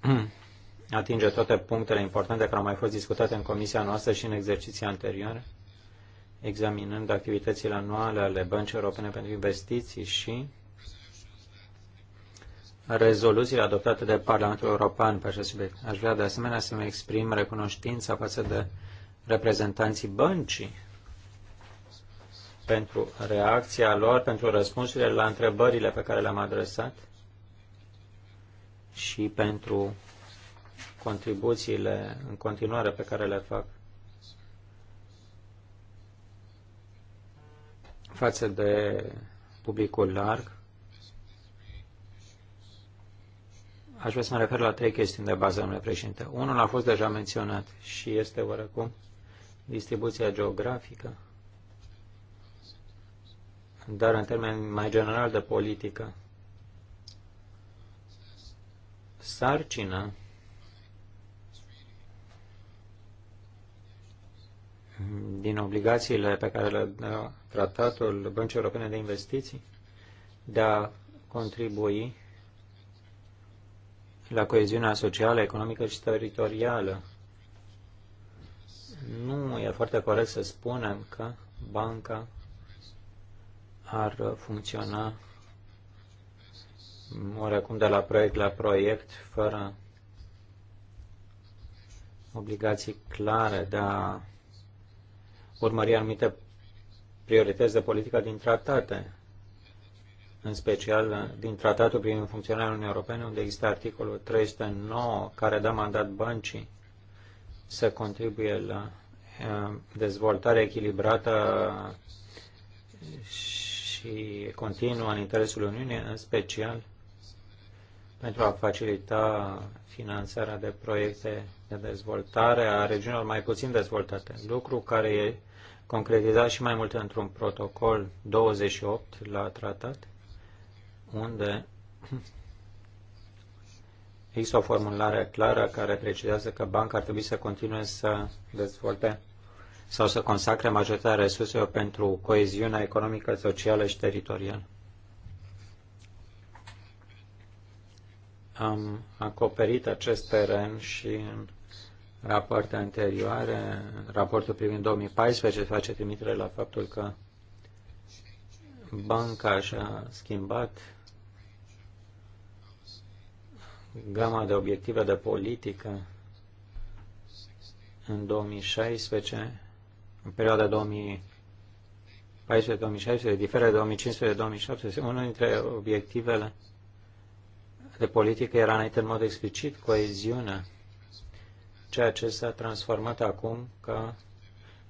atinge toate punctele importante care au mai fost discutate în comisia noastră și în exerciții anterioare, examinând activitățile anuale ale Băncii Europene pentru Investiții și rezoluțiile adoptate de Parlamentul European pe acest subiect. Aș vrea de asemenea să-mi exprim recunoștința față de reprezentanții băncii pentru reacția lor, pentru răspunsurile la întrebările pe care le-am adresat și pentru contribuțiile în continuare pe care le fac față de publicul larg. Aș vrea să mă refer la trei chestiuni de bază, domnule președinte. Unul a fost deja menționat și este oarecum distribuția geografică, dar în termen mai general de politică. Sarcina din obligațiile pe care le dă tratatul Băncii Europene de Investiții de a contribui la coeziunea socială, economică și teritorială nu e foarte corect să spunem că banca ar funcționa oarecum de la proiect la proiect, fără obligații clare de a urmări anumite priorități de politică din tratate, în special din tratatul privind funcționarea Uniunii Europene, unde există articolul 309 care dă mandat băncii să contribuie la eh, dezvoltare echilibrată și continuă în interesul Uniunii, în special pentru a facilita finanțarea de proiecte de dezvoltare a regiunilor mai puțin dezvoltate, lucru care e concretizat și mai mult într-un protocol 28 la tratat, unde Există o formulare clară care precizează că banca ar trebui să continue să dezvolte sau să consacre majoritatea resurselor pentru coeziunea economică, socială și teritorială. Am acoperit acest teren și în rapoarte anterioare, raportul privind 2014 face trimitere la faptul că banca și-a schimbat gama de obiective de politică în 2016, în perioada 2014-2016, diferă de 2015-2017. Unul dintre obiectivele de politică era înainte în mod explicit coeziunea, ceea ce s-a transformat acum ca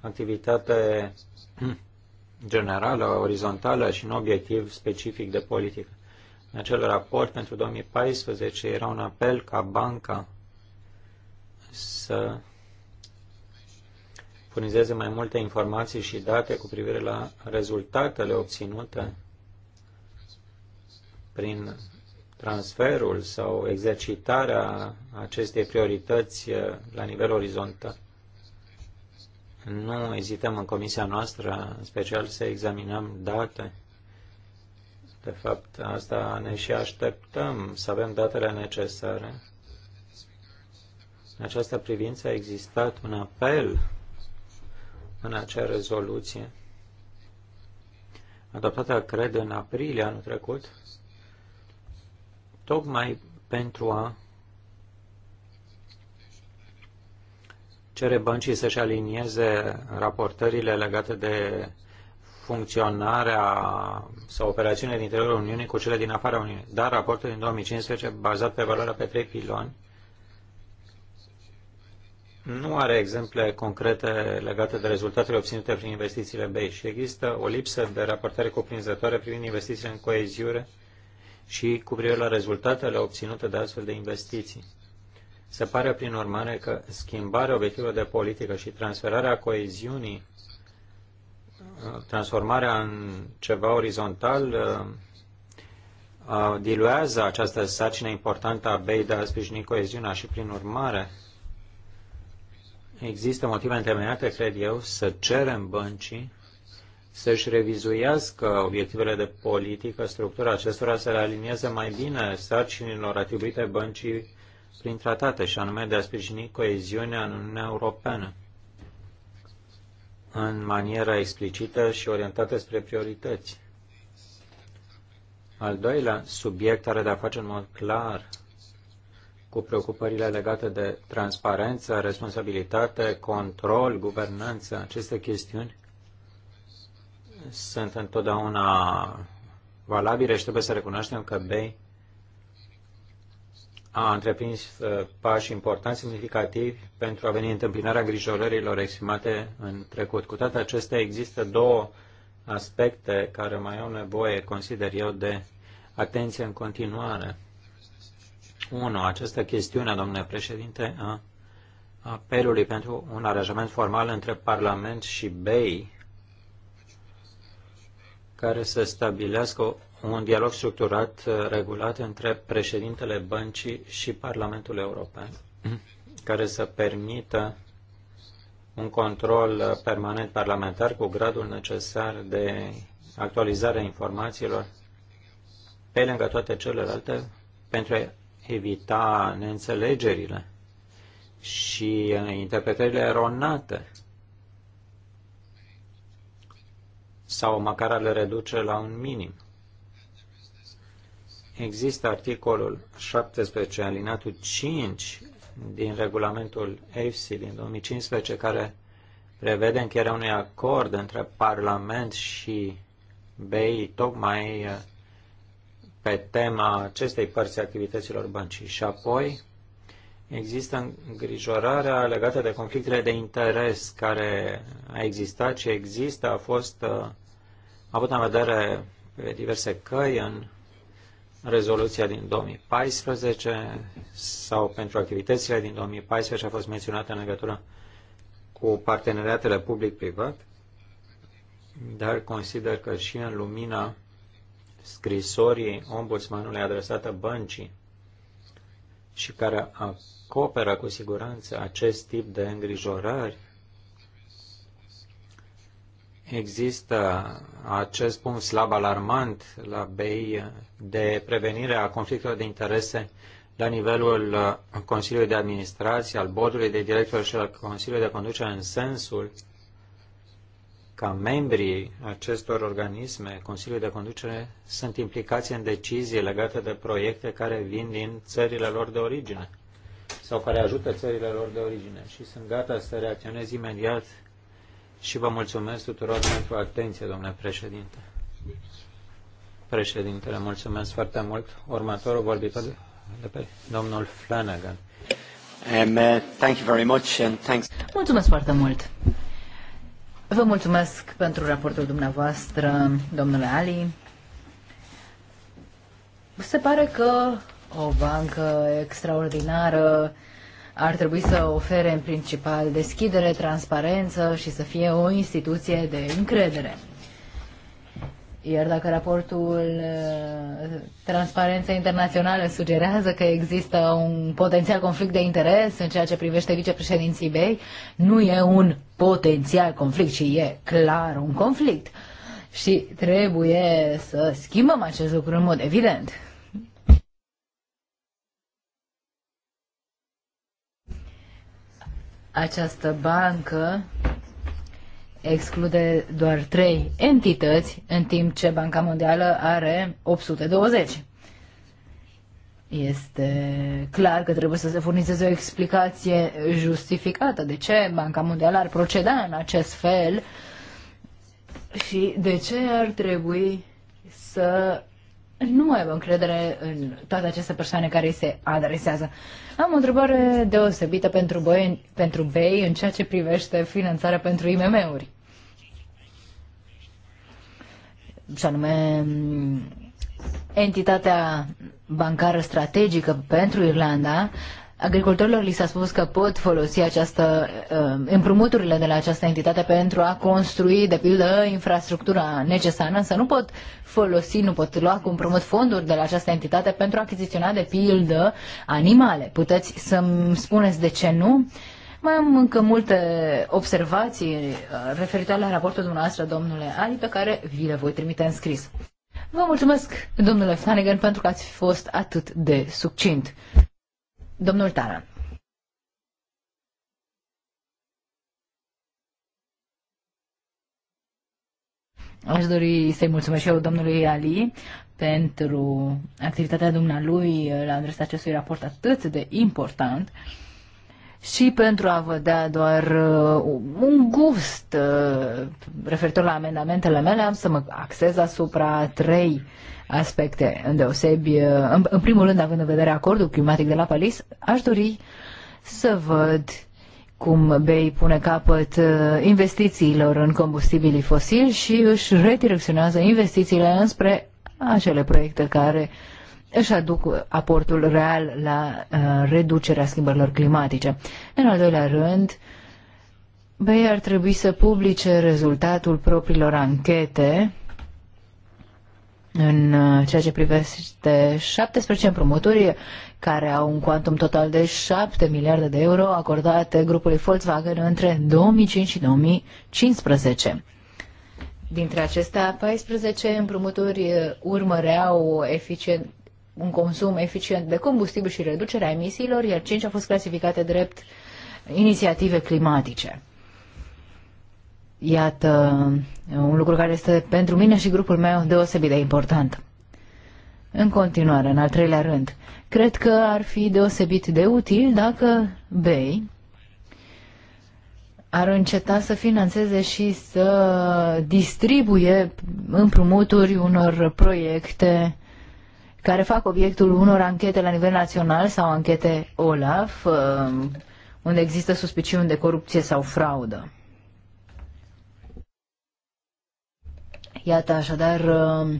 activitate generală, orizontală și un obiectiv specific de politică. În acel raport pentru 2014 era un apel ca banca să furnizeze mai multe informații și date cu privire la rezultatele obținute prin transferul sau exercitarea acestei priorități la nivel orizontal. Nu ezităm în comisia noastră, în special, să examinăm date de fapt, asta ne și așteptăm, să avem datele necesare. În această privință a existat un apel în acea rezoluție adoptată, cred, în aprilie anul trecut, tocmai pentru a cere băncii să-și alinieze raportările legate de funcționarea sau operațiunile din interiorul Uniunii cu cele din afara Uniunii. Dar raportul din 2015, bazat pe valoarea pe trei piloni, nu are exemple concrete legate de rezultatele obținute prin investițiile BEI și există o lipsă de raportare cuprinzătoare privind investițiile în coeziune și cu privire la rezultatele obținute de astfel de investiții. Se pare, prin urmare, că schimbarea obiectivelor de politică și transferarea coeziunii transformarea în ceva orizontal uh, diluează această sarcină importantă a BEI de a sprijini coeziunea și, prin urmare, există motive întemeiate, cred eu, să cerem băncii să-și revizuiască obiectivele de politică, structura acestora să le alinieze mai bine sarcinilor atribuite băncii prin tratate, și anume de a sprijini coeziunea în Uniunea Europeană în maniera explicită și orientată spre priorități. Al doilea subiect are de-a face în mod clar cu preocupările legate de transparență, responsabilitate, control, guvernanță. Aceste chestiuni sunt întotdeauna valabile și trebuie să recunoaștem că BEI a întreprins uh, pași importanti, semnificativi, pentru a veni întâmpinarea grijorărilor exprimate în trecut. Cu toate acestea, există două aspecte care mai au nevoie, consider eu, de atenție în continuare. Unu, Această chestiune, domnule președinte, a apelului pentru un aranjament formal între Parlament și BEI care să stabilească un dialog structurat, uh, regulat între președintele băncii și Parlamentul European, care să permită un control uh, permanent parlamentar cu gradul necesar de actualizare a informațiilor pe lângă toate celelalte pentru a evita neînțelegerile și uh, interpretările eronate sau măcar a le reduce la un minim. Există articolul 17, alinatul 5 din regulamentul EFSI din 2015, care prevede încheierea unui acord între Parlament și BEI, tocmai uh, pe tema acestei părți activităților băncii. Și apoi există îngrijorarea legată de conflictele de interes care a existat și există, a fost a uh, avut în vedere pe diverse căi în rezoluția din 2014 sau pentru activitățile din 2014 a fost menționată în legătură cu parteneriatele public-privat, dar consider că și în lumina scrisorii ombudsmanului adresată băncii și care acoperă cu siguranță acest tip de îngrijorări Există acest punct slab alarmant la BEI de prevenire a conflictelor de interese la nivelul uh, Consiliului de Administrație, al Bordului de Director și al Consiliului de Conducere în sensul ca membrii acestor organisme, Consiliul de Conducere, sunt implicați în decizii legate de proiecte care vin din țările lor de origine sau care ajută țările lor de origine și sunt gata să reacționez imediat și vă mulțumesc tuturor pentru atenție, domnule președinte. Președintele, mulțumesc foarte mult. Următorul vorbitor de pe domnul Flanagan. Um, uh, thank you very much and thanks. Mulțumesc foarte mult. Vă mulțumesc pentru raportul dumneavoastră, domnule Ali. Se pare că o bancă extraordinară ar trebui să ofere în principal deschidere, transparență și să fie o instituție de încredere. Iar dacă raportul uh, Transparența Internațională sugerează că există un potențial conflict de interes în ceea ce privește vicepreședinții BEI, nu e un potențial conflict, ci e clar un conflict. Și trebuie să schimbăm acest lucru în mod evident. Această bancă exclude doar trei entități, în timp ce Banca Mondială are 820. Este clar că trebuie să se furnizeze o explicație justificată de ce Banca Mondială ar proceda în acest fel și de ce ar trebui să nu mai avem încredere în toate aceste persoane care îi se adresează. Am o întrebare deosebită pentru, boi, pentru BEI în ceea ce privește finanțarea pentru IMM-uri. Și anume, mm, entitatea bancară strategică pentru Irlanda agricultorilor li s-a spus că pot folosi această, uh, împrumuturile de la această entitate pentru a construi, de pildă, infrastructura necesară, însă nu pot folosi, nu pot lua cu împrumut fonduri de la această entitate pentru a achiziționa, de pildă, animale. Puteți să-mi spuneți de ce nu? Mai am încă multe observații uh, referitoare la raportul dumneavoastră, domnule Ali, pe care vi le voi trimite în scris. Vă mulțumesc, domnule Flanagan, pentru că ați fost atât de succint. Domnul Taran. Aș dori să-i mulțumesc și eu domnului Ali pentru activitatea dumnealui la adresa acestui raport atât de important și pentru a vă da doar uh, un gust uh, referitor la amendamentele mele, am să mă axez asupra trei aspecte. Îndeosebi, uh, în, în primul rând, având în vedere acordul climatic de la Paris, aș dori să văd cum BEI pune capăt uh, investițiilor în combustibilii fosili și își redirecționează investițiile înspre acele proiecte care își aduc aportul real la uh, reducerea schimbărilor climatice. În al doilea rând, BEI ar trebui să publice rezultatul propriilor anchete în uh, ceea ce privește 17 împrumuturi care au un cuantum total de 7 miliarde de euro acordate grupului Volkswagen între 2005 și 2015. Dintre acestea, 14 împrumuturi uh, urmăreau eficient, un consum eficient de combustibil și reducerea emisiilor, iar 5 au fost clasificate drept inițiative climatice. Iată, un lucru care este pentru mine și grupul meu deosebit de important. În continuare, în al treilea rând, cred că ar fi deosebit de util dacă BEI ar înceta să financeze și să distribuie împrumuturi unor proiecte care fac obiectul unor anchete la nivel național sau anchete OLAF, um, unde există suspiciuni de corupție sau fraudă. Iată așadar uh,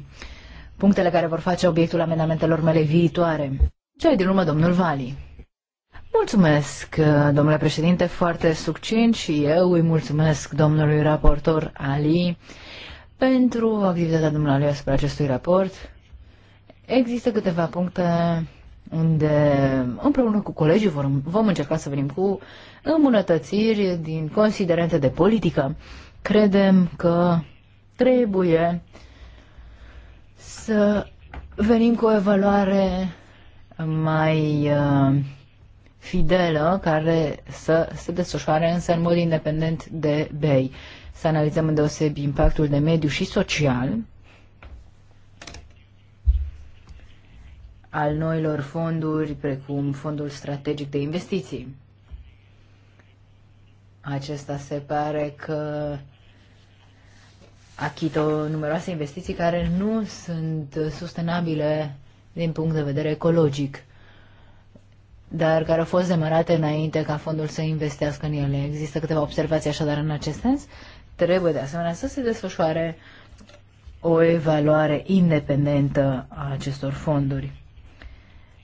punctele care vor face obiectul amendamentelor mele viitoare. Cele din urmă, domnul Vali. Mulțumesc, uh, domnule președinte, foarte succint și eu îi mulțumesc domnului raportor Ali pentru activitatea dumneavoastră asupra acestui raport. Există câteva puncte unde împreună cu colegii vom, vom încerca să venim cu îmbunătățiri din considerente de politică. Credem că Trebuie să venim cu o evaluare mai uh, fidelă care să se desfășoare însă în mod independent de BEI. Să analizăm îndeosebi impactul de mediu și social al noilor fonduri, precum Fondul Strategic de Investiții. Acesta se pare că achită numeroase investiții care nu sunt sustenabile din punct de vedere ecologic, dar care au fost demarate înainte ca fondul să investească în ele. Există câteva observații așadar în acest sens. Trebuie de asemenea să se desfășoare o evaluare independentă a acestor fonduri.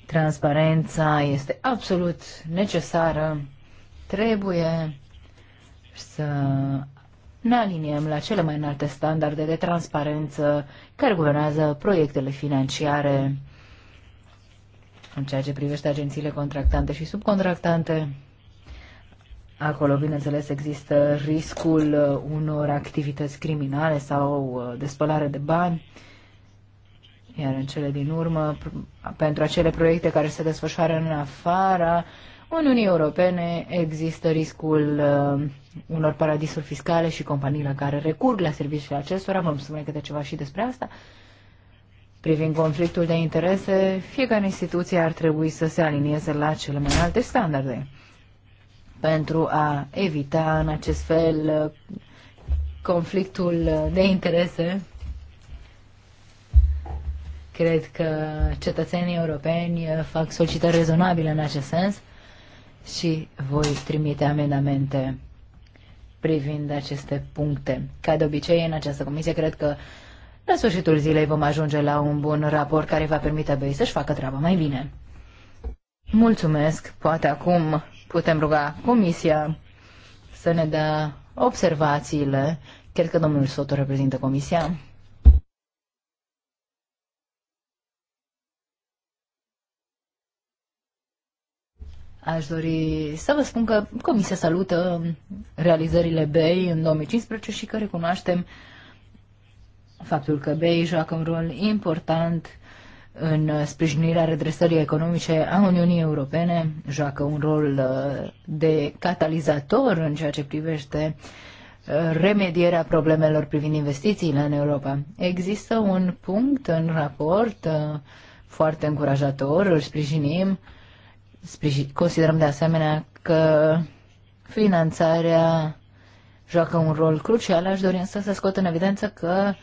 Transparența este absolut necesară. Trebuie să ne aliniem la cele mai înalte standarde de transparență care guvernează proiectele financiare în ceea ce privește agențiile contractante și subcontractante. Acolo, bineînțeles, există riscul uh, unor activități criminale sau uh, de spălare de bani, iar în cele din urmă, pentru acele proiecte care se desfășoară în afara în Uniunea Europene există riscul uh, unor paradisuri fiscale și companiile care recurg la serviciile acestora. Vom spune câte ceva și despre asta. Privind conflictul de interese, fiecare instituție ar trebui să se alinieze la cele mai alte standarde pentru a evita în acest fel uh, conflictul de interese. Cred că cetățenii europeni uh, fac solicitări rezonabile în acest sens și voi trimite amendamente privind aceste puncte. Ca de obicei, în această comisie, cred că la sfârșitul zilei vom ajunge la un bun raport care va permite BEI să-și facă treaba mai bine. Mulțumesc! Poate acum putem ruga comisia să ne dea observațiile. Cred că domnul Soto reprezintă comisia. Aș dori să vă spun că Comisia salută realizările BEI în 2015 și că recunoaștem faptul că BEI joacă un rol important în sprijinirea redresării economice a Uniunii Europene, joacă un rol uh, de catalizator în ceea ce privește uh, remedierea problemelor privind investițiile în Europa. Există un punct în raport uh, foarte încurajator, îl sprijinim, Considerăm de asemenea că finanțarea joacă un rol crucial. Aș dori însă să scot în evidență că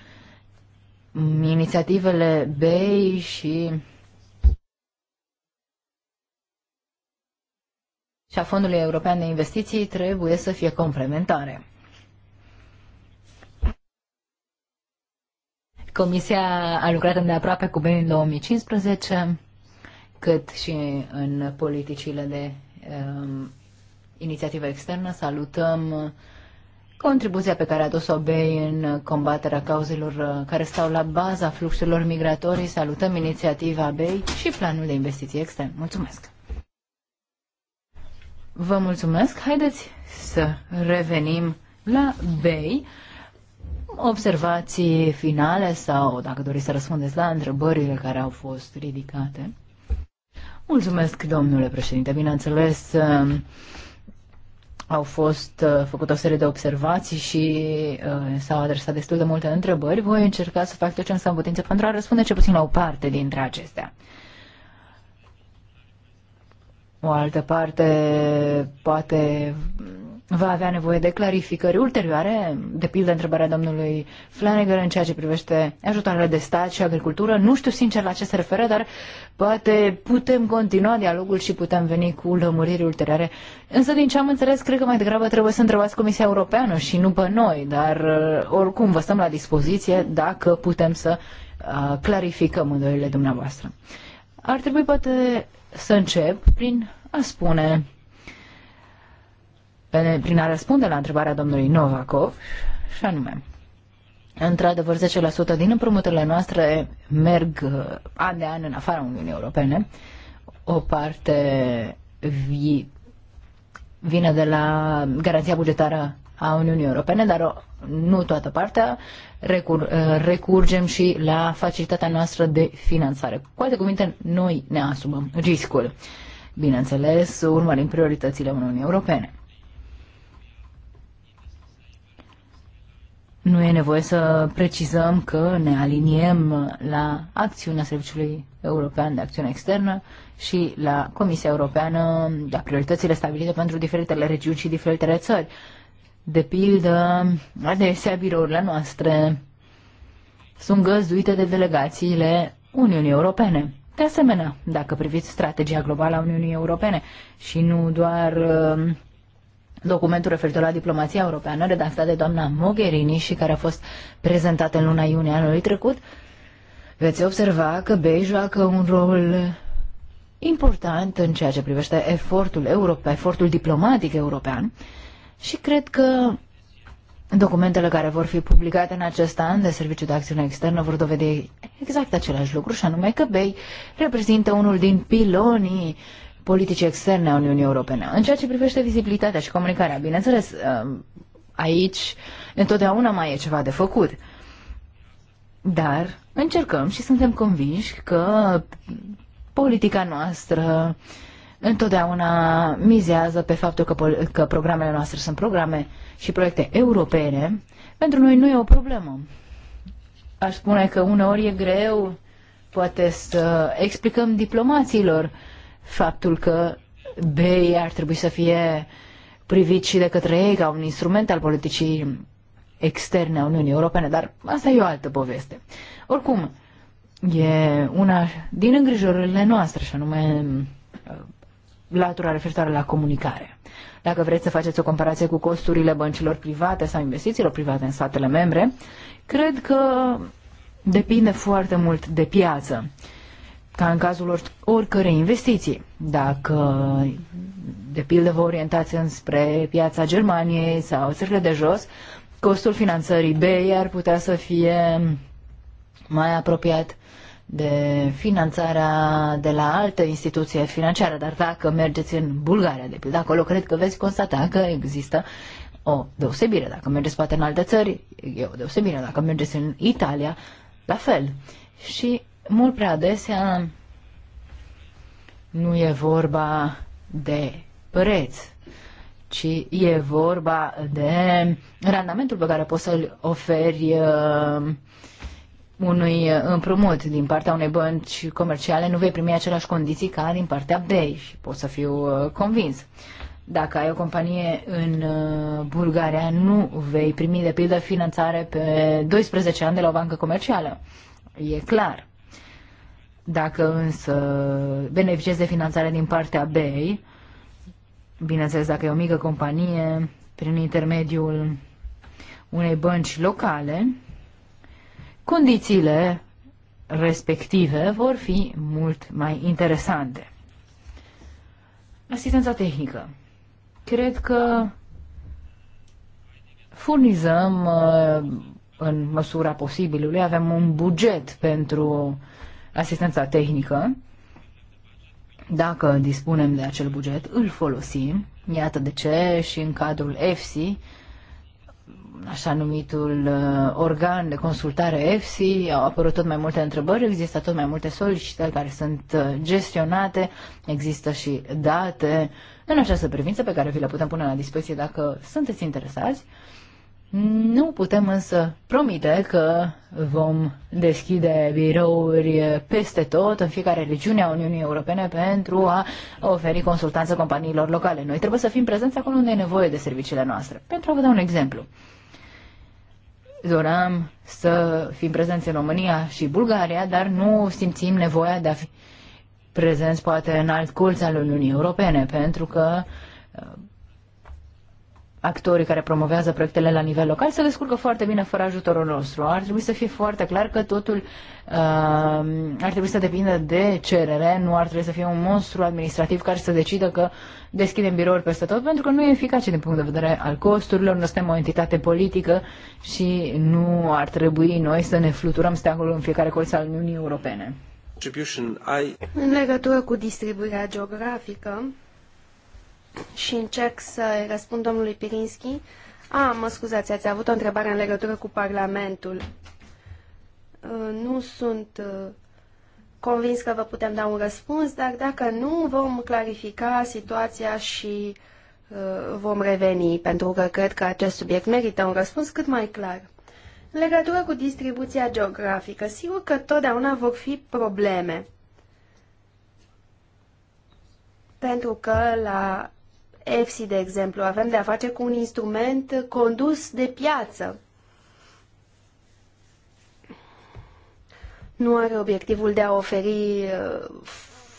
inițiativele BEI și și a Fondului European de Investiții trebuie să fie complementare. Comisia a lucrat îndeaproape cu BEI în 2015 cât și în politicile de um, inițiativă externă. Salutăm contribuția pe care a dus o Bay în combaterea cauzelor uh, care stau la baza fluxurilor migratorii. Salutăm inițiativa Bay și planul de investiții extern. Mulțumesc! Vă mulțumesc! Haideți să revenim la Bay. observații finale sau dacă doriți să răspundeți la întrebările care au fost ridicate. Mulțumesc, domnule președinte. Bineînțeles, um, au fost uh, făcute o serie de observații și uh, s-au adresat destul de multe întrebări. Voi încerca să fac tot ce am putință pentru a răspunde ce puțin la o parte dintre acestea. O altă parte poate va avea nevoie de clarificări ulterioare, de pildă întrebarea domnului Flanagan în ceea ce privește ajutoarele de stat și agricultură. Nu știu sincer la ce se referă, dar poate putem continua dialogul și putem veni cu lămuriri ulterioare. Însă, din ce am înțeles, cred că mai degrabă trebuie să întrebați Comisia Europeană și nu pe noi, dar uh, oricum vă stăm la dispoziție dacă putem să uh, clarificăm îndoielile dumneavoastră. Ar trebui poate să încep prin a spune prin a răspunde la întrebarea domnului Novakov, și anume, într-adevăr, 10% din împrumuturile noastre merg uh, an de an în afara Uniunii Europene. O parte vi, vine de la garanția bugetară a Uniunii Europene, dar o nu toată partea, recur, uh, recurgem și la facilitatea noastră de finanțare. Cu alte cuvinte, noi ne asumăm riscul. Bineînțeles, urmărim prioritățile Uniunii Europene. Nu e nevoie să precizăm că ne aliniem la acțiunea Serviciului European de Acțiune Externă și la Comisia Europeană, la prioritățile stabilite pentru diferitele regiuni și diferitele țări. De pildă, adesea birourile noastre sunt găzduite de delegațiile Uniunii Europene. De asemenea, dacă priviți strategia globală a Uniunii Europene și nu doar uh, documentul referitor la diplomația europeană, redactat de doamna Mogherini și care a fost prezentat în luna iunie anului trecut, veți observa că BEI joacă un rol important în ceea ce privește efortul, europe, efortul diplomatic european și cred că documentele care vor fi publicate în acest an de Serviciul de Acțiune Externă vor dovedi exact același lucru și anume că BEI reprezintă unul din pilonii uh, politicii externe a Uniunii Europene. În ceea ce privește vizibilitatea și comunicarea, bineînțeles, um, aici întotdeauna mai e ceva de făcut. Dar încercăm și suntem convinși că politica noastră întotdeauna mizează pe faptul că, că programele noastre sunt programe și proiecte europene. Pentru noi nu e o problemă. Aș spune că uneori e greu poate să explicăm diplomaților uh, faptul că BEI ar trebui să fie privit și de către ei ca un instrument al politicii externe a Uniunii Europene, dar asta e o altă poveste. Oricum, e una din îngrijorările noastre, și anume latura referitoare la comunicare. Dacă vreți să faceți o comparație cu costurile băncilor private sau investițiilor private în statele membre, cred că depinde foarte mult de piață ca în cazul oricărei investiții. Dacă, de pildă, vă orientați înspre piața Germaniei sau țările de jos, costul finanțării B ar putea să fie mai apropiat de finanțarea de la alte instituții financiare, dar dacă mergeți în Bulgaria, de pildă, acolo cred că veți constata că există o deosebire. Dacă mergeți poate în alte țări, e o deosebire. Dacă mergeți în Italia, la fel. Și mult prea adesea nu e vorba de preț, ci e vorba de randamentul pe care poți să-l oferi uh, unui împrumut din partea unei bănci comerciale, nu vei primi aceleași condiții ca din partea BEI și pot să fiu uh, convins. Dacă ai o companie în uh, Bulgaria, nu vei primi de pildă finanțare pe 12 ani de la o bancă comercială. E clar. Dacă însă beneficiezi de finanțare din partea BEI, bineînțeles dacă e o mică companie, prin intermediul unei bănci locale, condițiile respective vor fi mult mai interesante. Asistența tehnică. Cred că furnizăm uh, în măsura posibilului, avem un buget pentru asistența tehnică. Dacă dispunem de acel buget, îl folosim. Iată de ce și în cadrul EFSI, așa numitul uh, organ de consultare EFSI, au apărut tot mai multe întrebări, există tot mai multe solicitări care sunt uh, gestionate, există și date în această privință pe care vi le putem pune la dispoziție dacă sunteți interesați. Nu putem însă promite că vom deschide birouri peste tot, în fiecare regiune a Uniunii Europene, pentru a oferi consultanță companiilor locale. Noi trebuie să fim prezenți acolo unde e nevoie de serviciile noastre. Pentru a vă da un exemplu. Doram să fim prezenți în România și Bulgaria, dar nu simțim nevoia de a fi prezenți poate în alt colț al Uniunii Europene, pentru că actorii care promovează proiectele la nivel local se descurcă foarte bine fără ajutorul nostru. Ar trebui să fie foarte clar că totul uh, ar trebui să depindă de cerere, nu ar trebui să fie un monstru administrativ care să decidă că deschidem birouri peste tot, pentru că nu e eficace din punct de vedere al costurilor, nu suntem o entitate politică și nu ar trebui noi să ne fluturăm steagul în fiecare colț al Uniunii Europene. În legătură cu distribuirea geografică, și încerc să răspund domnului Pirinski. A, mă scuzați, ați avut o întrebare în legătură cu Parlamentul. Uh, nu sunt uh, convins că vă putem da un răspuns, dar dacă nu, vom clarifica situația și uh, vom reveni, pentru că cred că acest subiect merită un răspuns cât mai clar. În legătură cu distribuția geografică, sigur că totdeauna vor fi probleme. Pentru că la EFSI, de exemplu. Avem de a face cu un instrument condus de piață. Nu are obiectivul de a oferi uh,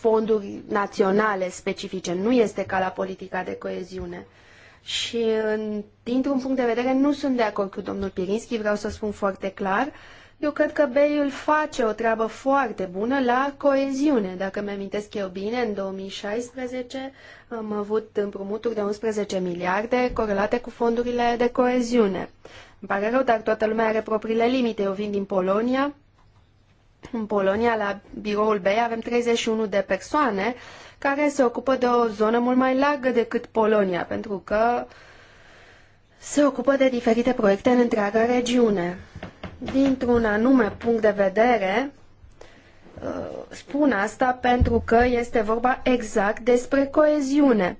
fonduri naționale specifice. Nu este ca la politica de coeziune. Și uh, dintr-un punct de vedere nu sunt de acord cu domnul Pirinski, vreau să spun foarte clar. Uh, eu cred că BEI face o treabă foarte bună la coeziune. Dacă mi-amintesc eu bine, în 2016 am avut împrumuturi de 11 miliarde corelate cu fondurile de coeziune. Îmi pare rău, dar toată lumea are propriile limite. Eu vin din Polonia. În Polonia, la biroul BEI, avem 31 de persoane care se ocupă de o zonă mult mai largă decât Polonia, pentru că se ocupă de diferite proiecte în întreaga regiune dintr-un anume punct de vedere. Uh, spun asta pentru că este vorba exact despre coeziune.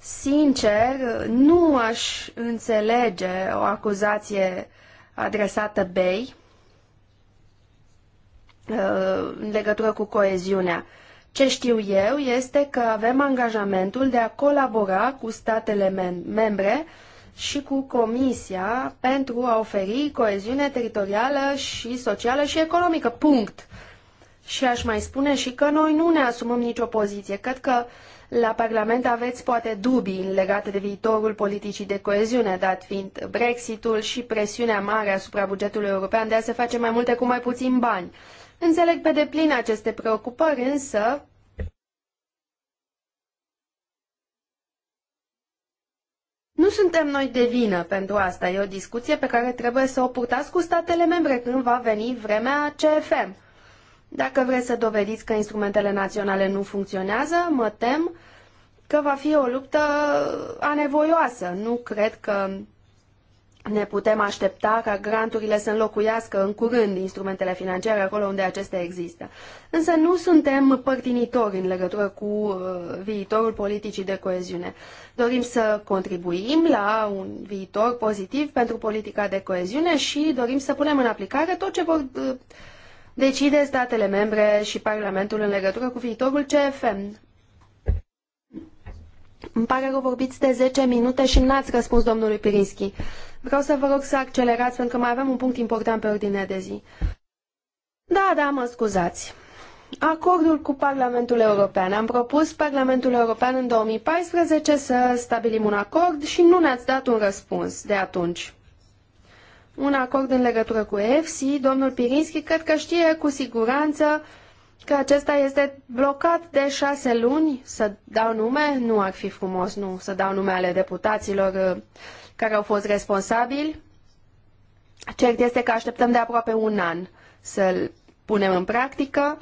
Sincer, nu aș înțelege o acuzație adresată BEI uh, în legătură cu coeziunea. Ce știu eu este că avem angajamentul de a colabora cu statele membre și cu Comisia pentru a oferi coeziune teritorială și socială și economică. Punct. Și aș mai spune și că noi nu ne asumăm nicio poziție. Cred că la Parlament aveți poate dubii legate de viitorul politicii de coeziune, dat fiind Brexitul și presiunea mare asupra bugetului european de a se face mai multe cu mai puțin bani. Înțeleg pe deplin aceste preocupări, însă Nu suntem noi de vină pentru asta. E o discuție pe care trebuie să o purtați cu statele membre când va veni vremea CFM. Dacă vreți să dovediți că instrumentele naționale nu funcționează, mă tem că va fi o luptă anevoioasă. Nu cred că ne putem aștepta ca granturile să înlocuiască în curând instrumentele financiare acolo unde acestea există. Însă nu suntem părtinitori în legătură cu uh, viitorul politicii de coeziune. Dorim să contribuim la un viitor pozitiv pentru politica de coeziune și dorim să punem în aplicare tot ce vor uh, decide statele membre și Parlamentul în legătură cu viitorul CFM. Îmi pare că vorbiți de 10 minute și n-ați răspuns domnului Pirinski. Vreau să vă rog să accelerați, pentru că mai avem un punct important pe ordinea de zi. Da, da, mă scuzați. Acordul cu Parlamentul European. Am propus Parlamentul European în 2014 să stabilim un acord și nu ne-ați dat un răspuns de atunci. Un acord în legătură cu EFSI, domnul Pirinski cred că știe cu siguranță că acesta este blocat de șase luni, să dau nume, nu ar fi frumos, nu, să dau nume ale deputaților uh, care au fost responsabili. Cert este că așteptăm de aproape un an să-l punem în practică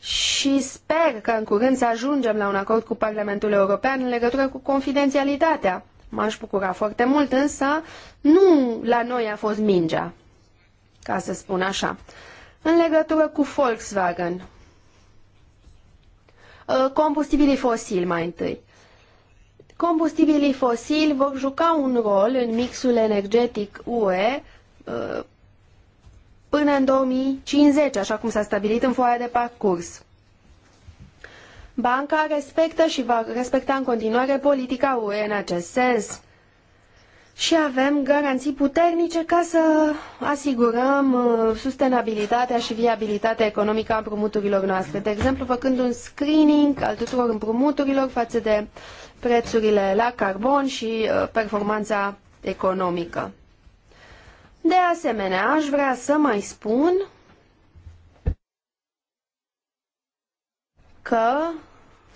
și sper că în curând să ajungem la un acord cu Parlamentul European în legătură cu confidențialitatea. M-aș bucura foarte mult, însă nu la noi a fost mingea, ca să spun așa. În legătură cu Volkswagen, Uh, combustibilii fosili mai întâi. Combustibilii fosili vor juca un rol în mixul energetic UE uh, până în 2050, așa cum s-a stabilit în foaia de parcurs. Banca respectă și va respecta în continuare politica UE în acest sens și avem garanții puternice ca să asigurăm uh, sustenabilitatea și viabilitatea economică a împrumuturilor noastre. De exemplu, făcând un screening al tuturor împrumuturilor față de prețurile la carbon și uh, performanța economică. De asemenea, aș vrea să mai spun că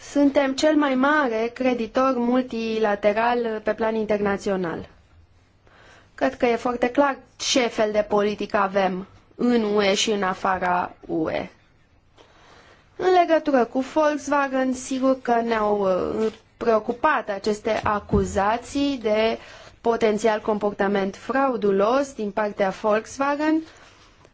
suntem cel mai mare creditor multilateral pe plan internațional. Cred că e foarte clar ce fel de politică avem în UE și în afara UE. În legătură cu Volkswagen, sigur că ne-au uh, preocupat aceste acuzații de potențial comportament fraudulos din partea Volkswagen.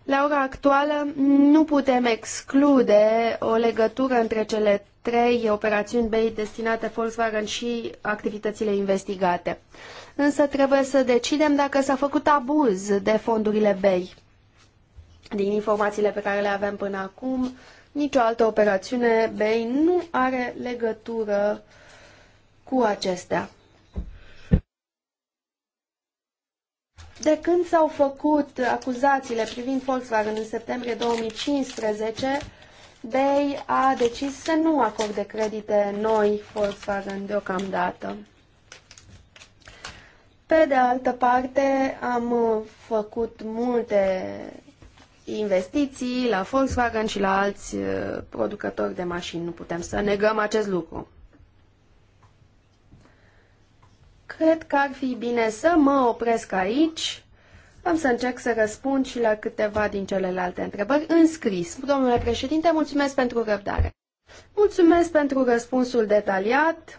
La ora actuală nu putem exclude o legătură între cele trei operațiuni BEI destinate Volkswagen și activitățile investigate însă trebuie să decidem dacă s-a făcut abuz de fondurile BEI. Din informațiile pe care le avem până acum, nicio altă operațiune BEI nu are legătură cu acestea. De când s-au făcut acuzațiile privind Volkswagen în septembrie 2015, BEI a decis să nu acorde credite noi Volkswagen deocamdată. Pe de altă parte, am uh, făcut multe investiții la Volkswagen și la alți uh, producători de mașini. Nu putem să negăm acest lucru. Cred că ar fi bine să mă opresc aici. Am să încerc să răspund și la câteva din celelalte întrebări în scris. Domnule președinte, mulțumesc pentru răbdare. Mulțumesc pentru răspunsul detaliat.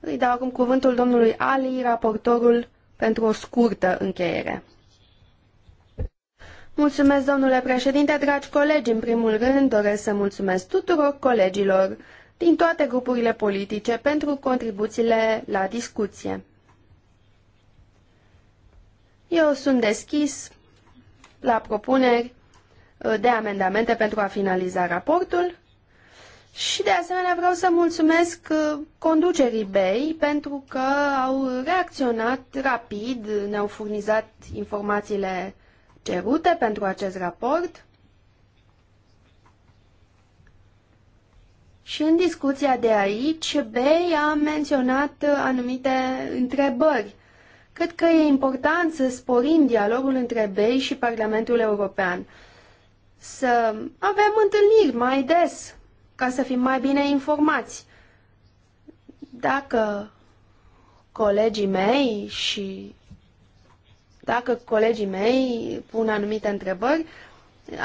Îi dau acum cuvântul domnului Ali, raportorul, pentru o scurtă încheiere. Mulțumesc, domnule președinte, dragi colegi. În primul rând, doresc să mulțumesc tuturor colegilor din toate grupurile politice pentru contribuțiile la discuție. Eu sunt deschis la propuneri de amendamente pentru a finaliza raportul și de asemenea vreau să mulțumesc uh, conducerii BEI pentru că au reacționat rapid, ne-au furnizat informațiile cerute pentru acest raport. Și în discuția de aici, BEI a menționat uh, anumite întrebări. Cred că e important să sporim dialogul între BEI și Parlamentul European. Să avem întâlniri mai des ca să fim mai bine informați. Dacă colegii mei și dacă colegii mei pun anumite întrebări,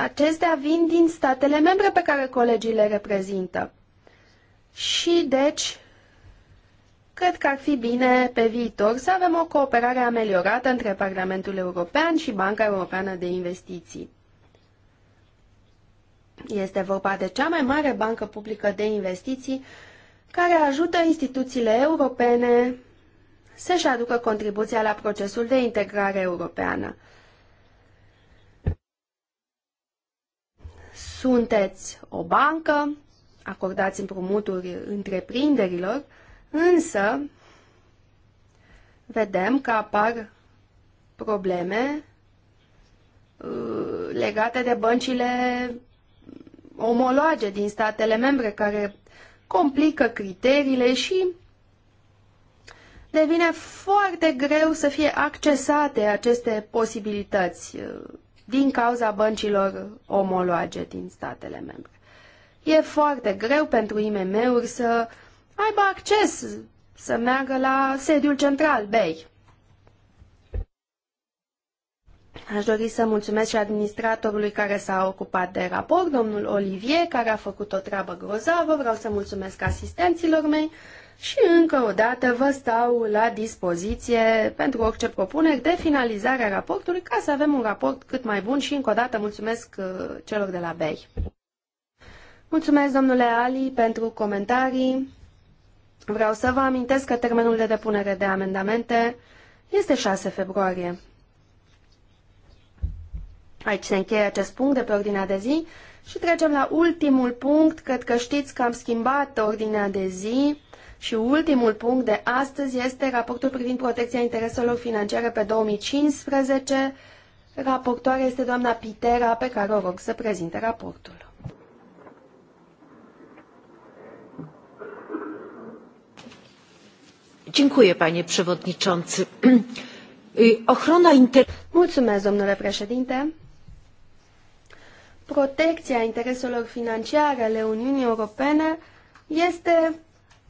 acestea vin din statele membre pe care colegii le reprezintă. Și deci, cred că ar fi bine pe viitor să avem o cooperare ameliorată între Parlamentul European și Banca Europeană de Investiții. Este vorba de cea mai mare bancă publică de investiții care ajută instituțiile europene să-și aducă contribuția la procesul de integrare europeană. Sunteți o bancă, acordați împrumuturi întreprinderilor, însă vedem că apar probleme uh, legate de băncile omologe din statele membre care complică criteriile și devine foarte greu să fie accesate aceste posibilități uh, din cauza băncilor omologe din statele membre. E foarte greu pentru IMM-uri să aibă acces să meargă la sediul central BEI. Aș dori să mulțumesc și administratorului care s-a ocupat de raport, domnul Olivier, care a făcut o treabă grozavă. Vreau să mulțumesc asistenților mei și încă o dată vă stau la dispoziție pentru orice propuneri de finalizare a raportului ca să avem un raport cât mai bun și încă o dată mulțumesc uh, celor de la BEI. Mulțumesc, domnule Ali, pentru comentarii. Vreau să vă amintesc că termenul de depunere de amendamente este 6 februarie. Aici se încheie acest punct de pe ordinea de zi și trecem la ultimul punct. Cred că știți că am schimbat ordinea de zi și ultimul punct de astăzi este raportul privind protecția intereselor financiare pe 2015. Raportoarea este doamna Pitera, pe care o rog să prezinte raportul. Dziękuję, panie przewodniczący. Ochrona inter... Mulțumesc, domnule președinte protecția intereselor financiare ale Uniunii Europene este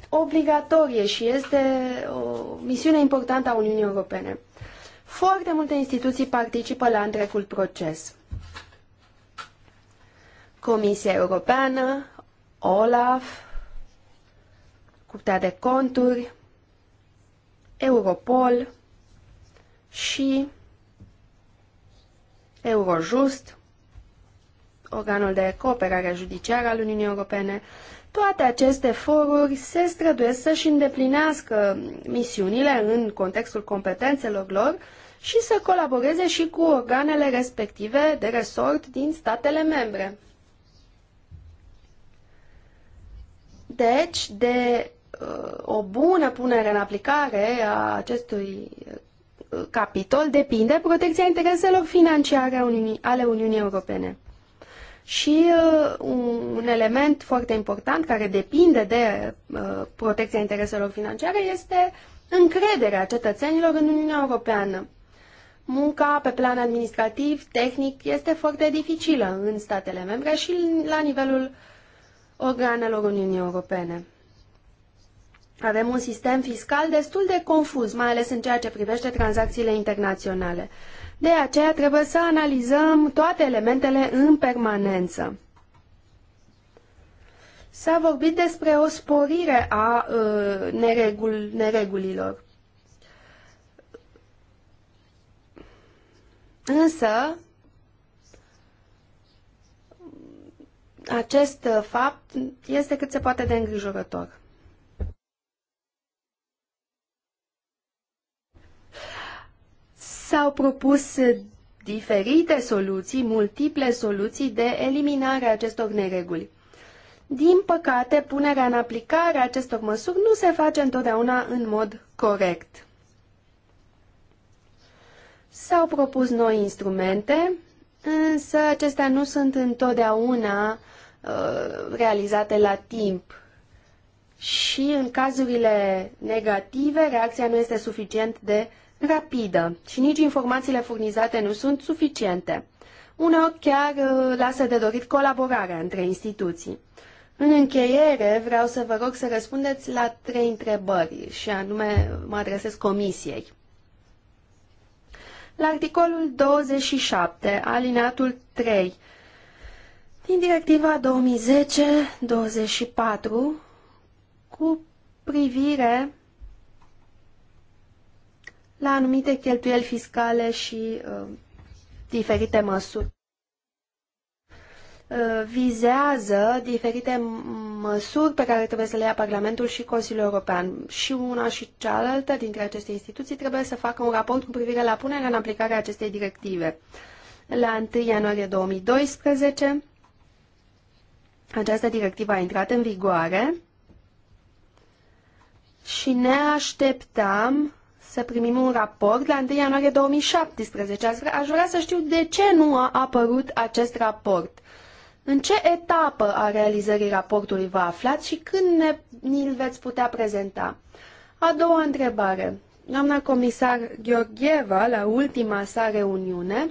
obligatorie și este o misiune importantă a Uniunii Europene. Foarte multe instituții participă la întregul proces. Comisia Europeană, OLAF, Curtea de Conturi, Europol și Eurojust, organul de cooperare judiciară al Uniunii Europene, toate aceste foruri se străduiesc să-și îndeplinească misiunile în contextul competențelor lor și să colaboreze și cu organele respective de resort din statele membre. Deci, de uh, o bună punere în aplicare a acestui uh, capitol depinde protecția intereselor financiare ale Uniunii Europene. Și uh, un element foarte important care depinde de uh, protecția intereselor financiare este încrederea cetățenilor în Uniunea Europeană. Munca pe plan administrativ, tehnic, este foarte dificilă în statele membre și la nivelul organelor Uniunii Europene. Avem un sistem fiscal destul de confuz, mai ales în ceea ce privește tranzacțiile internaționale. Uh, de aceea trebuie să analizăm toate elementele în permanență. S-a vorbit despre o sporire a uh, neregul, neregulilor. Însă, acest fapt este cât se poate de îngrijorător. S-au propus diferite soluții, multiple soluții de eliminare a acestor nereguli. Din păcate, punerea în aplicare a acestor măsuri nu se face întotdeauna în mod corect. S-au propus noi instrumente, însă acestea nu sunt întotdeauna uh, realizate la timp. Și în cazurile negative, reacția nu este suficient de rapidă și nici informațiile furnizate nu sunt suficiente. Uneori chiar uh, lasă de dorit colaborarea între instituții. În încheiere, vreau să vă rog să răspundeți la trei întrebări și anume mă adresez comisiei. La articolul 27, alineatul 3, din directiva 2010-24, cu privire la anumite cheltuieli fiscale și uh, diferite măsuri. Uh, vizează diferite măsuri pe care trebuie să le ia Parlamentul și Consiliul European. Și una și cealaltă dintre aceste instituții trebuie să facă un raport cu privire la punerea în aplicare a acestei directive. La 1 ianuarie 2012, această directivă a intrat în vigoare și ne așteptam să primim un raport la 1 ianuarie 2017. Aș vrea, aș vrea să știu de ce nu a apărut acest raport. În ce etapă a realizării raportului vă aflați și când ne, îl veți putea prezenta? A doua întrebare. Doamna comisar Gheorgheva, la ultima sa reuniune,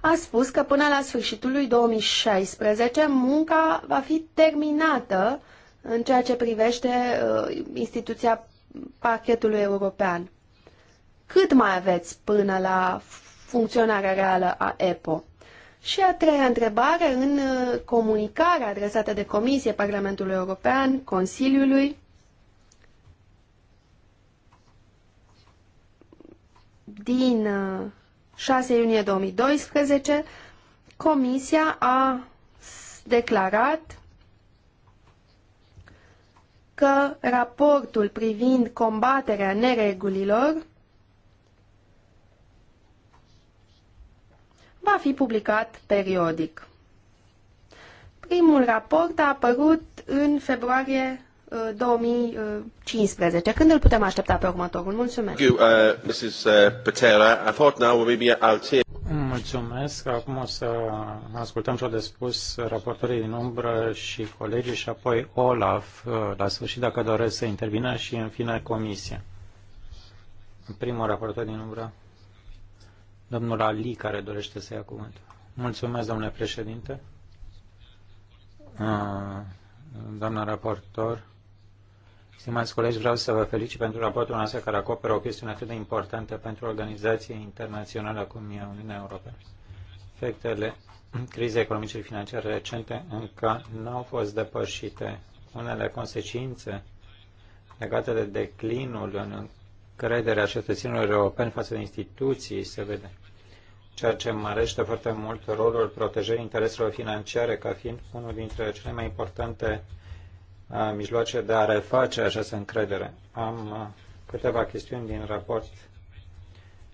a spus că până la sfârșitul lui 2016 munca va fi terminată în ceea ce privește uh, instituția pachetului european. Cât mai aveți până la funcționarea reală a EPO? Și a treia întrebare, în uh, comunicarea adresată de Comisie Parlamentului European, Consiliului, din 6 uh, iunie 2012, Comisia a declarat că raportul privind combaterea neregulilor va fi publicat periodic. Primul raport a apărut în februarie 2015. Uh, Când îl putem aștepta pe următorul? Mulțumesc. Mulțumesc. Acum o să ascultăm ce au de spus raportorii din umbră și colegii și apoi Olaf uh, la sfârșit dacă doresc să intervină și în fine comisia. Primul raportor din umbră, domnul Ali care dorește să ia cuvântul. Mulțumesc, domnule președinte. Uh, doamna raportor, Stimați colegi, vreau să vă felicit pentru raportul noastră care acoperă o chestiune atât de importantă pentru organizație internațională cum e Uniunea Europeană. Efectele crizei economice și financiare recente încă nu au fost depășite. Unele consecințe legate de declinul în încrederea cetățenilor europeni față de instituții se vede, ceea ce mărește foarte mult rolul protejării intereselor financiare ca fiind unul dintre cele mai importante mijloace de a reface această încredere. Am uh, câteva chestiuni din raport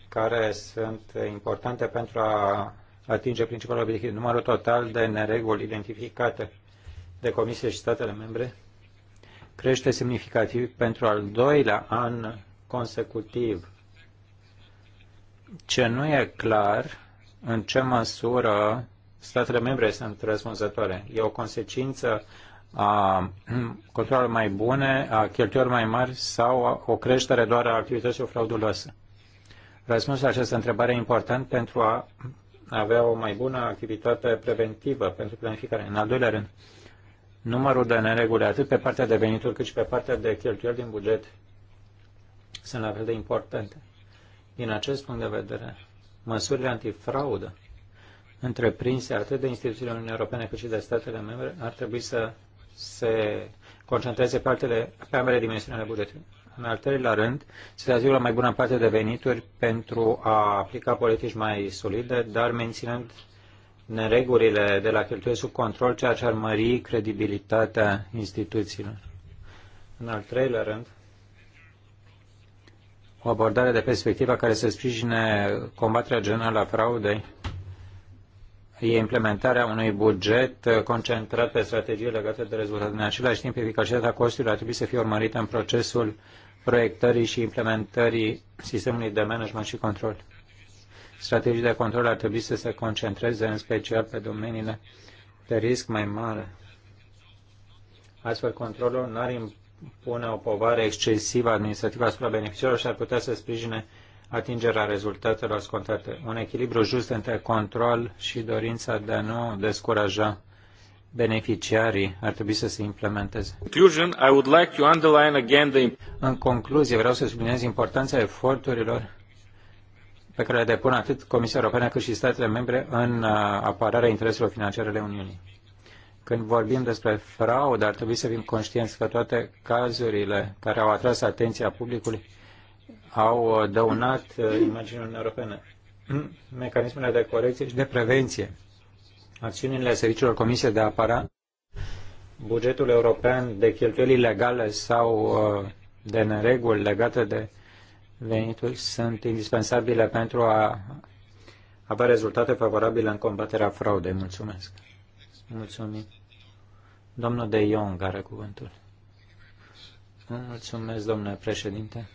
care sunt importante pentru a atinge principalul obiectiv, numărul total de nereguli identificate de Comisie și statele membre crește semnificativ pentru al doilea an consecutiv. Ce nu e clar în ce măsură statele membre sunt răspunzătoare. E o consecință a controlelor mai bune, a cheltuielor mai mari sau o creștere doar a activității frauduloase? Răspunsul la această întrebare e important pentru a avea o mai bună activitate preventivă pentru planificare. În al doilea rând, numărul de nereguli, atât pe partea de venituri cât și pe partea de cheltuieli din buget, sunt la fel de importante. Din acest punct de vedere, măsurile antifraudă întreprinse atât de instituțiile Uniunii Europene cât și de statele membre ar trebui să se concentreze pe, altele, pe ambele dimensiuni ale bugetului. În al treilea rând, se asigură mai bună parte de venituri pentru a aplica politici mai solide, dar menținând neregurile de la cheltuie sub control, ceea ce ar mări credibilitatea instituțiilor. În al treilea rând, o abordare de perspectivă care să sprijine combaterea generală a fraudei e implementarea unui buget uh, concentrat pe strategii legate de rezultate. În același timp, eficacitatea costurilor ar trebui să fie urmărită în procesul proiectării și implementării sistemului de management și control. Strategii de control ar trebui să se concentreze în special pe domeniile de risc mai mare. Astfel, controlul nu ar impune o povară excesivă administrativă asupra beneficiarilor și ar putea să sprijine atingerea rezultatelor scontate. Un echilibru just între control și dorința de a nu descuraja beneficiarii ar trebui să se implementeze. În concluzie, vreau să subliniez importanța eforturilor pe care le depun atât Comisia Europeană cât și statele membre în uh, apărarea intereselor financiare ale Uniunii. Când vorbim despre fraudă, ar trebui să fim conștienți că toate cazurile care au atras atenția publicului au uh, dăunat uh, imaginea Uniunii Europene. Mecanismele de corecție și de prevenție, acțiunile serviciilor Comisiei de aparat, bugetul european de cheltuieli legale sau uh, de nereguli legate de venituri sunt indispensabile pentru a avea rezultate favorabile în combaterea fraudei. Mulțumesc. Mulțumim. Domnul De Jong are cuvântul. Mulțumesc, domnule președinte.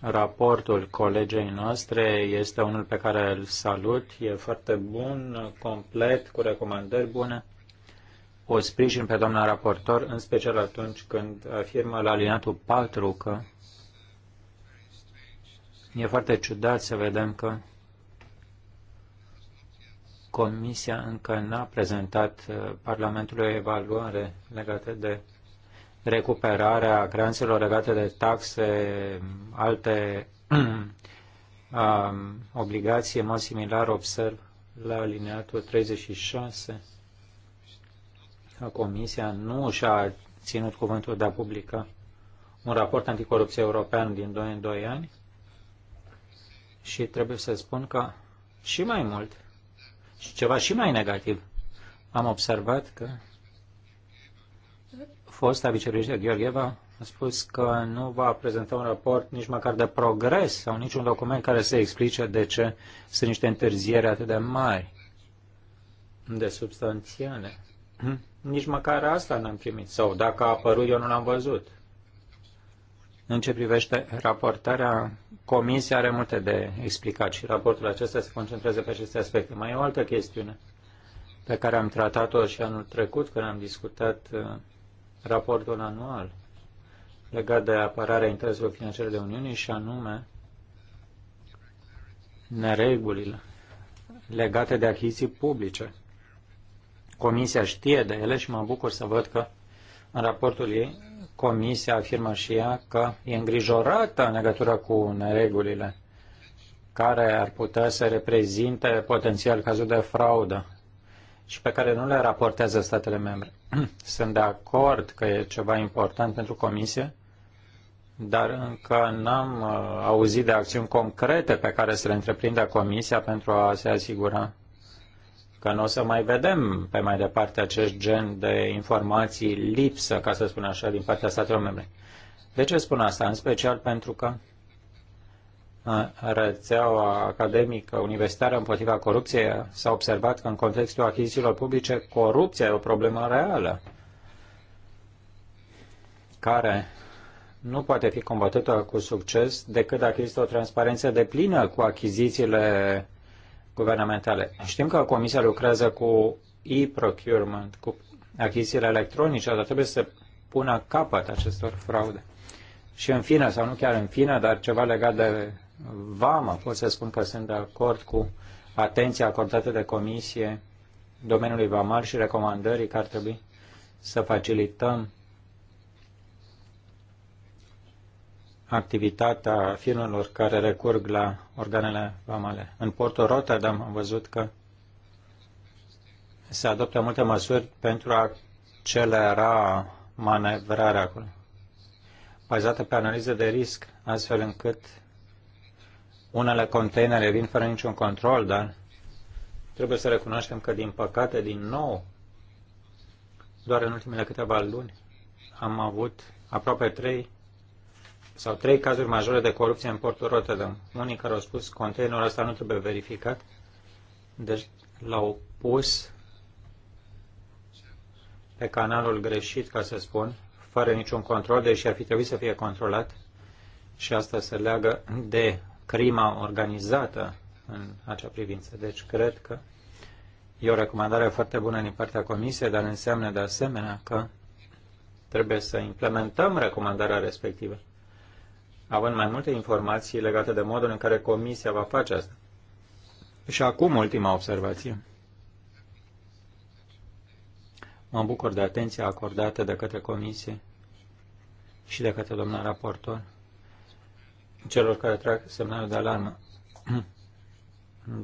Raportul colegei noastre este unul pe care îl salut, e foarte bun, complet, cu recomandări bune. O sprijin pe doamna raportor, în special atunci când afirmă la alineatul 4 că e foarte ciudat să vedem că Comisia încă n-a prezentat uh, Parlamentului o evaluare legată de recuperarea creanțelor legate de taxe, alte um, obligații, în mod similar observ la alineatul 36 Comisia nu și-a ținut cuvântul de a publica un raport anticorupție european din 2 în 2 ani și trebuie să spun că și mai mult și ceva și mai negativ am observat că fosta vicepreședinte Gheorgheva a spus că nu va prezenta un raport nici măcar de progres sau niciun document care să explice de ce sunt niște întârzieri atât de mari, de substanțiale. Nici măcar asta n-am primit. Sau dacă a apărut, eu nu l-am văzut. În ce privește raportarea, comisia are multe de explicat și raportul acesta se concentrează pe aceste aspecte. Mai e o altă chestiune pe care am tratat-o și anul trecut când am discutat uh, raportul anual legat de apărarea intereselor financiare de Uniunii și anume neregulile legate de achiziții publice. Comisia știe de ele și mă bucur să văd că în raportul ei Comisia afirmă și ea că e îngrijorată în legătură cu neregulile care ar putea să reprezinte potențial cazul de fraudă și pe care nu le raportează statele membre. Sunt de acord că e ceva important pentru Comisie, dar încă n-am uh, auzit de acțiuni concrete pe care să le întreprindă Comisia pentru a se asigura că nu o să mai vedem pe mai departe acest gen de informații lipsă, ca să spun așa, din partea statelor membre. De ce spun asta? În special pentru că rețeaua academică universitară împotriva corupției, s-a observat că în contextul achizițiilor publice corupția e o problemă reală care nu poate fi combătută cu succes decât dacă există o transparență de plină cu achizițiile guvernamentale. Știm că Comisia lucrează cu e-procurement, cu achizițiile electronice, dar trebuie să se pună capăt acestor fraude. Și în fine, sau nu chiar în fine, dar ceva legat de vama, pot să spun că sunt de acord cu atenția acordată de comisie domeniului vamal și recomandării că ar trebui să facilităm activitatea firmelor care recurg la organele vamale. În Porto Rotterdam am văzut că se adoptă multe măsuri pentru a accelera manevrarea acolo, bazată pe analize de risc, astfel încât unele containere vin fără niciun control, dar trebuie să recunoaștem că, din păcate, din nou, doar în ultimele câteva luni, am avut aproape trei sau trei cazuri majore de corupție în portul Rotterdam. Unii care au spus containerul ăsta nu trebuie verificat, deci l-au pus pe canalul greșit, ca să spun, fără niciun control, deși ar fi trebuit să fie controlat și asta se leagă de crima organizată în acea privință. Deci cred că e o recomandare foarte bună din partea Comisiei, dar înseamnă de asemenea că trebuie să implementăm recomandarea respectivă, având mai multe informații legate de modul în care Comisia va face asta. Și acum ultima observație. Mă bucur de atenția acordată de către Comisie și de către domnul raportor celor care trag semnalul de alarmă.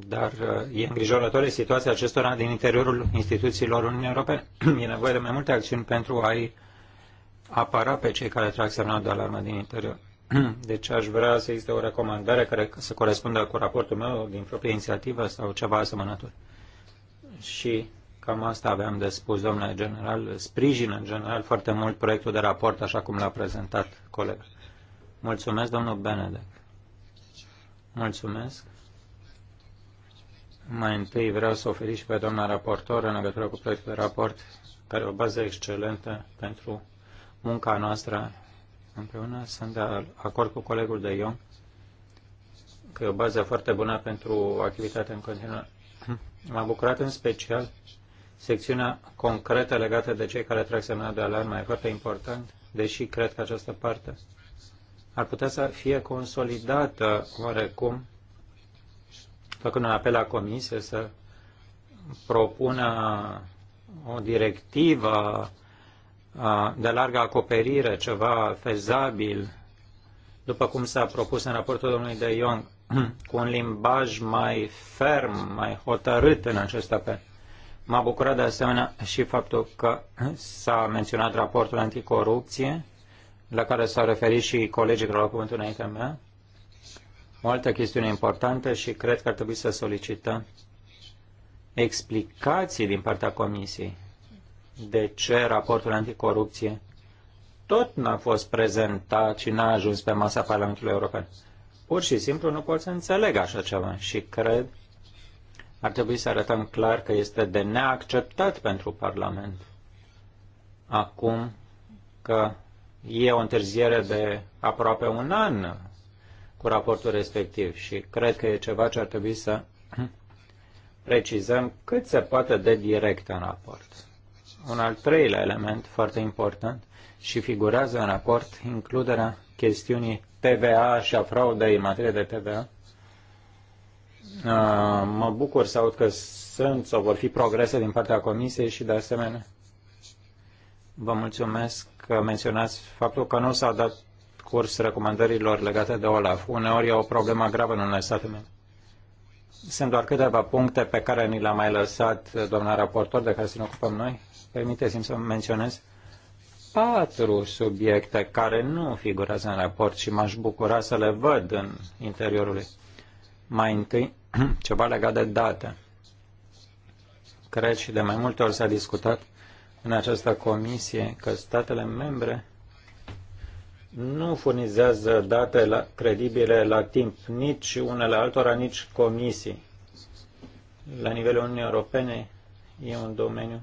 Dar uh, e îngrijorătoare situația acestora din interiorul instituțiilor Uniunii Europene. E nevoie de mai multe acțiuni pentru a-i apăra pe cei care trag semnalul de alarmă din interior. Deci aș vrea să existe o recomandare care să corespundă cu raportul meu din proprie inițiativă sau ceva asemănător. Și cam asta aveam de spus, domnule general. Sprijin în general foarte mult proiectul de raport așa cum l-a prezentat colegul. Mulțumesc, domnul Benedek. Mulțumesc. Mai întâi vreau să oferi și pe doamna raportor în legătură cu proiectul de raport, care e o bază excelentă pentru munca noastră împreună. Sunt de acord cu colegul de Ion că e o bază foarte bună pentru activitatea în continuare. M-a bucurat în special secțiunea concretă legată de cei care trag semnal de alarmă. E foarte important, deși cred că această parte ar putea să fie consolidată oarecum, făcând un apel la comisie să propună o directivă de largă acoperire, ceva fezabil, după cum s-a propus în raportul domnului de Jong, cu un limbaj mai ferm, mai hotărât în acest apel. M-a bucurat de asemenea și faptul că s-a menționat raportul anticorupție, la care s-au referit și colegii care au cuvântul înaintea mea. O altă chestiune importantă și cred că ar trebui să solicităm explicații din partea Comisiei de ce raportul anticorupție tot n-a fost prezentat și n-a ajuns pe masa Parlamentului European. Pur și simplu nu pot să înțeleg așa ceva și cred ar trebui să arătăm clar că este de neacceptat pentru Parlament acum că E o întârziere de aproape un an cu raportul respectiv și cred că e ceva ce ar trebui să precizăm cât se poate de direct în raport. Un al treilea element foarte important și figurează în raport includerea chestiunii TVA și a fraudei în materie de TVA. Uh, mă bucur să aud că sunt sau vor fi progrese din partea Comisiei și, de asemenea, Vă mulțumesc că menționați faptul că nu s-a dat curs recomandărilor legate de OLAF. Uneori e o problemă gravă în unele state membre. Sunt doar câteva puncte pe care ni le-a mai lăsat doamna raportor de care să ne ocupăm noi. Permiteți-mi să menționez patru subiecte care nu figurează în raport și m-aș bucura să le văd în interiorul lui. Mai întâi, ceva legat de date. Cred și de mai multe ori s-a discutat în această comisie că statele membre nu furnizează date la, credibile la timp, nici unele altora, nici comisii. La nivelul Uniunii Europene e un domeniu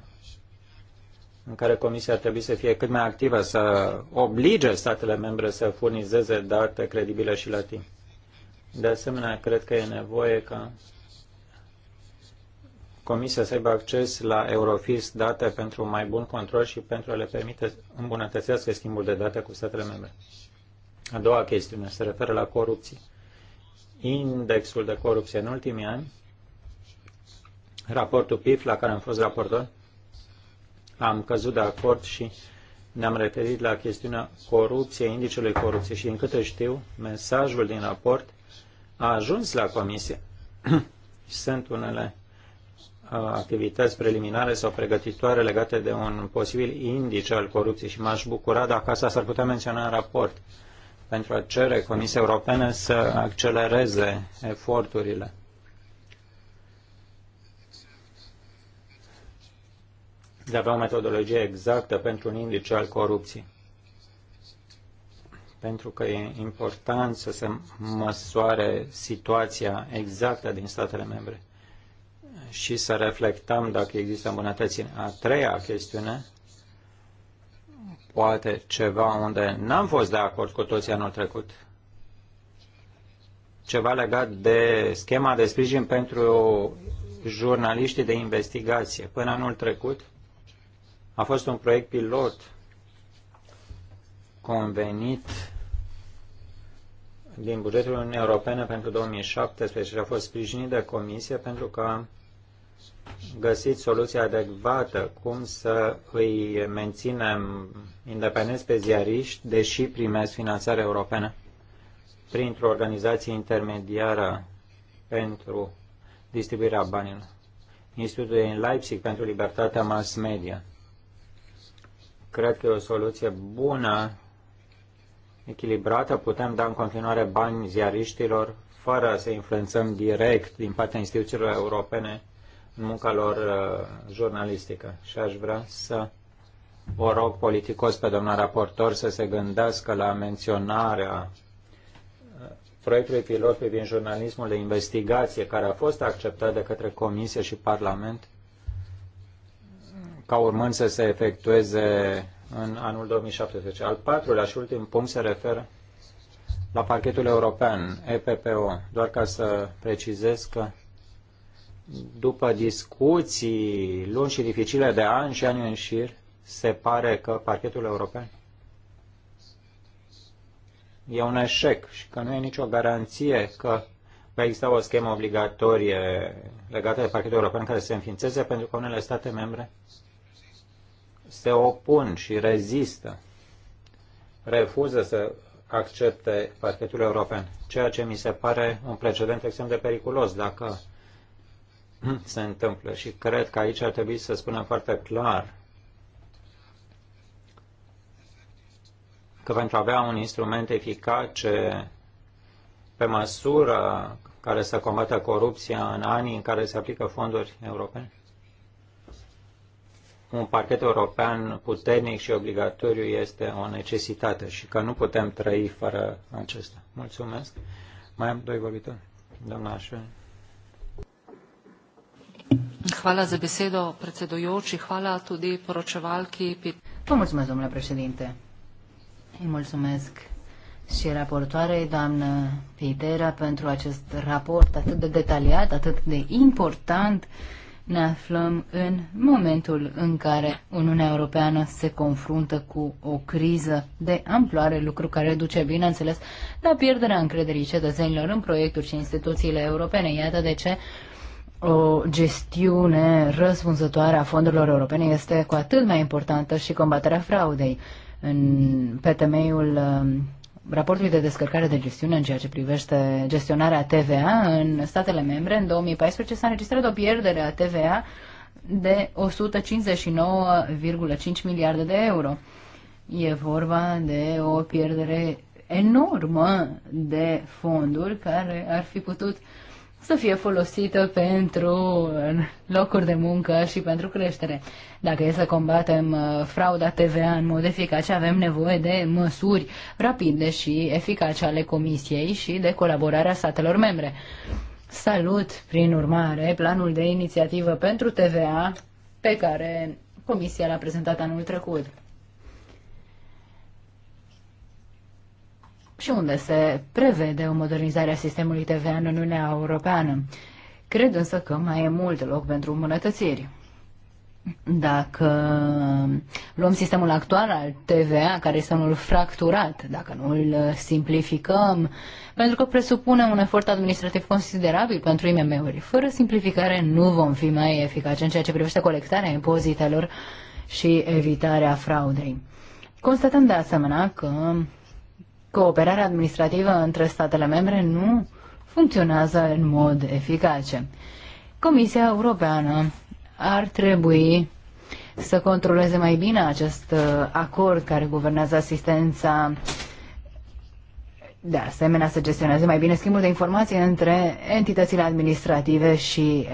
în care Comisia ar trebui să fie cât mai activă, să oblige statele membre să furnizeze date credibile și la timp. De asemenea, cred că e nevoie ca Comisia să aibă acces la Eurofis date pentru mai bun control și pentru a le permite îmbunătățească schimbul de date cu statele membre. A doua chestiune se referă la corupție. Indexul de corupție în ultimii ani, raportul PIF la care am fost raportor, am căzut de acord și ne-am referit la chestiunea corupției, indicelui corupției și, din câte știu, mesajul din raport a ajuns la comisie. Sunt unele activități preliminare sau pregătitoare legate de un posibil indice al corupției și m-aș bucura dacă asta s-ar putea menționa în raport pentru a cere Comisiei Europene să accelereze eforturile. de a avea o metodologie exactă pentru un indice al corupției. Pentru că e important să se măsoare situația exactă din statele membre și să reflectăm dacă există îmbunătățiri. A treia chestiune, poate ceva unde n-am fost de acord cu toții anul trecut, ceva legat de schema de sprijin pentru jurnaliștii de investigație. Până anul trecut a fost un proiect pilot convenit din bugetul Uniunii Europene pentru 2017 a fost sprijinit de Comisie pentru că găsit soluția adecvată, cum să îi menținem independenți pe ziariști, deși primesc finanțare europeană printr-o organizație intermediară pentru distribuirea banilor. Institutul din Leipzig pentru libertatea mass media. Cred că e o soluție bună, echilibrată. Putem da în continuare bani ziariștilor fără să influențăm direct din partea instituțiilor europene munca lor uh, jurnalistică și aș vrea să o rog politicos pe doamna raportor să se gândească la menționarea uh, proiectului pilot privind jurnalismul de investigație care a fost acceptat de către Comisie și Parlament ca urmând să se efectueze în anul 2017. Al patrulea și ultim punct se referă la parchetul european, EPPO, doar ca să precizez că după discuții lungi și dificile de ani și ani în șir, se pare că parchetul european e un eșec și că nu e nicio garanție că va exista o schemă obligatorie legată de parchetul european care se înființeze pentru că unele state membre se opun și rezistă, refuză să accepte parchetul european, ceea ce mi se pare un precedent extrem de periculos dacă se întâmplă. Și cred că aici ar trebui să spunem foarte clar că pentru a avea un instrument eficace pe măsură care să combată corupția în anii în care se aplică fonduri europene, un parchet european puternic și obligatoriu este o necesitate și că nu putem trăi fără acesta. Mulțumesc. Mai am doi vorbitori. Doamna Așa. Hvala za besedo, predsedujoči. Hvala tudi poročevalki. Vă mulțumesc, domnule președinte. Îi mulțumesc și raportoarei, doamnă Pitera, pentru acest raport atât de detaliat, atât de important. Ne aflăm în momentul în care Uniunea Europeană se confruntă cu o criză de amploare, lucru care duce, bineînțeles, la pierderea încrederii cetățenilor în proiecturi și instituțiile europene. Iată de ce o gestiune răspunzătoare a fondurilor europene este cu atât mai importantă și combaterea fraudei în, pe temeiul um, raportului de descărcare de gestiune în ceea ce privește gestionarea TVA în statele membre. În 2014 s-a înregistrat o pierdere a TVA de 159,5 miliarde de euro. E vorba de o pierdere enormă de fonduri care ar fi putut uh, să fie folosită pentru locuri de muncă și pentru creștere. Dacă e să combatem uh, frauda TVA în mod eficaț, avem nevoie de măsuri rapide și eficace ale Comisiei și de colaborarea statelor membre. Salut, prin urmare, planul de inițiativă pentru TVA pe care Comisia l-a prezentat anul trecut. și unde se prevede o modernizare a sistemului TVA în Uniunea Europeană. Cred însă că mai e mult loc pentru îmbunătățiri. Dacă luăm sistemul actual al TVA, care este unul fracturat, dacă nu îl simplificăm, pentru că presupune un efort administrativ considerabil pentru IMM-uri. Fără simplificare nu vom fi mai eficace în ceea ce privește colectarea impozitelor și evitarea fraudei. Constatăm de asemenea că cooperarea administrativă între statele membre nu funcționează în mod eficace. Comisia Europeană ar trebui să controleze mai bine acest uh, acord care guvernează asistența de asemenea, să gestioneze mai bine schimbul de informații între entitățile administrative și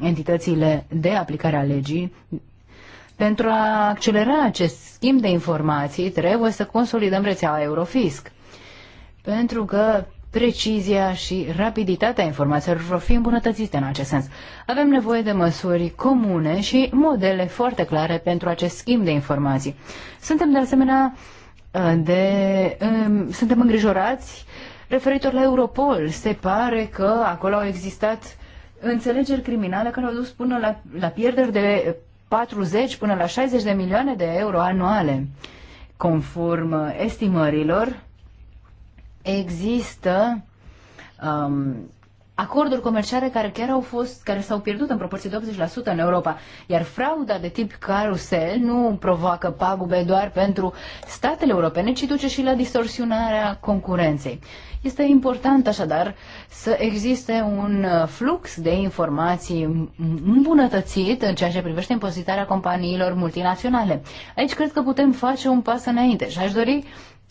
entitățile de aplicare a legii pentru a accelera acest schimb de informații, trebuie să consolidăm rețeaua Eurofisc. Pentru că precizia și rapiditatea informațiilor vor fi îmbunătățite în acest sens. Avem nevoie de măsuri comune și modele foarte clare pentru acest schimb de informații. Suntem de asemenea de, um, suntem îngrijorați referitor la Europol. Se pare că acolo au existat înțelegeri criminale care au dus până la, la pierderi de 40 până la 60 de milioane de euro anuale. Conform estimărilor, există um, acorduri comerciale care chiar au fost, care s-au pierdut în proporție de 80% în Europa. Iar frauda de tip carusel nu provoacă pagube doar pentru statele europene, ci duce și la distorsionarea concurenței. Este important așadar să existe un uh, flux de informații îmbunătățit în ceea ce privește impozitarea companiilor multinaționale. Aici cred că putem face un pas înainte și aș dori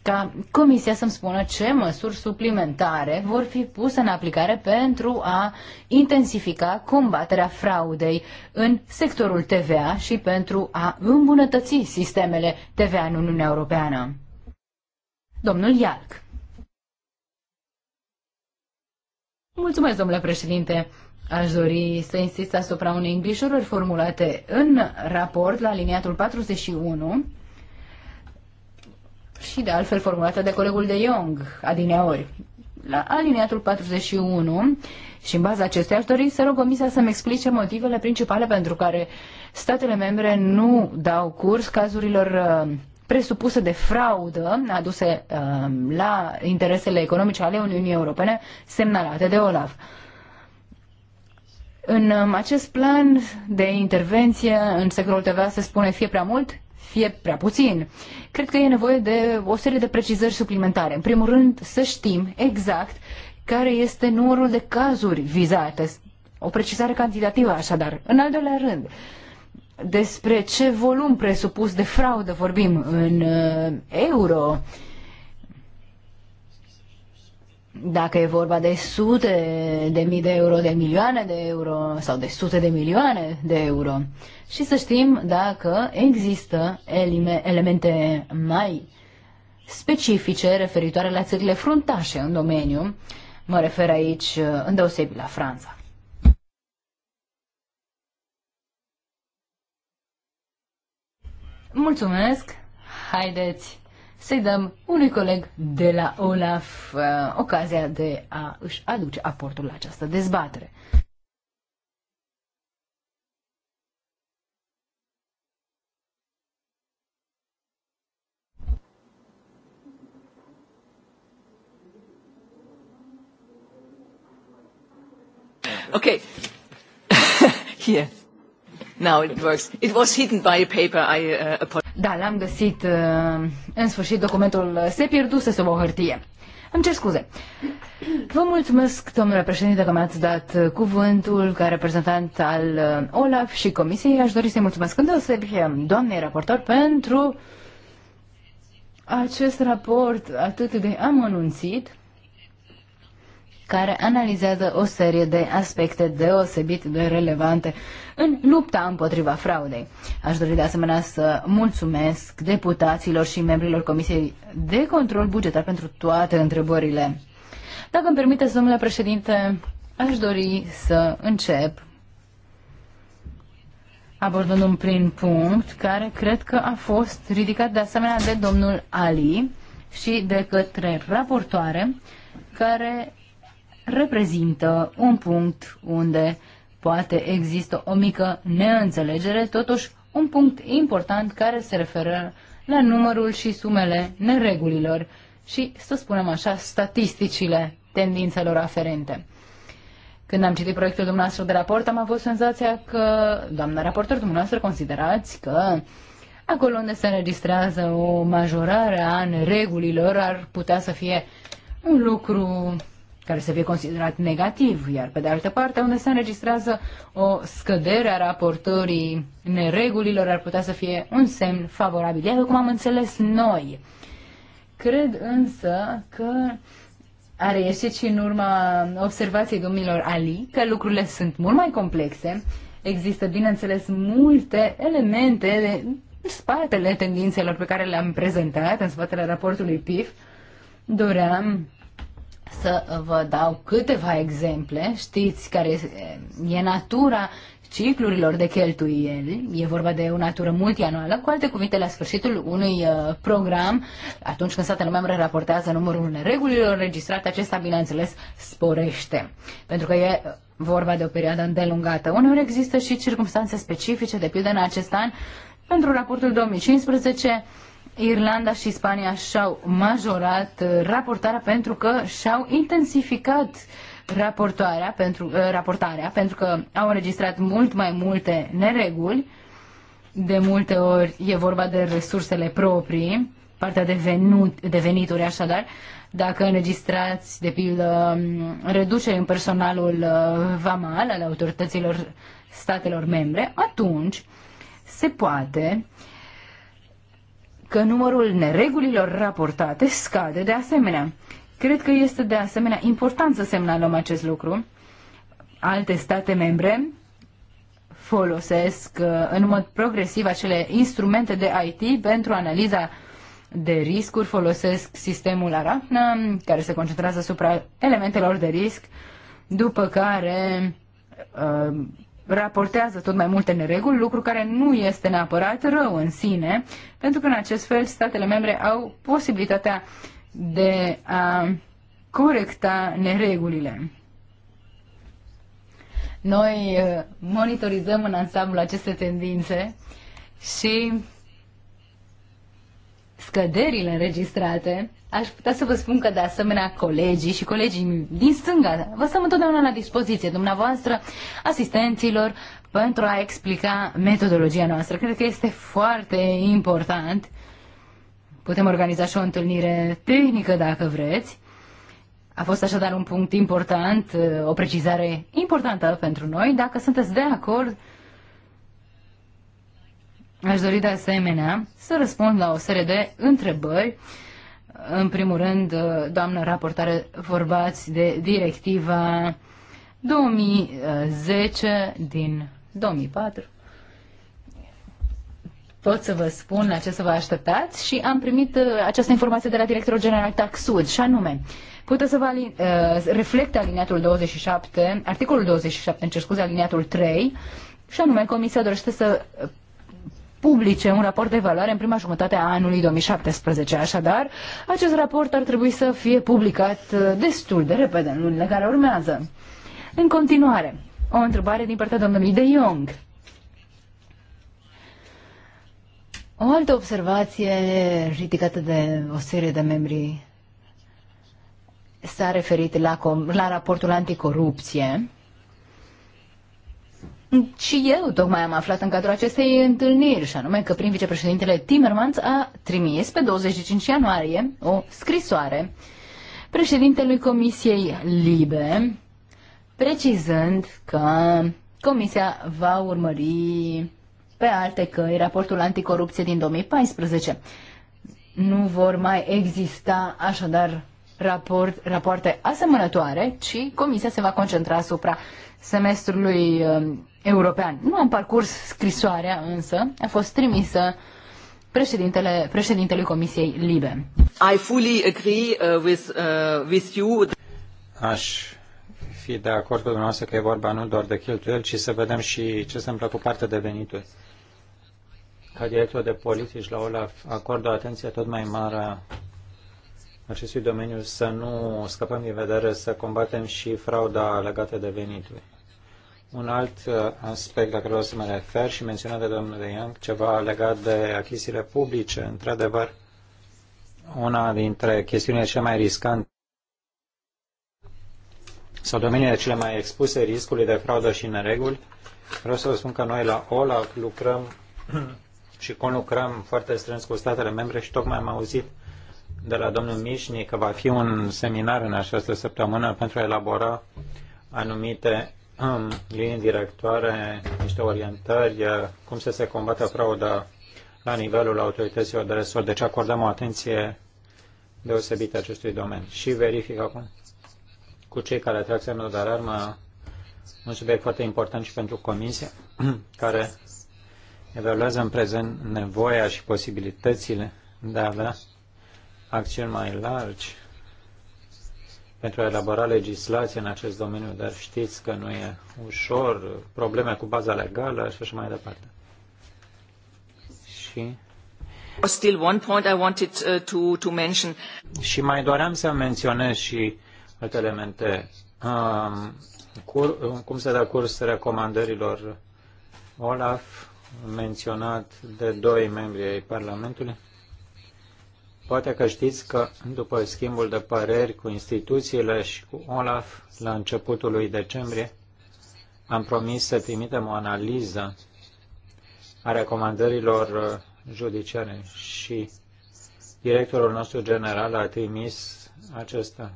ca Comisia să-mi spună ce măsuri suplimentare vor fi puse în aplicare pentru a intensifica combaterea fraudei în sectorul TVA și pentru a îmbunătăți sistemele TVA în Uniunea Europeană. Domnul Ialc. Mulțumesc, domnule președinte. Aș dori să insist asupra unei îngrijorări formulate în raport la aliniatul 41 și de altfel formulată de colegul de Young, adineori. La aliniatul 41 și în baza acestuia aș dori să rog Comisia să-mi explice motivele principale pentru care statele membre nu dau curs cazurilor uh, presupuse de fraudă aduse uh, la interesele economice ale Uniunii Europene semnalate de OLAF. În um, acest plan de intervenție în sectorul TVA se spune fie prea mult, fie prea puțin. Cred că e nevoie de o serie de precizări suplimentare. În primul rând, să știm exact care este numărul de cazuri vizate. O precizare cantitativă, așadar. În al doilea rând, despre ce volum presupus de fraudă vorbim în uh, euro. Uh, dacă e vorba de sute de mii de euro, de milioane de euro sau de sute de milioane de euro. Și să știm dacă există elemente mai specifice referitoare la țările fruntașe în domeniu. Mă refer aici uh, îndeosebi la Franța. Mulțumesc! Haideți să-i dăm unui coleg de la OLAF uh, ocazia de a își aduce aportul la această dezbatere. Okay. Here. Now it works. It was hidden by a paper. I uh, Da, l-am găsit. Uh, în sfârșit, documentul se pierduse sub o hârtie. Îmi cer scuze. Vă mulțumesc, domnule președinte, că mi-ați dat uh, cuvântul ca reprezentant al uh, OLAF și Comisiei. Aș dori să-i mulțumesc îndeosebi doamnei raportor pentru acest raport atât de amănunțit care analizează o serie de aspecte deosebit de relevante în lupta împotriva fraudei. Aș dori de asemenea să mulțumesc deputaților și membrilor Comisiei de Control Bugetar pentru toate întrebările. Dacă îmi permiteți, domnule președinte, aș dori să încep abordând un prim punct care cred că a fost ridicat de asemenea de domnul Ali și de către raportoare, care reprezintă un punct unde poate există o mică neînțelegere, totuși un punct important care se referă la numărul și sumele neregulilor și, să spunem așa, statisticile tendințelor aferente. Când am citit proiectul dumneavoastră de raport, am avut senzația că, doamna raportor, dumneavoastră considerați că acolo unde se înregistrează o majorare a neregulilor ar putea să fie un lucru care să fie considerat negativ, iar pe de altă parte, unde se înregistrează o scădere a raportării neregulilor, ar putea să fie un semn favorabil. Iată cum am înțeles noi. Cred însă că are ieșit și în urma observației domnilor Ali că lucrurile sunt mult mai complexe. Există, bineînțeles, multe elemente în spatele tendințelor pe care le-am prezentat, în spatele raportului PIF. Doream să vă dau câteva exemple. Știți care e natura ciclurilor de cheltuieli, e vorba de o natură multianuală, cu alte cuvinte, la sfârșitul unui uh, program, atunci când statele membre raportează numărul neregulilor înregistrate, acesta, bineînțeles, sporește. Pentru că e vorba de o perioadă îndelungată. Uneori există și circunstanțe specifice, de pildă în acest an, pentru raportul 2015, Irlanda și Spania și-au majorat uh, raportarea pentru că și-au intensificat raportarea pentru, uh, raportarea pentru că au înregistrat mult mai multe nereguli. De multe ori e vorba de resursele proprii, partea de, venut, de venituri așadar. Dacă înregistrați, de pildă, um, reducere în personalul uh, vamal al autorităților statelor membre, atunci se poate uh, că numărul neregulilor raportate scade de asemenea. Cred că este de asemenea important să semnalăm acest lucru. Alte state membre folosesc uh, în mod progresiv acele instrumente de IT pentru analiza de riscuri, folosesc sistemul Arachna, care se concentrează asupra elementelor de risc, după care uh, raportează tot mai multe nereguli, lucru care nu este neapărat rău în sine, pentru că în acest fel statele membre au posibilitatea de a corecta neregulile. Noi uh, monitorizăm în ansamblu aceste tendințe și scăderile înregistrate Aș putea să vă spun că, de asemenea, colegii și colegii din stânga vă stăm întotdeauna la dispoziție, dumneavoastră, asistenților, pentru a explica metodologia noastră. Cred că este foarte important. Putem organiza și o întâlnire tehnică, dacă vreți. A fost așadar un punct important, o precizare importantă pentru noi. Dacă sunteți de acord, aș dori de asemenea să răspund la o serie de întrebări în primul rând, uh, doamnă raportare, vorbați de directiva 2010 din 2004. Pot să vă spun la ce să vă așteptați și am primit uh, această informație de la directorul general Taxud și anume, puteți să vă alin- uh, reflecte aliniatul 27, articolul 27, în cer scuze, aliniatul 3, și anume Comisia dorește să publice un raport de evaluare în prima jumătate a anului 2017. Așadar, acest raport ar trebui să fie publicat uh, destul de repede în lunile care urmează. În continuare, o întrebare din partea domnului De Jong. O altă observație ridicată de o serie de membri s-a referit la, la raportul anticorupție și eu tocmai am aflat în cadrul acestei întâlniri, și anume că prin vicepreședintele Timmermans a trimis pe 25 ianuarie o scrisoare președintelui Comisiei Libe, precizând că Comisia va urmări pe alte căi raportul anticorupție din 2014. Nu vor mai exista așadar raport, rapoarte asemănătoare, ci Comisia se va concentra asupra semestrului uh, european. Nu am parcurs scrisoarea, însă a fost trimisă președintele, președintelui Comisiei Libe. I fully agree uh, with, uh, with you. Aș fi de acord cu dumneavoastră că e vorba nu doar de cheltuieli, ci să vedem și ce se întâmplă cu partea de venituri. Ca director de politici la OLAF acordă o atenție tot mai mare acestui domeniu să nu scăpăm din vedere să combatem și frauda legată de venituri. Un alt uh, aspect la care vreau să mă refer și menționat de domnul de Young, ceva legat de achizițiile publice, într-adevăr, una dintre chestiunile cele mai riscante sau domeniile cele mai expuse riscului de fraudă și nereguli. Vreau să vă spun că noi la OLAC lucrăm și conlucrăm foarte strâns cu statele membre și tocmai am auzit de la domnul Mișni că va fi un seminar în această săptămână pentru a elabora anumite um, linii directoare, niște orientări, cum să se combată frauda la nivelul autorităților de resort. Deci acordăm o atenție deosebită acestui domeniu. Și verific acum cu cei care trag semnul de alarmă un subiect foarte important și pentru comisie, care evaluează în prezent nevoia și posibilitățile de a avea acțiuni mai largi pentru a elabora legislație în acest domeniu, dar știți că nu e ușor, probleme cu baza legală și așa mai departe. Și Still one point I wanted uh, to, to mention. Și mai doream să menționez și alte elemente. Um, cur, cum se dă curs recomandărilor Olaf, menționat de doi membri ai Parlamentului. Poate că știți că după schimbul de păreri cu instituțiile și cu Olaf la începutul lui decembrie, am promis să trimitem o analiză a recomandărilor uh, judiciare și directorul nostru general a trimis acesta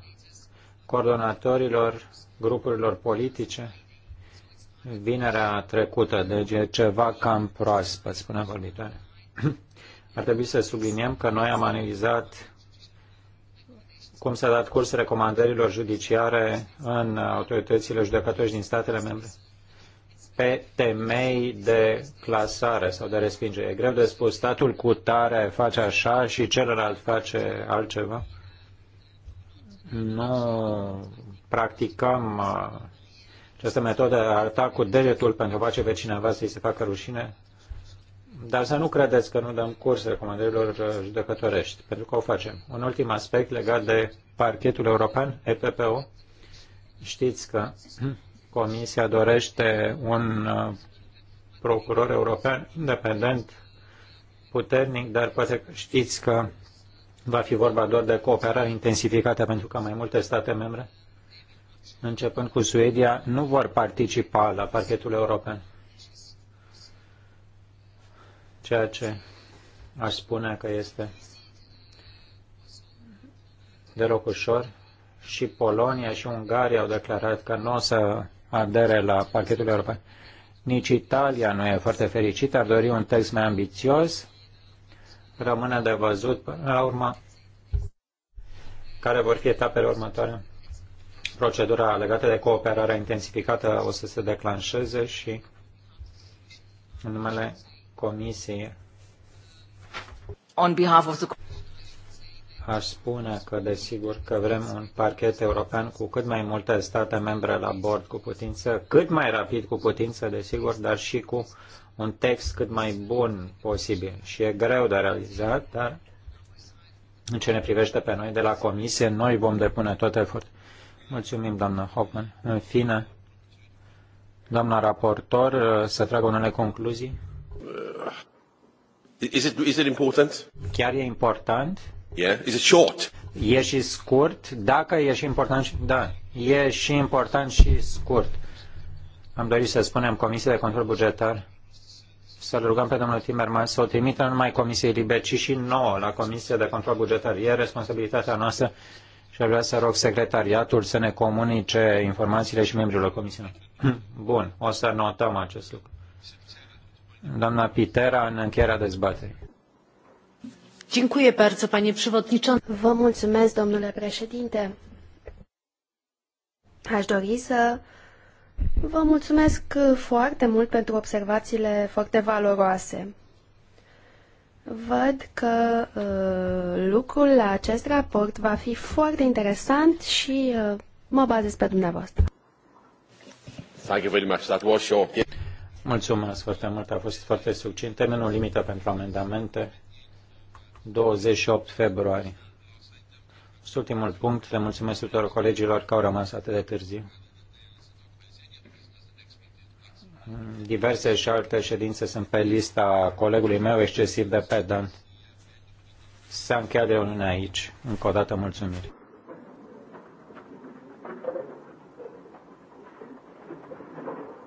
coordonatorilor grupurilor politice vinerea trecută, deci e ceva cam proaspăt, spunea vorbitoare. Ar trebui să subliniem că noi am analizat cum s-a dat curs recomandărilor judiciare în autoritățile judecătoși din statele membre pe temei de clasare sau de respingere. E greu de spus, statul cu tare face așa și celălalt face altceva. Nu practicăm uh, această metodă de a cu degetul pentru a face pe cineva să-i se facă rușine. Dar să nu credeți că nu dăm curs recomandărilor uh, judecătorești, pentru că o facem. Un ultim aspect legat de parchetul european, EPPO. Știți că Comisia dorește un uh, procuror european independent, puternic, dar poate știți că va fi vorba doar de cooperare intensificată pentru că mai multe state membre, începând cu Suedia, nu vor participa la parchetul european ceea ce aș spune că este deloc ușor. Și Polonia și Ungaria au declarat că nu o să adere la pachetul european. Nici Italia nu e foarte fericită, ar dori un text mai ambițios. Rămâne de văzut până la urmă care vor fi etapele următoare. Procedura legată de cooperare intensificată o să se declanșeze și în numele Comisiei on behalf of the Aș spune că, desigur, că vrem un parchet european cu cât mai multe state membre la bord, cu putință, cât mai rapid cu putință, desigur, dar și cu un text cât mai bun posibil. Și e greu de realizat, dar în ce ne privește pe noi de la Comisie, noi vom depune tot efort. Mulțumim, doamnă Hoffman. În fine, doamna raportor, să tragă unele concluzii. Is it, is it important? Chiar e important? Yeah. Is it short? E și scurt, dacă e și important, și, da, e și important și scurt. Am dorit să spunem Comisia de Control Bugetar să-l rugăm pe domnul Timmermans să o trimită nu numai Comisiei Libe, ci și nouă la Comisia de Control Bugetar. E responsabilitatea noastră și vreau să rog secretariatul să ne comunice informațiile și membrilor comisiei. Bun, o să notăm acest lucru. Doamna Pitera, în încheierea dezbaterii. Dziękuję bardzo, panie przewodniczący. Vă mulțumesc, domnule președinte. Aș dori să vă mulțumesc foarte mult pentru observațiile foarte valoroase. Văd că uh, lucrul la acest raport va fi foarte interesant și uh, mă bazez pe dumneavoastră. Thank you very much. That was short. Mulțumesc foarte mult, a fost foarte succint. Termenul limită pentru amendamente, 28 februarie. Sunt ultimul punct, le mulțumesc tuturor colegilor că au rămas atât de târziu. Diverse și alte ședințe sunt pe lista colegului meu excesiv de pedant. S-a încheiat aici. Încă o dată mulțumiri.